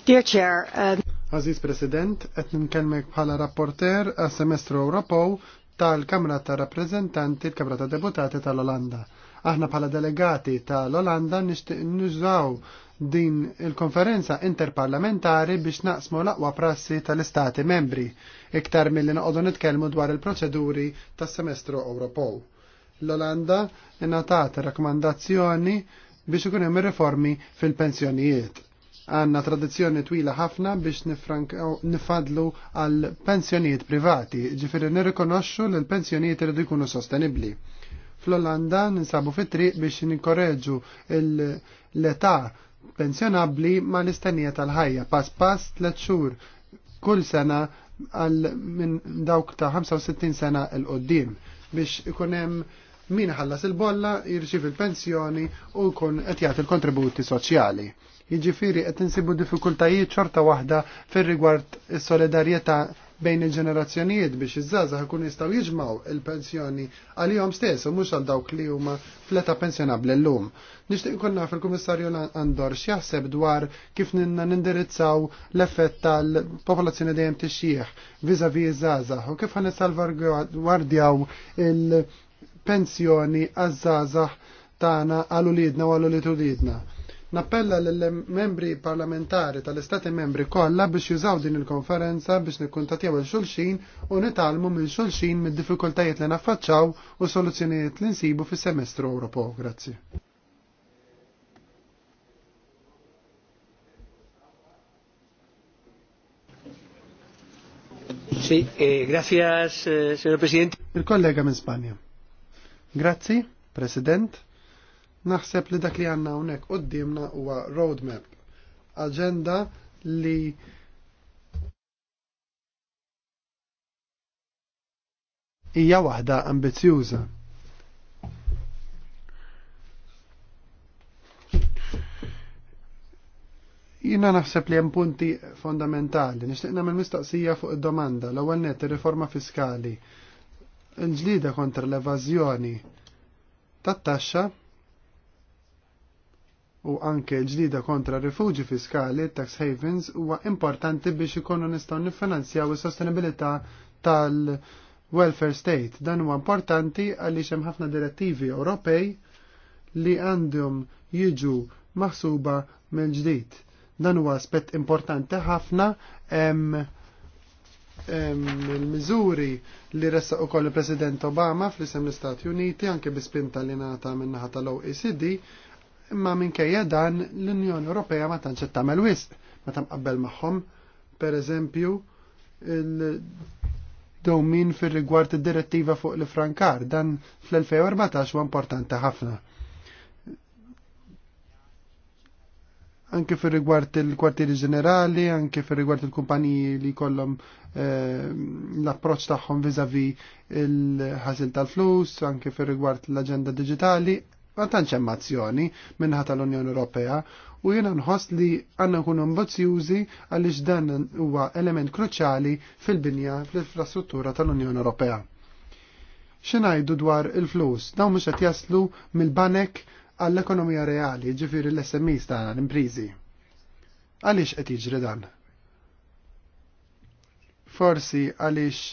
Dear Chair, uh... Aziz President, qed nkellmek bħala rapporter għas semestru Ewropew tal-Kamra ta' Rappreżentanti, l-Kamra ta' Deputati tal-Olanda. Aħna bħala delegati tal-Olanda nużaw din il-konferenza interparlamentari biex naqsmu l-aqwa prassi tal-Istati membri, iktar milli li nitkellmu dwar il-proċeduri tas-semestru Ewropew. L-Olanda inatat rakkomandazzjoni biex ikun hemm riformi fil-pensjonijiet Għanna tradizjoni twila ħafna biex nifadlu għal pensjonijiet privati, ġifiri nirrikonoxxu li l-pensjonijiet irridu jkunu sostenibli. Fl-Olanda ninsabu fit-triq biex ninkorreġu l-età pensjonabli ma l-istennija tal-ħajja, pass pass tlet xhur kull sena għal minn dawk ta' 65 sena l-qoddim biex ikun hemm min ħallas il-bolla jirċiv il-pensjoni u jkun qed jagħti il-kontributi soċjali. Jiġifieri qed insibu diffikultajiet xorta waħda fir-rigward is-solidarjetà bejn il-ġenerazzjonijiet biex iż-żgħażagħ ikun jistgħu jiġmaw il-pensjoni għalihom stess u mhux għal dawk li huma fleta pensjonabbli llum. Nixtieq inkun naf il-Kummissarju Andor x'jaħseb dwar kif ninna nindirizzaw l-effett tal-popolazzjoni dejjem tixjieħ viżavi iż żaża u kif salvargwardjaw il-pensjoni għaż-żgħażagħ tagħna għal uliedna u għal Nappella l-membri parlamentari tal-Istati membri kollha biex jużaw din il-konferenza biex nikkuntatjaw il-xulxin u nitalmu minn xulxin mid-diffikultajiet li naffaċċaw u soluzzjonijiet li nsibu fis-semestru Ewropew. Grazzi. Sì, eh, grazie, eh, signor Presidente. Il collega in Spagna. Grazie, Presidente. Naħseb li dak li għanna unek d-dimna huwa roadmap, agenda li hija waħda ambizjuża. Jina naħseb li hemm punti fondamentali, nixtieq nagħmel mistaqsija fuq id-domanda l-ewwel net ir-riforma fiskali, l-ġlida kontra l-evażjoni tat-taxxa u anke ġdida kontra rifugi fiskali, tax havens, huwa importanti biex ikonu nistgħu niffinanzjaw is-sostenibilità tal-welfare state. Dan huwa importanti għaliex hemm ħafna direttivi Ewropej li għandhom jiġu maħsuba mill-ġdid. Dan huwa aspett importanti ħafna hemm il-miżuri li ressa u koll il-President Obama fl-isem l-Istati Uniti anke bispinta li nata minnaħa tal-OECD imma minkejja dan l-Unjoni Ewropea ma tantx tagħmel wisq meta mqabbel magħhom, pereżempju il domin fir-rigward id-direttiva fuq l-Frankar, dan fl-2014 huwa importanti ħafna. anke fir rigward il-kwartieri ġenerali, anke fir rigward il-kumpaniji li kollhom eh, l-approċ tagħhom viżavi il-ħasil tal-flus, anke fir rigward l-aġenda digitali, ma tantx hemm azzjoni tal-Unjoni Ewropea u jiena nħoss li għandna nkunu ambizzjużi għaliex dan huwa element kruċali fil-binja fl-infrastruttura tal-Unjoni Ewropea. Xinajdu dwar il-flus, daw mhux qed jaslu mill-banek għall-ekonomija reali, ġifieri l-SMEs tagħna l-imprizi. Għaliex qed jiġri dan? Forsi għaliex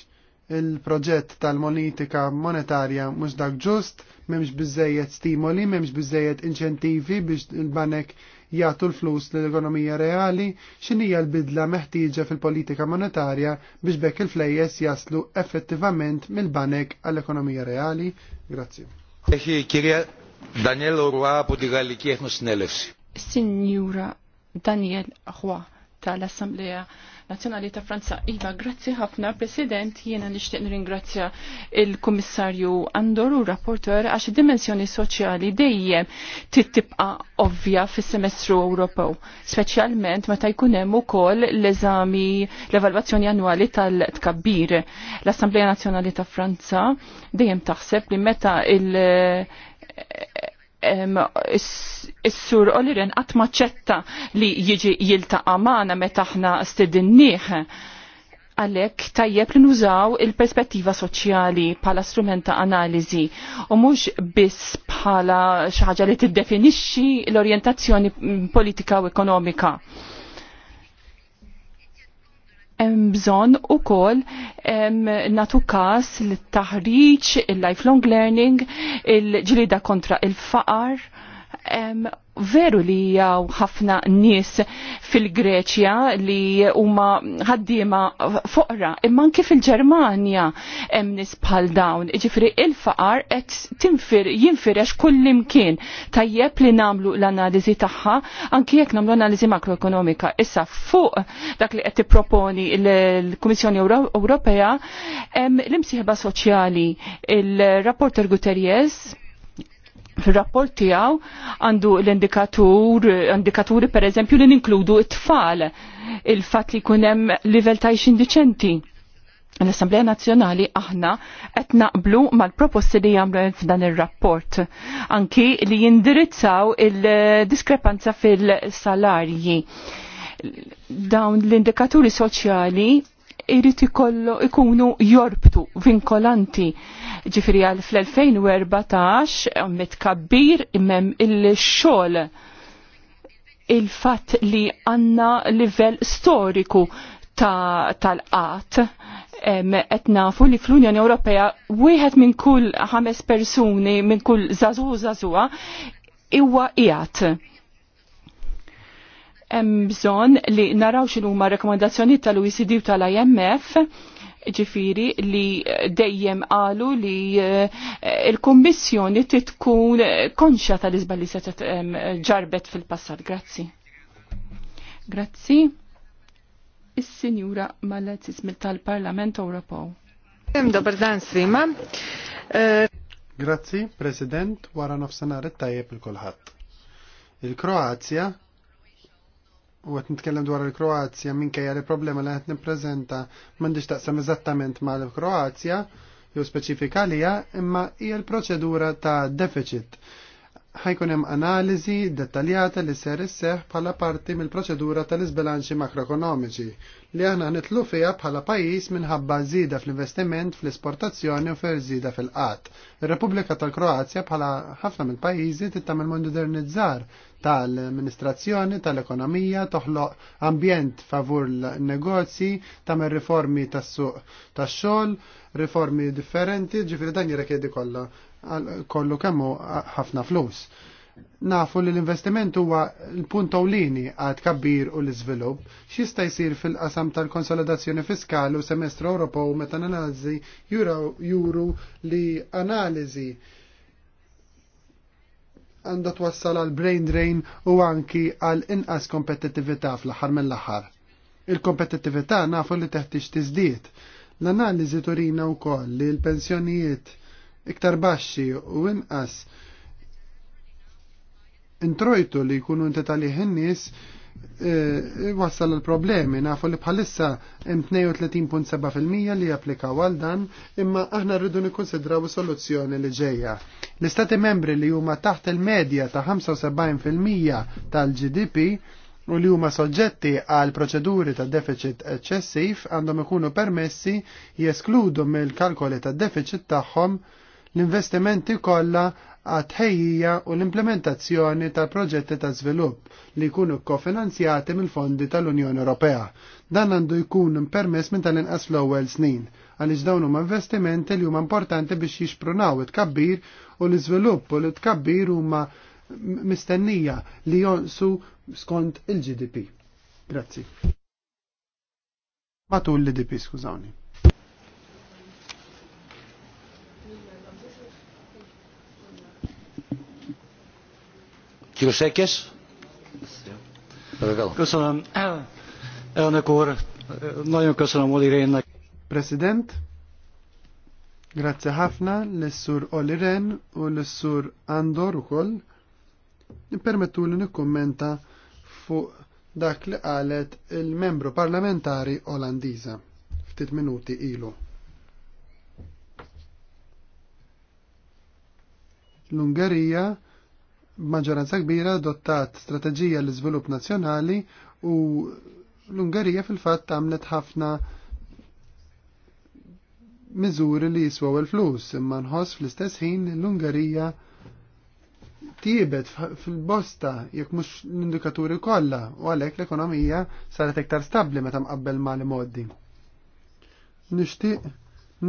il-proġett tal-monitika monetarja mhux dak ġust, m'hemmx biżejjed stimoli, m'hemmx biżejjed inċentivi biex il-banek jagħtu l-flus l-ekonomija reali, x'inhija l-bidla meħtieġa fil-politika monetarja biex bekk il-flejjes jaslu effettivament mill-banek għall-ekonomija reali. Grazzi. Eħi, kirja Daniel Urwa από τη s-nelefsi. Signora Daniel Ρουά tal-Assemblea Nazzjonali ta' Franza. Iva, grazzi ħafna, President, jiena nixtieq nirringrazzja il-Kummissarju Andor u rapporter għax dimensjoni soċjali dejjem tittibqa ovvja fis-semestru Ewropew, speċjalment meta jkun hemm ukoll l-eżami l-evalwazzjoni annwali tal-tkabbir. L-Assembleja Nazzjonali ta' Franza dejjem taħseb li meta il- Is-sur Oliren qatt maċċetta li jiġi jiltaqa' magħna meta aħna stidinnieh għalek tajjeb li nużaw il-perspettiva soċjali pala strument ta' analizi u mhux biss bħala xi ħaġa li tiddefinixxi l-orjentazzjoni politika u ekonomika hemm bżonn ukoll natu każ l-taħriġ, il-lifelong learning, il-ġlida kontra il-faqar veru li jaw ħafna nies fil-Greċja li huma ħaddiema foqra, imma anke fil-Ġermanja hemm nis bħal dawn. Ġifri il-faqar qed tinfir jinfirex kullimkien tajjeb li nagħmlu l-analiżi tagħha anke jekk nagħmlu analiżi makroekonomika. Issa fuq dak li qed tipproponi l-Kummissjoni Ewropea l-imsieħba soċjali il-rapporter Guterres fil-rapport tijaw għandu l-indikatur, indikaturi per eżempju li ninkludu it-tfal, il-fat li kunem livell ta' indiċenti. L-Assemblea Nazzjonali aħna qed naqblu mal-proposti li jagħmlu f'dan ir-rapport anki li jindirizzaw il-diskrepanza fil-salarji. Dawn l-indikaturi soċjali irrit ikollu ikunu jorbtu vinkolanti. Ġifiri għal fl-2014 kabbir imem il-xol il-fat li għanna livell storiku tal-qat qed nafu li fl-Unjoni Ewropea wieħed minn kull ħames persuni minn kull zazu zazuha huwa qiegħed hemm bżonn li naraw x'inhuma rekomendazzjonijiet tal-OECD u tal-IMF ġifiri li dejjem għalu li eh, il-kommissjoni titkun konxa tal-izba li se ġarbet fil-passat. Grazzi. Grazzi. Is-Sinjura Malezis tal-Parlament Ewropew. Dobar dan srima. Eh, Grazzi, President, wara nofsenar it-tajjeb il kolħat Il-Kroazja u għet nitkellem dwar il-Kroazja minkejja li problema li għet nipprezenta mandiġ taqsam eżattament ma l-Kroazja jew speċifika lija imma hija l-proċedura ta' deficit. Ħajkun hemm analiżi dettaljata li ser isseħ bħala parti mill-proċedura tal-isbilanċi makroekonomiċi li aħna nitlu fiha bħala pajjiż minħabba żieda fl-investiment, fl-esportazzjoni u fer żieda fil-qatt. Ir-Repubblika tal-Kroazja bħala ħafna mill-pajjiżi tittamel modernizzar tal-amministrazzjoni, tal-ekonomija, toħloq ambjent favur l-negozji, tagħmel riformi tas-suq tax-xogħol, riformi differenti, ġifieri dan jirrikjedi kollha kollu kemmu ħafna flus. Nafu li l-investiment huwa l-punt ewlieni għad kabbir u l-iżvilupp, x'jista' jsir fil-qasam tal-konsolidazzjoni fiskali u semestru Ewropew meta analiżi juru li analiżi għandha twassal għal brain drain u anki għal inqas kompetittività fl-aħħar mill-aħħar. Il-kompetittività nafu li teħtix tiżdied. L-analiżi turina wkoll li l-pensjonijiet iktar baxxi u inqas introjtu li jkunu intitalih in nies wassal l-problemi, nafu li bħalissa hemm 32.7% li japplikaw għal dan, imma aħna rridu nikonsidraw soluzzjoni li ġejja. L-istati membri li huma taħt il-medja ta' 75% tal-GDP u li huma soġġetti għal proċeduri ta' deficit eċċessiv għandhom ikunu permessi jeskludu mill-kalkoli ta' deficit tagħhom l-investimenti kollha għatħejja u l-implementazzjoni ta' proġetti ta' żvilupp li jkunu kofinanzjati mill-fondi tal-Unjoni Ewropea. Dan għandu jkun permess minn tal-inqas l-ewwel snin għaliex dawn huma investimenti li huma importanti biex jixprunaw it-kabbir u l-iżvilupp u l-tkabbir huma mistennija li jonsu skont il-GDP. Grazzi. Matul l-GDP, skużawni. Kiro Köszönöm. Elnök úr, nagyon köszönöm Oli Rénnek. President, grazie ħafna l Oli Ren u l Andor Ukol. koll. Nipermettu kommenta fu fuq dak li qalet il-membru parlamentari Olandiza ftit minuti ilu. L-Ungerija maġġoranza kbira adottat strateġija l-iżvilupp nazzjonali u l-Ungerija fil-fatt għamlet ħafna miżuri li jiswaw il-flus, imma nħoss fl-istess ħin l-Ungerija tibet fil-bosta jekk mhux l-indikaturi kollha u għalhekk l-ekonomija saret iktar stabbli meta mqabbel ma' li moddi. Nixtieq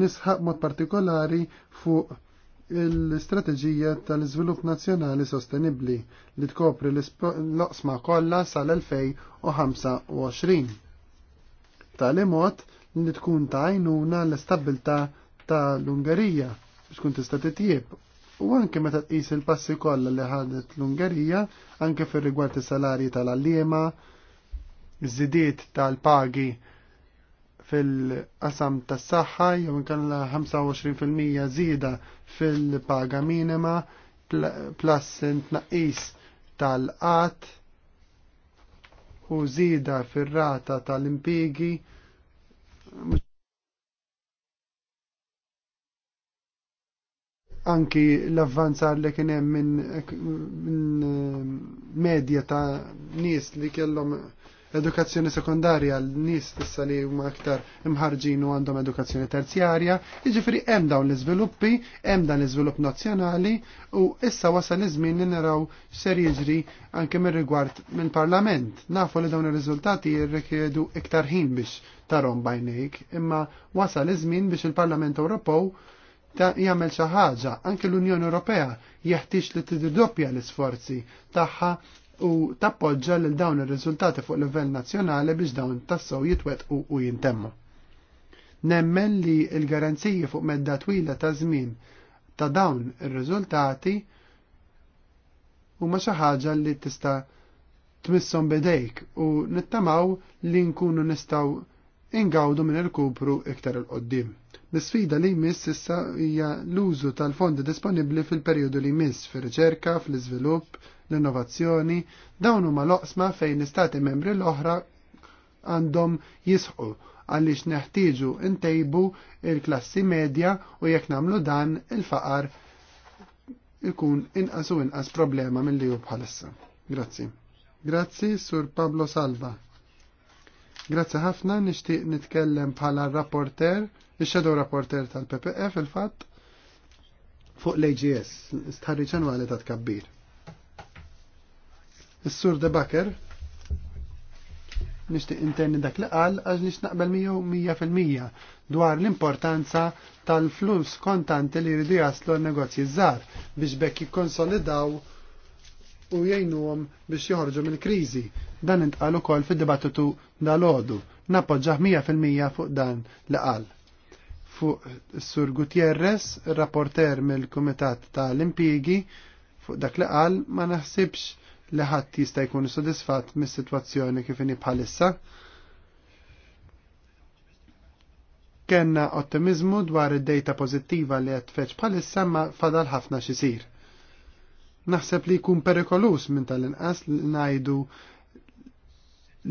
nisħaq mod partikolari fuq l-Istrateġija tal-Iżvilupp Nazzjonali Sostenibbli li tkopri l-oqsma kollha sal-2025. Tali mod li tkun ta' għajnuna l-istabilta tal-Ungerija biex tkun tista' titjieb u anke meta tqis il-passi kollha li ħadet l-Ungerija anke fir-rigward is-salarji tal-għalliema, iż-żidiet tal-pagi tal pagi fil-qasam tas saħħa jew inkella 25% żieda fil-paga minima plus tnaqqis tal-qat u żieda fir-rata tal-impigi anki l-avvanzar li kien hemm minn medja ta' nies li kellhom l edukazzjoni sekundarja l-nies issa li huma aktar imħarġin u għandhom edukazzjoni terzjarja, jiġifieri hemm dawn l-iżviluppi, hemm dan l-iżvilupp nazzjonali u issa wasal iż-żmien li naraw ser jiġri anke mir-rigward mill-Parlament. Nafu li dawn ir-riżultati jirrikjedu iktar ħin biex tarhom bajnejk, imma wasal l żmien biex il-Parlament Ewropew jagħmel xi ħaġa, anke l-Unjoni Ewropea jeħtieġ li tiddoppja l-isforzi tagħha u tappoġġa lil dawn ir-riżultati fuq livell nazzjonali biex dawn tassew jitwetqu u jintemmu. Nemmen li l-garanziji fuq medda twila ta' żmien ta' dawn ir-riżultati huma xi ħaġa li tista' tmissom bidejk u nittamaw li nkunu nistgħu ingawdu minn il-kupru iktar il-qoddim. L-sfida li jmiss issa hija l-użu tal-fondi disponibbli fil-perjodu li jmiss fir-riċerka, fl-iżvilupp, l-innovazzjoni, dawn huma loqsma fejn l-istati membri l-oħra għandhom jisħu għaliex neħtieġu ntejbu il-klassi medja u jekk nagħmlu dan il-faqar ikun inqas u inqas problema mill-li hu bħalissa. Grazzi. Grazzi Sur Pablo Salva. Grazzi ħafna nixtieq nitkellem bħala rapporter, ix-shadow rapporter tal-PPF il-fatt fuq l-AGS, istħarriċan għalet ta' tkabbir. Is-sur de Baker nixtieq interni dak li qal għax nix naqbel mija fil-mija dwar l-importanza tal-flus kontanti li jridu jaslu n-negozji żgħar biex bekk jikkonsolidaw u jgħinuhom biex joħorġu mill-kriżi. Dan intqal ukoll fid-dibattitu dal-għodu. Nappoġġaħ mija fil-mija fuq dan li qal. Fuq Sur Gutierrez, rapporter mill-Kumitat tal-Impjigi, fuq dak li qal ma naħsibx li ħadd jista' jkun sodisfatt mis-sitwazzjoni kif inhi bħalissa. Kenna ottimizmu dwar id-dejta pożittiva li qed feċ bħalissa ma fadal ħafna xisir. Naħseb li jkun perikolus minn tal-inqas li ngħidu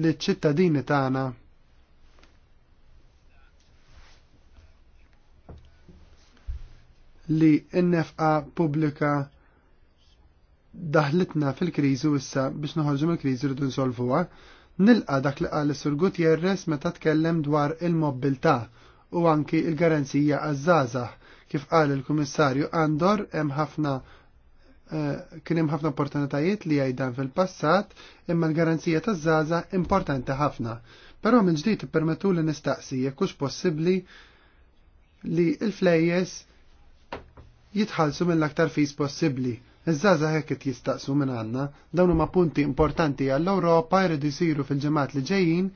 li ċ-ċittadini tagħna li n-nefqa pubblika daħlitna fil-kriżi issa biex noħorġu mill-kriżi rridu nsolvuha. Nilqa dak li qal is-Sur Gutierrez meta tkellem dwar il-mobilità u anki il-garanzija għaż-żgħażagħ kif qal il-Kummissarju Andor hemm ħafna eh, kien hemm ħafna opportunitajiet li jgħidan fil-passat imma l-garanzija taż-żgħażagħ importanti ħafna. Però minn ġdid ippermettu li nistaqsi jekk hux possibbli li l-flejjes jitħallsu mill-aktar fis possibbli Iż-żaza hekk qed jistaqsu minn għandna, dawn huma punti importanti għall-Ewropa jridu jsiru fil-ġimgħat li ġejjin,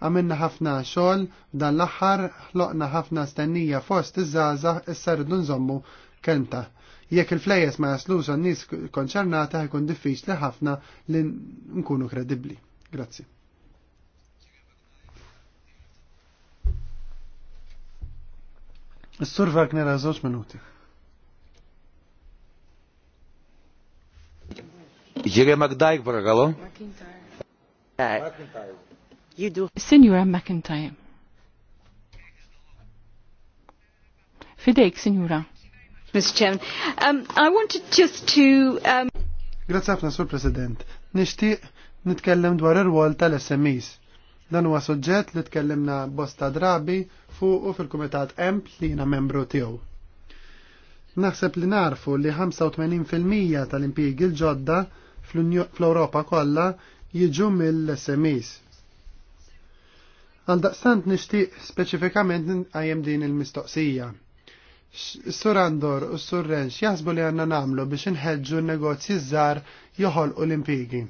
għamilna ħafna xogħol dan l-aħħar ħloqna ħafna stennija fost iż-żaza issa rridu nżommu kenta. Jekk il-flejes ma jaslux għan-nies konċernata ħajkun diffiċli ħafna li nkunu kredibbli. Grazzi. Is-sur Wagner għal minuti. Jiri Magdajk, Bragalo. Signora McIntyre. Fidejk, Signora. Mr. Chairman, um, I wanted just to... Um... Grazie ħafna, Sur President. Nishti nitkellem dwar ir-rwol tal-SMEs. Dan huwa suġġett li tkellimna bosta drabi fuq u fil-Kumitat Emp li jiena membru tiegħu. Naħseb li narfu li 85% tal-impjiegi l-ġodda fl-Europa kollha jiġu mill-SMEs. Għaldaqstant nixtieq speċifikament għajem din il-mistoqsija. Sur Andor u Sur Renx li għanna namlu biex nħedġu n-negozji żgħar joħolqu l-impigi.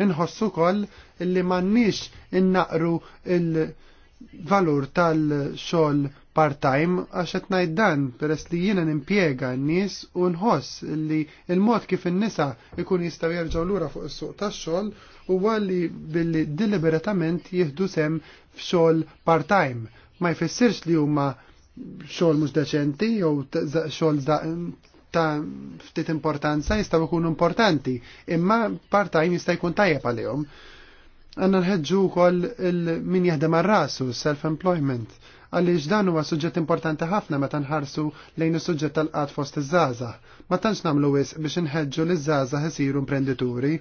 Inħossu koll li mannix innaqru il-valur tal-xogħol part-time għax qed ngħid dan peress li jiena nimpjega n-nies u nħoss li l-mod kif in-nisa jkun jistgħu jerġgħu lura fuq is-suq tax-xogħol huwa li billi deliberatament jieħdu sem f'xogħol part-time. Ma jfissirx li huma xogħol mhux deċenti jew xogħol ta' ftit importanza jistgħu jkunu importanti, imma part-time jista' jkun tajjeb għalihom. Għanna nħedġu kol il-min jahdem ar rasu self-employment għaliex dan huwa suġġett importanti ħafna meta nħarsu lejn is-suġġett tal qat fost iż-żgħażagħ. Ma tantx nagħmlu wisq biex inħeġġu li żgħażagħ isiru imprendituri.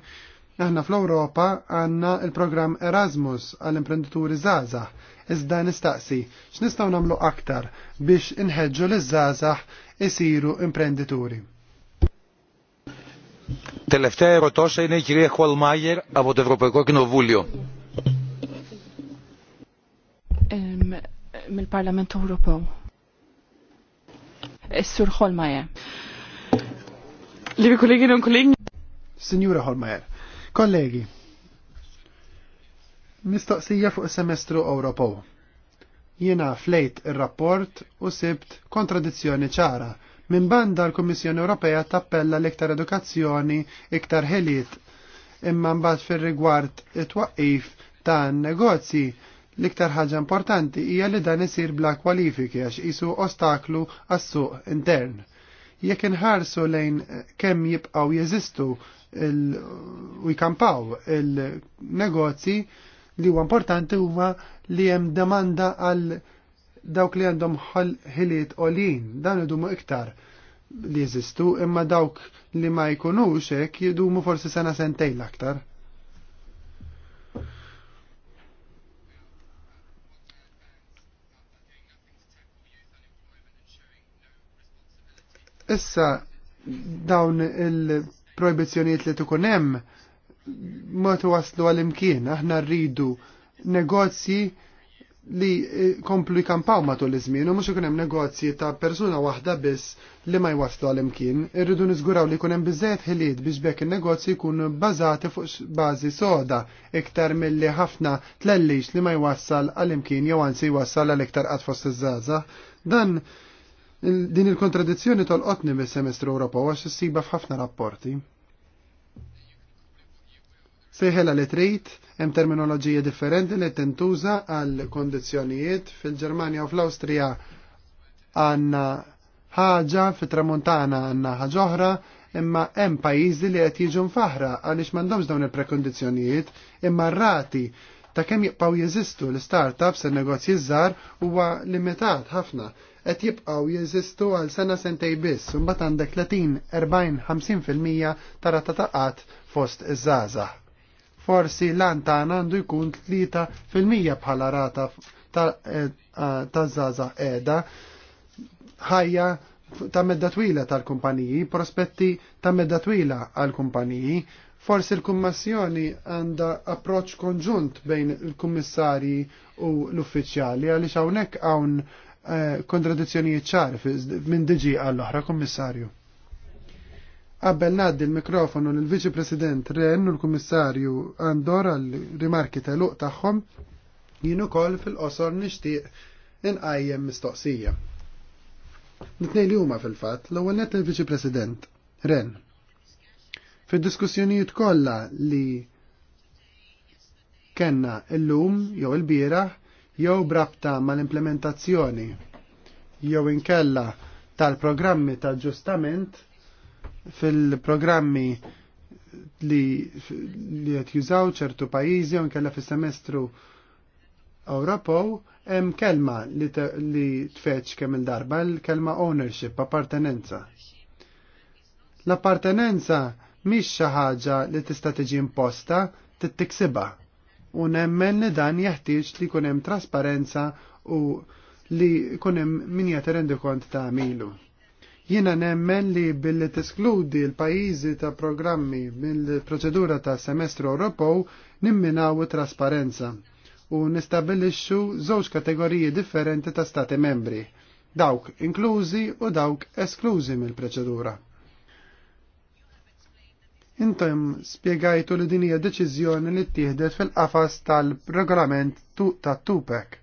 Aħna fl-Ewropa għandna il-programm Erasmus għall-imprendituri żgħażagħ. Iżda nistaqsi, x'nistgħu nagħmlu aktar biex inħeġġu li żgħażagħ isiru imprendituri. Τελευταία ερωτώσα είναι η κυρία Χολμάγερ από το Ευρωπαϊκό Κοινοβούλιο. mill-Parlament Ewropew. Is-Sur Holmajer. Liebe Kolleginnen und Kollegen. Signora Holmajer. Kollegi. Mistoqsija fuq semestru Ewropew. Jiena flejt ir-rapport u sibt kontradizzjoni ċara minn banda l-Kommissjoni Ewropea tappella l-iktar edukazzjoni, iktar ħiliet, imma mbagħad fir-rigward it-twaqqif ta' negozji L-iktar ħaġa importanti hija li dan isir bla kwalifiki għax isu ostaklu għas-suq intern. Jekk inħarsu lejn kemm jibqgħu jeżistu u jkampaw il-negozji li huwa importanti huma li hemm demanda għal dawk li għandhom ħiliet olin, dan idumu iktar li jeżistu, imma dawk li ma jkunux hekk jidumu forsi sena sentejn l-aktar. Issa dawn il projbizjoniet li tukunem, hemm ma waslu għal-imkien, aħna rridu negozji li eh, komplu jkampaw matul iż-żmien u mhux ikun hemm negozji ta' persuna waħda biss li ma jwaslu għal imkien, irridu niżguraw li jkun hemm biżejjed ħiliet biex bekk in-negozji jkunu bbażati fuq bażi soda iktar milli ħafna tlellix li ma jwassal għal imkien jew anzi jwassal għal iktar qatt fost iż Dan Din il-kontradizzjoni tolqotni mis-semestru Ewropew għax s-siba f'ħafna rapporti. Sejħela li trid hemm terminoloġija differenti li tintuża għal kondizjonijiet fil-Ġermanja u fl-Awstrija għandna ħaġa fil tramuntana għandna ħaġa oħra, imma hemm pajjiżi li qed jiġu faħra għaliex m'għandhomx dawn il-prekondizzjonijiet imma rrati ta' kemm jibqgħu jeżistu l-startups il negozji żgħar huwa limitat ħafna qed jibqgħu jeżistu għal sena sentej biss u mbagħad għandek 30, 40, 50% ta' ratataqat fost iż-żgħażagħ. Forsi l tagħna għandu jkun 3% bħala rata ta' żgħażagħ e, qiegħda ħajja ta' medda twila tal-kumpaniji, prospetti ta' medda twila għal-kumpaniji, forsi l-kummissjoni għanda approċ konġunt bejn il-kummissari u l-uffiċjali għaliex hawnhekk hawn Eh, kontradizzjonijiet ċar minn diġi għall-oħra, Kommissarju. Qabel naddi l-mikrofonu l-Viċi President Ren u l-Kummissarju Andor għal-rimarki tal tagħhom jien ukoll fil-qosor nixtieq inqajjem mistoqsija. Nitnej li huma fil-fatt l-ewwel net il-Viċi President Ren. Fid-diskussjonijiet kollha li kenna illum jew il-bieraħ jew brabta mal-implementazzjoni jew inkella tal-programmi ta' ġustament fil-programmi li li qed jużaw ċertu pajjiżi jew inkella fis-semestru Ewropew hemm kelma li, li tfeċ kemm il-darba l-kelma ownership, appartenenza. L-appartenenza mhix xi ħaġa li tista' tiġi imposta, tittiksibha u nemmen li dan jeħtieġ li jkun hemm trasparenza u li jkun hemm min jagħti kont ta' milu. Jiena nemmen li billi t-skludi l-pajjiżi ta' programmi mill-proċedura ta' semestru Ewropew nimminaw trasparenza u nistabilixxu żewġ kategoriji differenti ta' stati membri, dawk inklużi u dawk esklużi mill-proċedura. Intom spiegajtu li din hija deċiżjoni li ttieħdet fil-qafas tal-regolament ta' Tupek.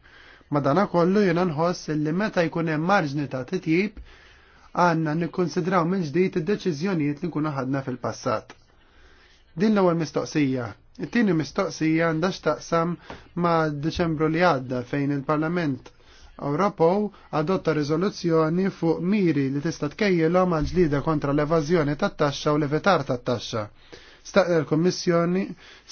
dana kollu jena nħoss li meta jkun hemm marġni ta' titjib għandna nikkonsidraw minn ġdid id-deċiżjonijiet li kuna ħadna fil-passat. Din l-ewwel mistoqsija. It-tieni mistoqsija għandha x'taqsam ma' Deċembru li għadda fejn il-Parlament Ewropew adotta riżoluzzjoni fuq miri li tista' tkejjilhom għal ġlida kontra l-evażjoni tat-taxxa u l-evitar tat-taxxa. Staqna l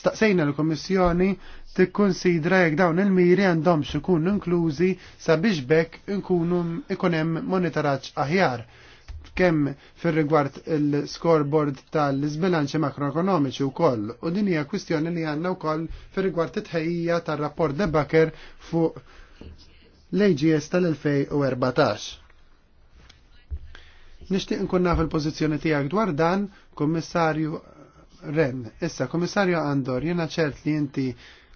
staqsejna l-Kommissjoni tikkunsidra jekk dawn il-miri għandhom ikunu inklużi sabiex bekk inkunu ikun hemm monitoraġġ aħjar kemm fir-rigward il-scoreboard tal-sbilanċi makroekonomiċi wkoll u din hija kwistjoni li għandna wkoll fir-rigward it-tħejjija tar-rapport Debaker fuq l-AGS tal-2014. Nishtiq nkun naf il-pożizzjoni tiegħek dwar dan, Kummissarju Ren. Issa, Kummissarju Andor, jiena ċert li inti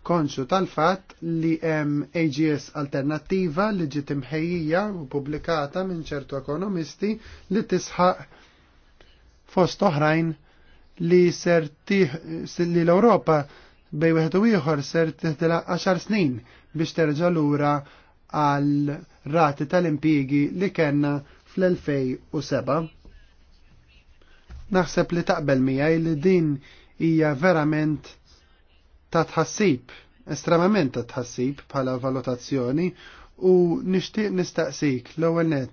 konxu tal-fatt li hemm AGS alternattiva li ġiet imħejjija u pubblikata minn ċertu ekonomisti li tisħaq fost oħrajn li ser li l-Ewropa bej wieħed u ieħor ser tiħdilha 10 snin biex terġa' lura għal rati tal impiegi li kena fl-2007. Naħseb li taqbel miegħi li din hija verament ta' tħassib, estremament ta' tħassib bħala valutazzjoni u nixtieq nistaqsik l-ewwel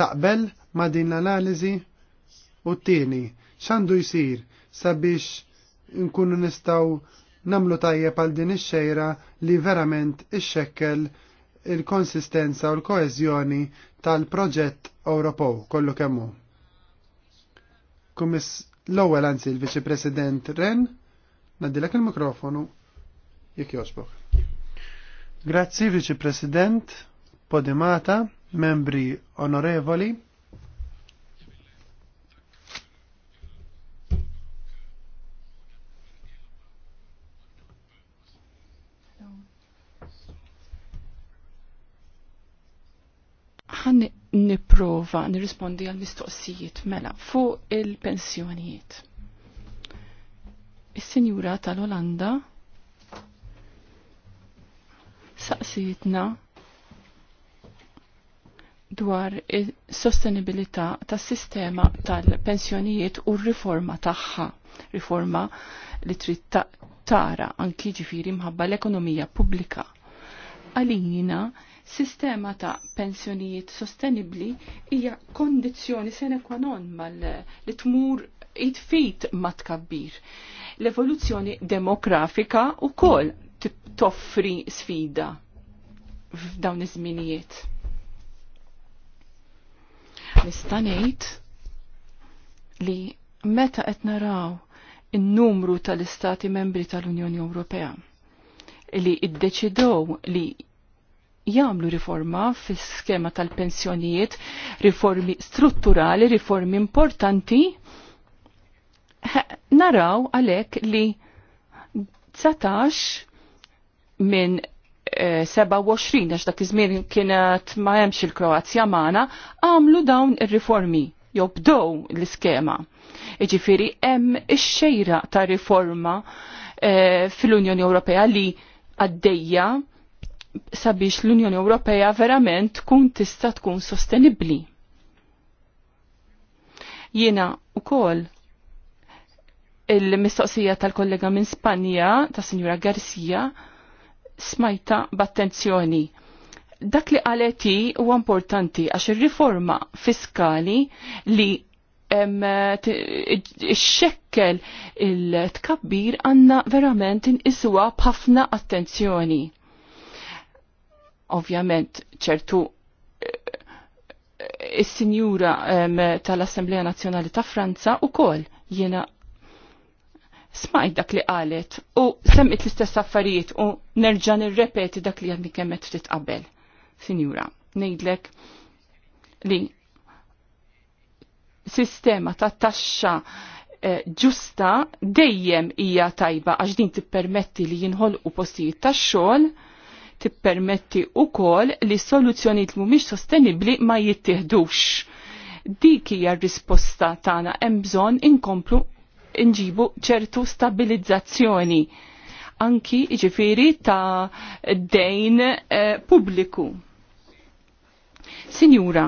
taqbel ma' din l-analiżi u t-tieni x'għandu jsir sabiex nkunu nistgħu namlu tajjeb għal din ix-xejra li verament ixxekkel il-konsistenza u l-koeżjoni tal-proġett Ewropew kollu kemmu. Kumis l-ewwel anzi l-Viċi President Ren, nadilek il-mikrofonu jekk joġbok. Grazzi Viċi President Podimata, membri onorevoli, ħan niprofa nirrispondi għal mistoqsijiet mela fuq il-pensjonijiet. Is-Sinjura il pensjonijiet is sinjura tal olanda saqsijietna dwar il-sostenibilità tas sistema tal-pensjonijiet u r-riforma tagħha. Riforma li trid tara anki ġifiri mħabba l-ekonomija pubblika. Għalina Sistema ta' pensjonijiet sostenibli hija kondizzjoni sine qua non mal-li tmur it-fit ma tkabbir. L-evoluzzjoni demografika u kol toffri sfida f'dawn iż-żminijiet. Nista' ngħid li meta qed naraw in-numru tal-istati membri tal-Unjoni Ewropea li iddeċidow li jagħmlu riforma fis-skema tal-pensjonijiet, riformi strutturali, riformi importanti, naraw għalhekk li 19 minn 27 e, għax dak iż-żmien kienet ma hemmx il-Kroazja maħna, għamlu dawn ir-riformi jew l-iskema. Iġifiri, hemm ix-xejra ta' riforma e, fil-Unjoni Ewropea li għaddejja sabiex l-Unjoni Ewropea verament tkun tista tkun sostenibbli. Jiena ukoll il-mistoqsija tal-kollega minn Spanja, ta' Sinjura Garcia, smajta b'attenzjoni. Dak li għaleti huwa importanti għax ir-riforma fiskali li xekkel il-tkabbir għanna verament iswa b'ħafna attenzjoni Ovvjament ċertu eh, il sinjura tal-Assemblea Nazzjonali ta' Franza u kol jena smajt dak li qalet u semmit l-istess affarijiet u nerġa' nirrepeti dak li għadni kemmet trit qabel. Sinjura, ngħidlek li sistema ta' taxxa eh, ġusta dejjem hija tajba għax din tippermetti li jinħolqu postijiet tax-xogħol tippermetti kol li soluzzjonijiet mhumiex sostenibbli ma jittieħdux. Dik hija r-risposta tagħna hemm bżonn inkomplu nġibu ċertu stabilizzazzjoni anki ġifiri ta' dejn eh, pubbliku. Sinjura,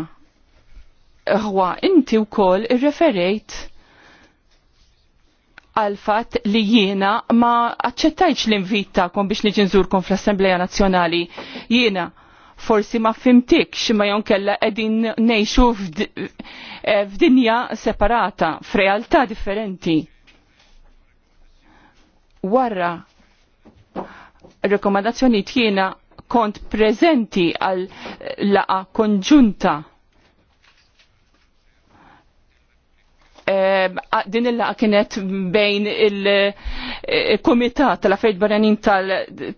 ħwa inti wkoll irreferejt għal fatt li jiena ma aċċettajċ l-invit kom biex niġi nżurkom fl-Assembleja Nazzjonali. Jiena forsi ma fimtikx ma jon kella edin nejxu eh, f'dinja separata, f'realtà differenti. Warra rekomandazzjoni jiena kont prezenti għal laqa konġunta Ehm, din illa kienet bejn eh, il-Komitat tal-Affarijiet Barranin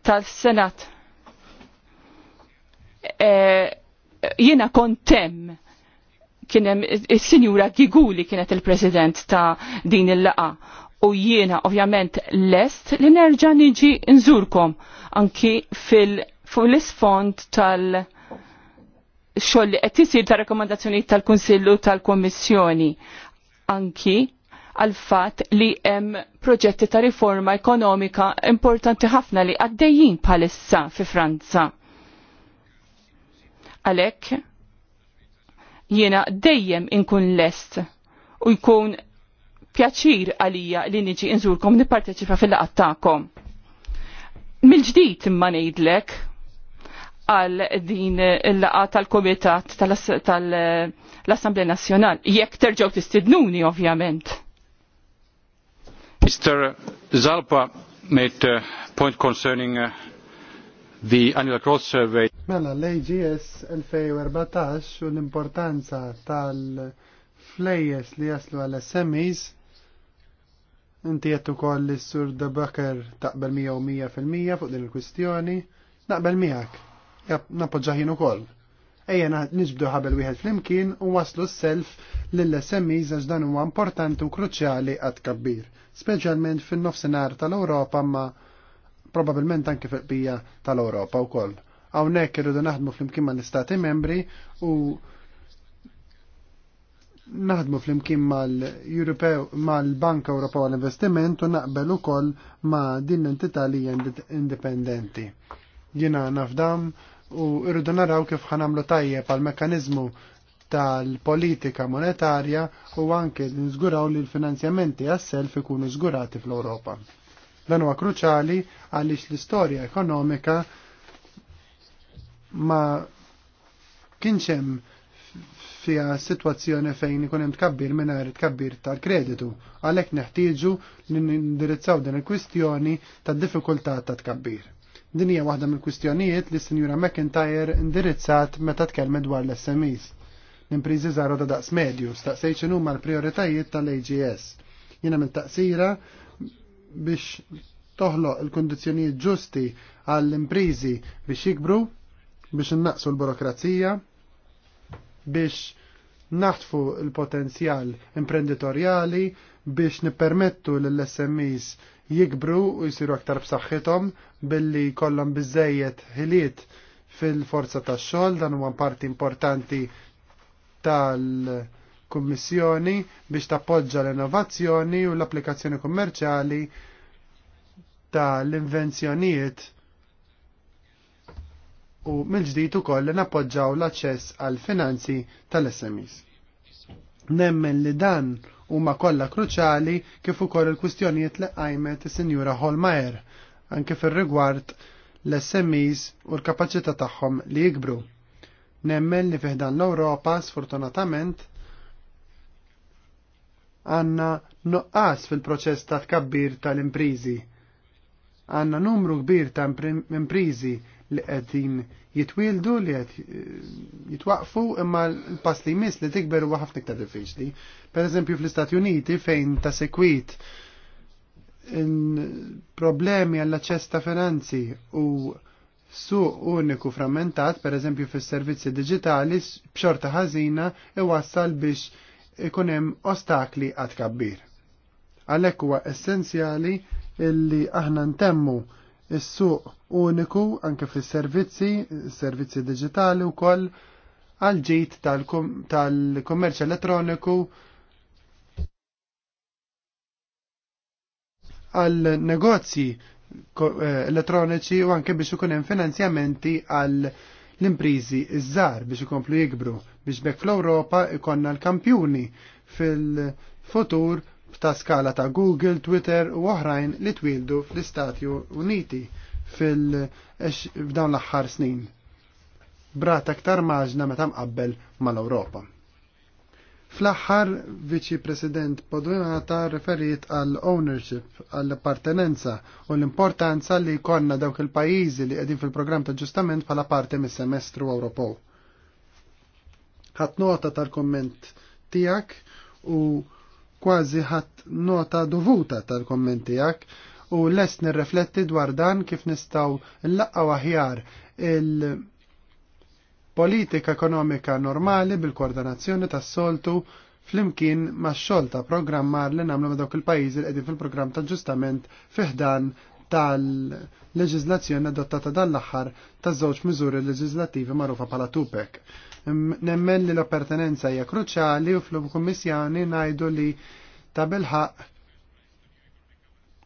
tal-Senat. Eh, jiena kontem kienem il-Sinjura Giguli kienet il-President ta' din il-laqa u jiena ovvjament lest li nerġa' niġi nżurkom anki fil-isfond tal- xoll li qed isir ta' rekomendazzjonijiet tal-Kunsillu tal-Kommissjoni. tal kunsillu tal tal kunsillu tal kommissjoni anki għal fatt li hemm proġetti ta' riforma ekonomika importanti ħafna li għaddejjin bħalissa fi Franza. Għalhekk jiena dejjem inkun lest u jkun pjaċir għalija li niġi inżurkom nipparteċipa fil-laqat tagħkom. Mill-ġdid imma ngħidlek għal din il-laqat tal-Komitat tal-, -tal, -tal l-Assemblea Nazzjonal, jekk terġgħu tistidnuni ovvjament. Mr. Zalpa made a uh, point concerning uh, the annual growth survey. Mela, l-AGS 2014 u l-importanza tal-flejes li jaslu għal-SMEs Inti jettu koll li sur da Baker taqbel 100 u 100% fuq din il-kwistjoni, naqbel miegħek. Nappoġġaħin ukoll. Ejja nisbdu ħabel wieħed flimkien u waslu s-self lill-SMEs għax dan huwa importanti u kruċjali għad kabbir, speċjalment fin-nofsinhar tal-Ewropa ma probabbilment anke fil-qbija tal-Ewropa wkoll. Hawnhekk irridu naħdmu flimkien mal-Istati membri u naħdmu mal-Europew mal-Bank Ewropew għall-Investiment u naqbel ukoll ma' din l-entità li hija indipendenti. Jiena nafdam u irridu naraw kif ħanamlu tajjeb għal mekkaniżmu tal-politika monetarja u anke nżguraw li l-finanzjamenti għas-self ikunu żgurati fl-Ewropa. Dan huwa kruċali għaliex l-istorja ekonomika ma kienx hemm fija situazzjoni fejn ikun hemm tkabbir mingħajr tkabbir tal-kreditu. Għalhekk neħtieġu li nindirizzaw din il-kwistjoni tad-diffikultà ta' tkabbir. Din hija waħda mill-kwistjonijiet li Sinjura McIntyre indirizzat meta tkellem dwar l-SMEs. L-impriżi żaru ta' daqs medju staqsejt x'inhu l-prioritajiet tal-AGS. Jiena mill-taqsira biex toħloq il kundizzjonijiet ġusti għall-impriżi biex jikbru, biex innaqsu l-burokrazija, biex naħtfu l-potenzjal imprenditorjali biex nippermettu l-SMEs jikbru u jisiru aktar b'saħħithom billi kollhom biżejjed ħiliet fil-forza tax-xogħol dan huwa parti importanti tal-Kummissjoni biex tappoġġa l-innovazzjoni u l-applikazzjoni kummerċjali tal-invenzjonijiet u mill-ġdid ukoll nappoġġaw l-aċċess għal finanzi tal-SMEs. Nemmen li dan huma kollha kruċali kif ukoll il-kwistjonijiet li qajmet is-Sinjura Holmajer anke fir-rigward l-SMEs u l-kapaċità tagħhom li jikbru. Nemmen li fiħdan l-Ewropa sfortunatament għanna nuqqas fil-proċess ta' tkabbir tal-imprizi. Għanna numru kbir ta' imprizi li qegħdin jitwildu li qed eh, jitwaqfu imma l-pass li jmiss li tikber huwa ħafna iktar diffiċli. Pereżempju fl-Istati Uniti fejn ta' sekwit problemi għall-aċċess ta' finanzi u suq uniku frammentat, per eżempju fis-servizzi digitali, b'xorta ħażina iwassal biex ikun hemm ostakli għad kabbir. Għalhekk huwa essenzjali illi aħna ntemmu Is-suq uniku anke fis-servizzi, servizzi digitali wkoll għal ġid tal-kummerċ elettroniku għal negozji eh, elettroniċi u anke biex ikun hemm finanzjamenti għal l-imprizi iż-żar biex ikomplu jikbru biex bekk fl-Ewropa ikonna l-kampjuni fil-futur ta' skala ta' Google, Twitter u oħrajn li twildu fl-Istati Uniti f'dawn l-aħħar snin. Brat aktar maġna meta mqabbel mal-Ewropa. Fl-aħħar Viċi President Podunata referit għall ownership għall appartenenza u l-importanza li jkollna dawk il-pajjiżi li qegħdin fil-programm ta' ġustament bħala parti mis-semestru Ewropew. Ħadd nota tal-komment tiegħek u kważi ħadd nota dovuta tal-kommenti jak u lest nirrefletti dwar dan kif nistaw l-laqqa aħjar il-politika ekonomika normali bil-koordinazzjoni tas soltu flimkien ma' xol ta' programmar li namlu ma' dawk il-pajizi li qegħdin fil-programm ta' ġustament fiħdan tal-leġizlazzjoni adottata dan l-aħħar taż żewġ miżuri leġizlativi magħrufa bħala Tupek. Nemmen li l-appartenenza hija kruċjali u fl-Kummissjoni ngħidu li ta' bilħaq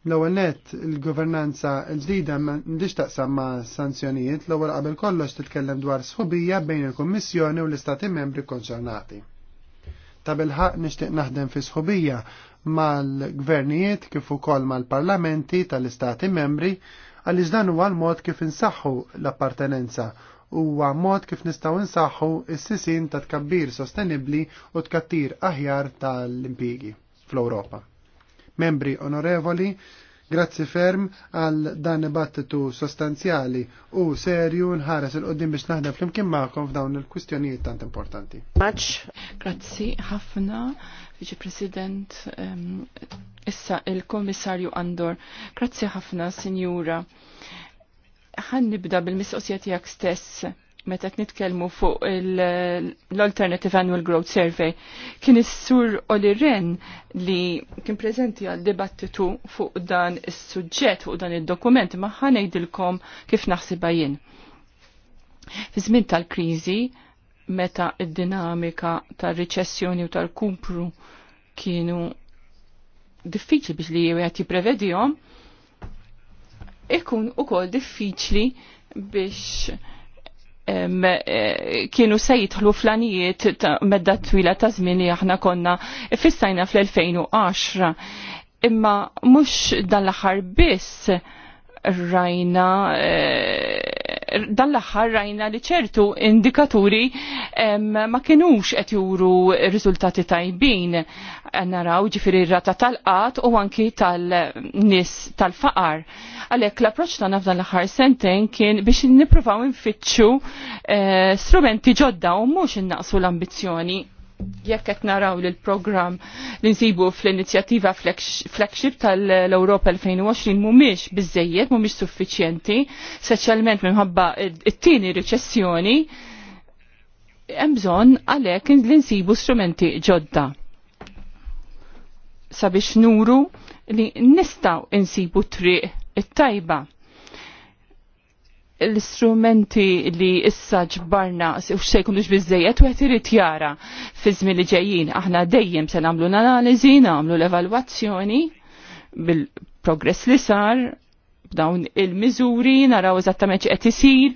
L-ewwel nett il-governanza l-ġdida m'għandix taqsam ma' sanzjonijiet l-ewwel qabel kollox titkellem dwar sħubija bejn il-Kummissjoni u l-Istati membri konċernati. Ta' bilħaq nixtieq naħdem fi sħubija mal-gvernijiet kif ukoll mal-parlamenti tal-Istati membri għaliex dan huwa l-mod kif insaħħu l-appartenenza huwa mod kif nistgħu nsaħħu s-sisin ta' tkabbir sostenibbli u tkattir aħjar tal impjiegi fl-Ewropa. Membri onorevoli, Grazzi ferm għal dan dibattitu sostanzjali u serju nħares il-qoddim biex naħdem flimkien magħkom f'dawn il-kwistjonijiet tant importanti. Maċ, grazzi ħafna, Viċi President, ehm, issa il-Komissarju Andor. Grazzi ħafna, Sinjura ħan nibda bil-mistoqsija tiegħek stess meta qed nitkellmu fuq l-Alternative Annual Growth Survey. Kien is-sur Oli Ren li kien preżenti għal dibattitu fuq dan is-suġġett fuq dan id-dokument ma ħa ngħidilkom kif naħsibha jien. Fi żmien tal-kriżi meta d dinamika tar-riċessjoni u tal-kumpru kienu diffiċli biex li qed jipprevedihom ikun kol diffiċli biex um, kienu se jidħlu flanijiet medda twila ta' żmien li aħna konna fissajna fl-2010. Imma mhux dan l-aħħar biss rajna eh, dan l-aħħar rajna li ċertu indikaturi ma kinux qed juru riżultati tajbin naraw ġifieri rata tal-qat u anki tal-nis tal-faqar. Għalhekk l-approċċ tagħna f'dan l-aħħar sentejn kien biex nippruvaw infittxu eh, strumenti ġodda u mhux innaqsu l-ambizzjoni jekk qed naraw lil program programm li nsibu fl-inizjattiva flagship tal-Europa 2020 mhumiex biżejjed, mhumiex suffiċjenti, speċjalment minħabba it-tieni riċessjoni, hemm bżonn għalhekk li nsibu strumenti ġodda. Sabiex nuru li nistgħu insibu triq it-tajba l-istrumenti li issa ġbarna u xej kunux bizzejet u irrit jara fizmi li ġejjin. Aħna dejjem se namlu l-analizi, namlu l-evalwazzjoni bil-progress li sar, b'dawn il-mizuri, naraw eżattament qed isir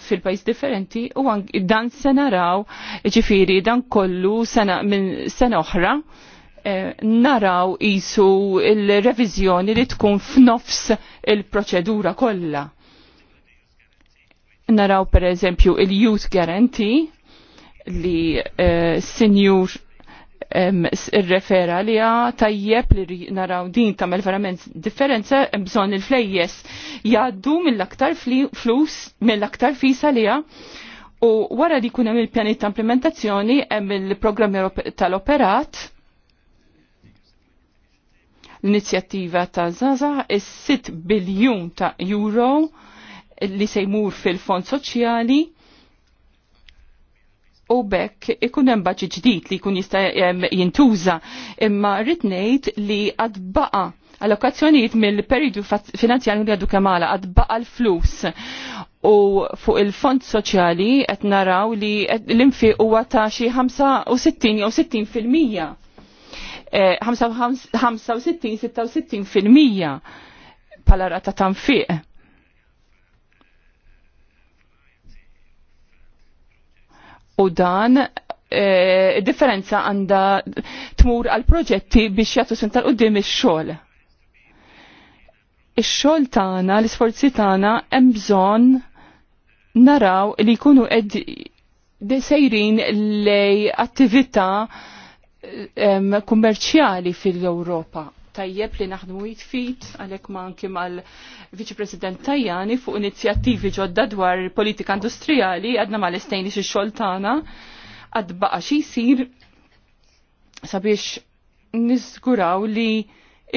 fil pajs differenti u dan se naraw ġifiri dan kollu minn sena oħra eh, naraw isu il-revizjoni li tkun f'nofs il-proċedura kollha naraw per eżempju il-Youth Guarantee li uh, eh, senjur um, irrefera li tajjeb li naraw din tamel verament differenza bżon il-flejjes jaddu mill-aktar flus mill-aktar fisa li u wara li kunem il-pjani ta' implementazzjoni hemm il-programmi tal-operat l-inizjattiva ta' Zaza is 6 biljun ta' euro li se jmur fil-fond soċjali u bekk ikun hemm baġi ġdid li jkun jista' jintuża imma rrid ngħid li għad baqa' allokazzjonijiet mill-periodu finanzjarju li għadu kemala għad baqa l-flus u fuq il-fond soċjali qed naraw li l-infiq huwa ta' xi 65 jew 60 fil-mija. 65-66 e, fil-mija pala rata tanfiq u dan e, differenza għanda tmur għal proġetti biex jagħtu sin tal-qudiem ix-xogħol. Ix-xogħol tagħna, l-isforzi tagħna hemm bżonn naraw li jkunu qed sejrin lej attività kummerċjali fil-Ewropa tajjeb li naħdmu jitfit għalek manki mal viċi President Tajani fuq inizjattivi ġodda dwar politika industrijali għadna l estejni xie xoltana għad baqa xi jsir sabiex nizguraw li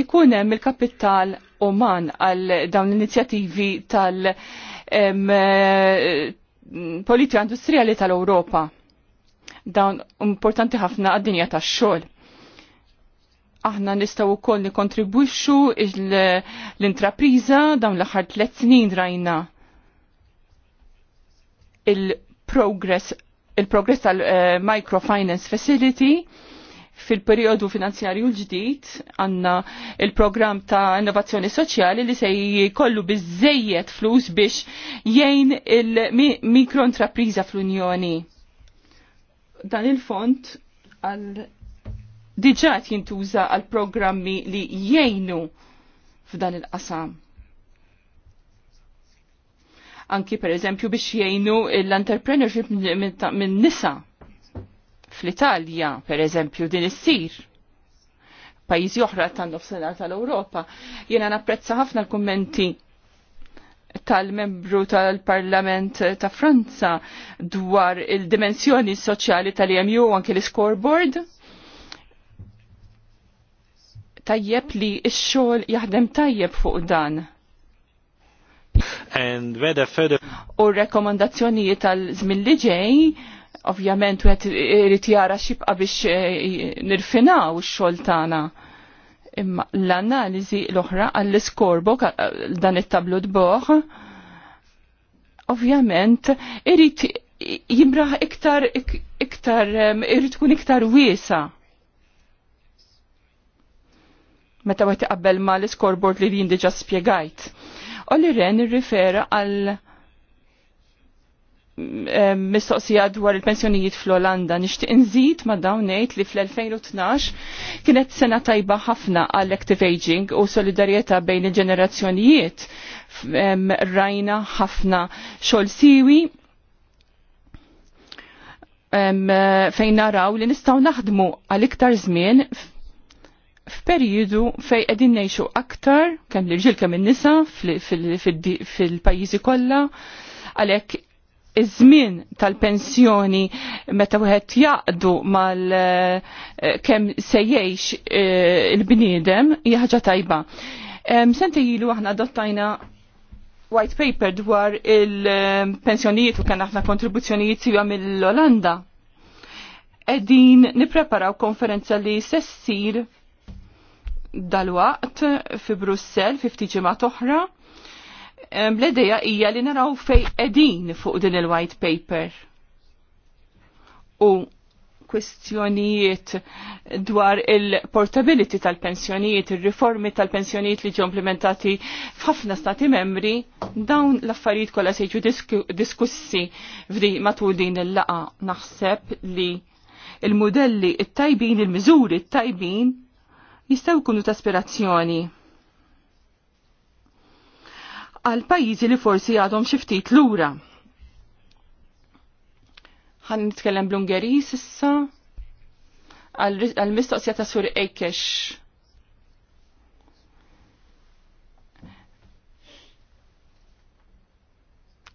ikun hemm il-kapital uman għal dawn l-inizjattivi tal politika industrijali tal-Ewropa. Dawn importanti ħafna għad-dinja tax-xogħol aħna nistaw u koll nikontribuixxu l-intrapriża dawn l-aħħar tliet snin rajna il-progress il-progress tal-microfinance facility fil-periodu finanzjarju l-ġdid għanna il programm ta' innovazzjoni soċjali li se jkollu biżejjed flus biex jgħin il-mikrointrapriża fl-Unjoni. Dan il-font għal diġat jintuża għal programmi li jgħinu f'dan il-qasam. Anki per eżempju biex jgħinu l-entrepreneurship minn nisa fl-Italja, per eżempju, din issir pajizi oħra tan nofsenar tal-Europa. Jena napprezza ħafna l-kommenti tal-membru tal-Parlament ta' Franza dwar il-dimensjoni soċjali tal-EMU anke l-scoreboard tajjeb li x-xogħol jaħdem tajjeb fuq dan. And whether further U rekomandazzjonijiet tal-żmien li ġej, ovvjament wieħed irid jara xibqa biex eh, nirfinaw ix-xogħol tagħna. Imma l-analiżi l-oħra għall iskorbo eh, dan it-tablu dboħ, ovvjament irid jimraħ iktar iktar eh, irid tkun iktar wiesa' meta għet qabbel ma l-scoreboard li jien diġa spiegajt. Olli Ren rifera għal mistoqsija dwar il-pensjonijiet fl-Olanda. Nixtieq nżid ma dawn ngħid li fl-2012 kienet sena tajba ħafna għall active aging u solidarjetà bejn il-ġenerazzjonijiet. Rajna ħafna xogħol siwi fejn naraw li nistgħu naħdmu għal iktar żmien f'perjodu fej qegħdin ngħixu aktar kemm l-irġiel kemm in-nisa fil-pajjiżi kollha għalhekk iż-żmien tal-pensjoni meta wieħed jaqdu mal eh, kemm se jgħix eh, il-bniedem hija ħaġa tajba. Senti ilu aħna adottajna white paper dwar il-pensjonijiet u kien aħna kontribuzzjonijiet siwa mill-Olanda. Edin nipreparaw konferenza li sessir dalwaqt fi Brussel fi ftit ġimgħa oħra. Bledeja hija li naraw fej qegħdin fuq din il-white paper. U kwestjonijiet dwar il-portability tal-pensjonijiet, il-riformi tal-pensjonijiet li ġew implementati f'ħafna stati membri, dawn l-affarijiet kollha se jiġu diskussi vri matul din il-laqa naħseb li il-modelli il tajbin il-miżuri il tajbin jistaw kunu ta' aspirazzjoni għal pajjiżi li forsi għadhom xi ftit lura. Għan nitkellem bl-Ungeris issa għal mistoqsija ta' Sur Ekex.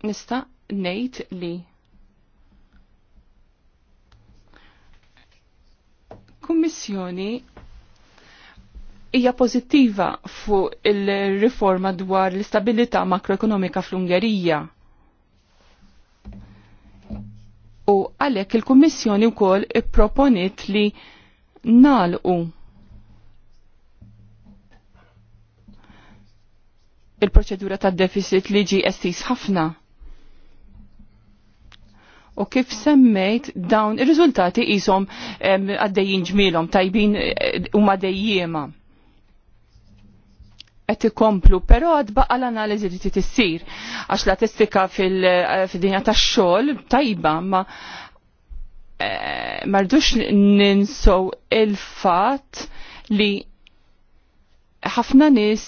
Nista' ngħid li kummissjoni hija pożittiva fuq il-riforma dwar l-istabilità makroekonomika fl-Ungerija. U għalhekk il-Kummissjoni wkoll ipproponit li nalqu il-proċedura tad deficit li ġi estis ħafna. U kif semmejt dawn ir-riżultati qishom għaddejjin ġmielhom tajbin eh, huma dejjiema qed ikomplu, però għad baqa l-analiżi li trid issir għax statistika atistika fid-dinja tax-xogħol tajba ma eh, mardux ninsow il-fatt li ħafna nis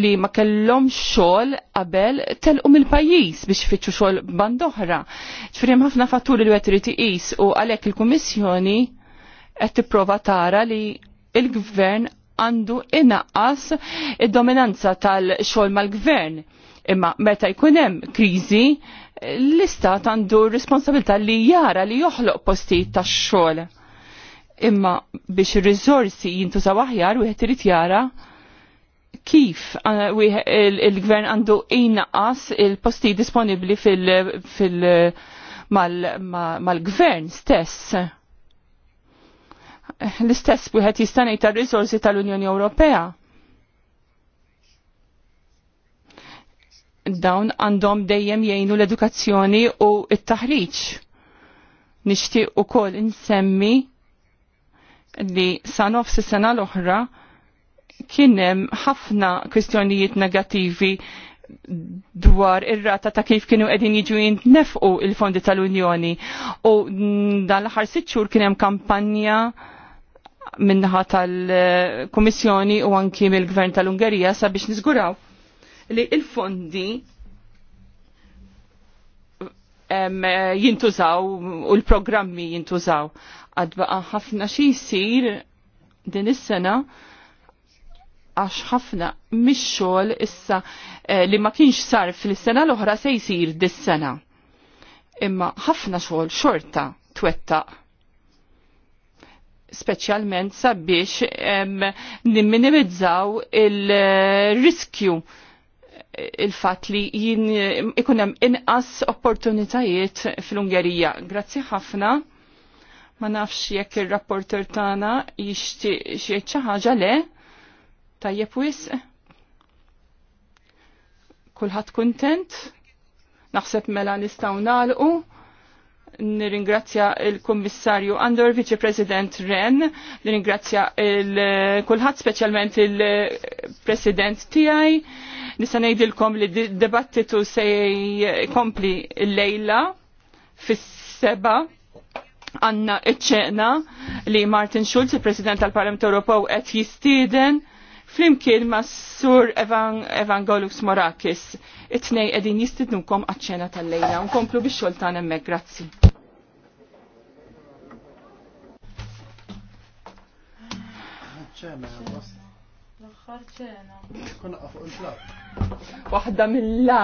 li ma kellhom xogħol qabel telqu mill-pajjiż biex fitxu xogħol band oħra. Ġifieri ħafna fatturi li qed irid iqis u għalhekk il-Kummissjoni qed tipprova tara li il-Gvern għandu inaqqas id-dominanza tal-xogħol mal-gvern. Imma meta jkun hemm kriżi, l-istat għandu responsabilità li jara li joħloq postijiet tax-xogħol. Imma biex ir jintu jintużaw aħjar wieħed irid jara kif eh, il-gvern għandu inaqqas il-posti disponibli fil-mal-gvern stess l-istess wieħed jista' ngħid tar-riżorsi tal-Unjoni Ewropea. Dawn għandhom dejjem jgħinu l-edukazzjoni u t-taħriġ. Nixtieq ukoll insemmi li sa nofs sena l-oħra kien hemm ħafna kwistjonijiet negattivi dwar ir-rata ta' kif kienu qegħdin jiġu jintnefqu il-fondi tal-Unjoni. U dan l-aħħar sitt xhur kien hemm kampanja minnaħa tal-Komissjoni u anki mill-Gvern tal-Ungerija sabiex nizguraw li il-fondi jintużaw u l-programmi jintużaw. Għadbaqa ħafna xi jsir din is-sena għax ħafna mix-xogħol issa eh, li ma kienx sar fil-sena l-oħra se jsir dis-sena. Imma ħafna xogħol xorta twettaq speċjalment sabiex nimminimizzaw il-riskju il-fat li jien ikunem inqas opportunitajiet fl-Ungerija. Grazzi ħafna. Ma nafx jekk il-rapporter tagħna jixtieq xi ħaġa le tajjeb wisq. Kulħadd kuntent? Naħseb mela nistgħu nagħlqu nirringrazzja il-Kommissarju Andor, Vice President Ren, nirringrazzja il-kulħat specialment il-President tijaj, nisa nejdilkom li dibattitu se kompli l-lejla fis-seba iċ-ċena li Martin Schulz, il-President tal-Parlament Ewropew, qed jistiden flimkien ma' Sur Evan Evangelus Morakis. It-tnej edin jistidnukom għacċena tal-lejla. Unkomplu biex xoltan emmek, grazzi. ċena. Kuna għafu il-flab. Wahda mill-la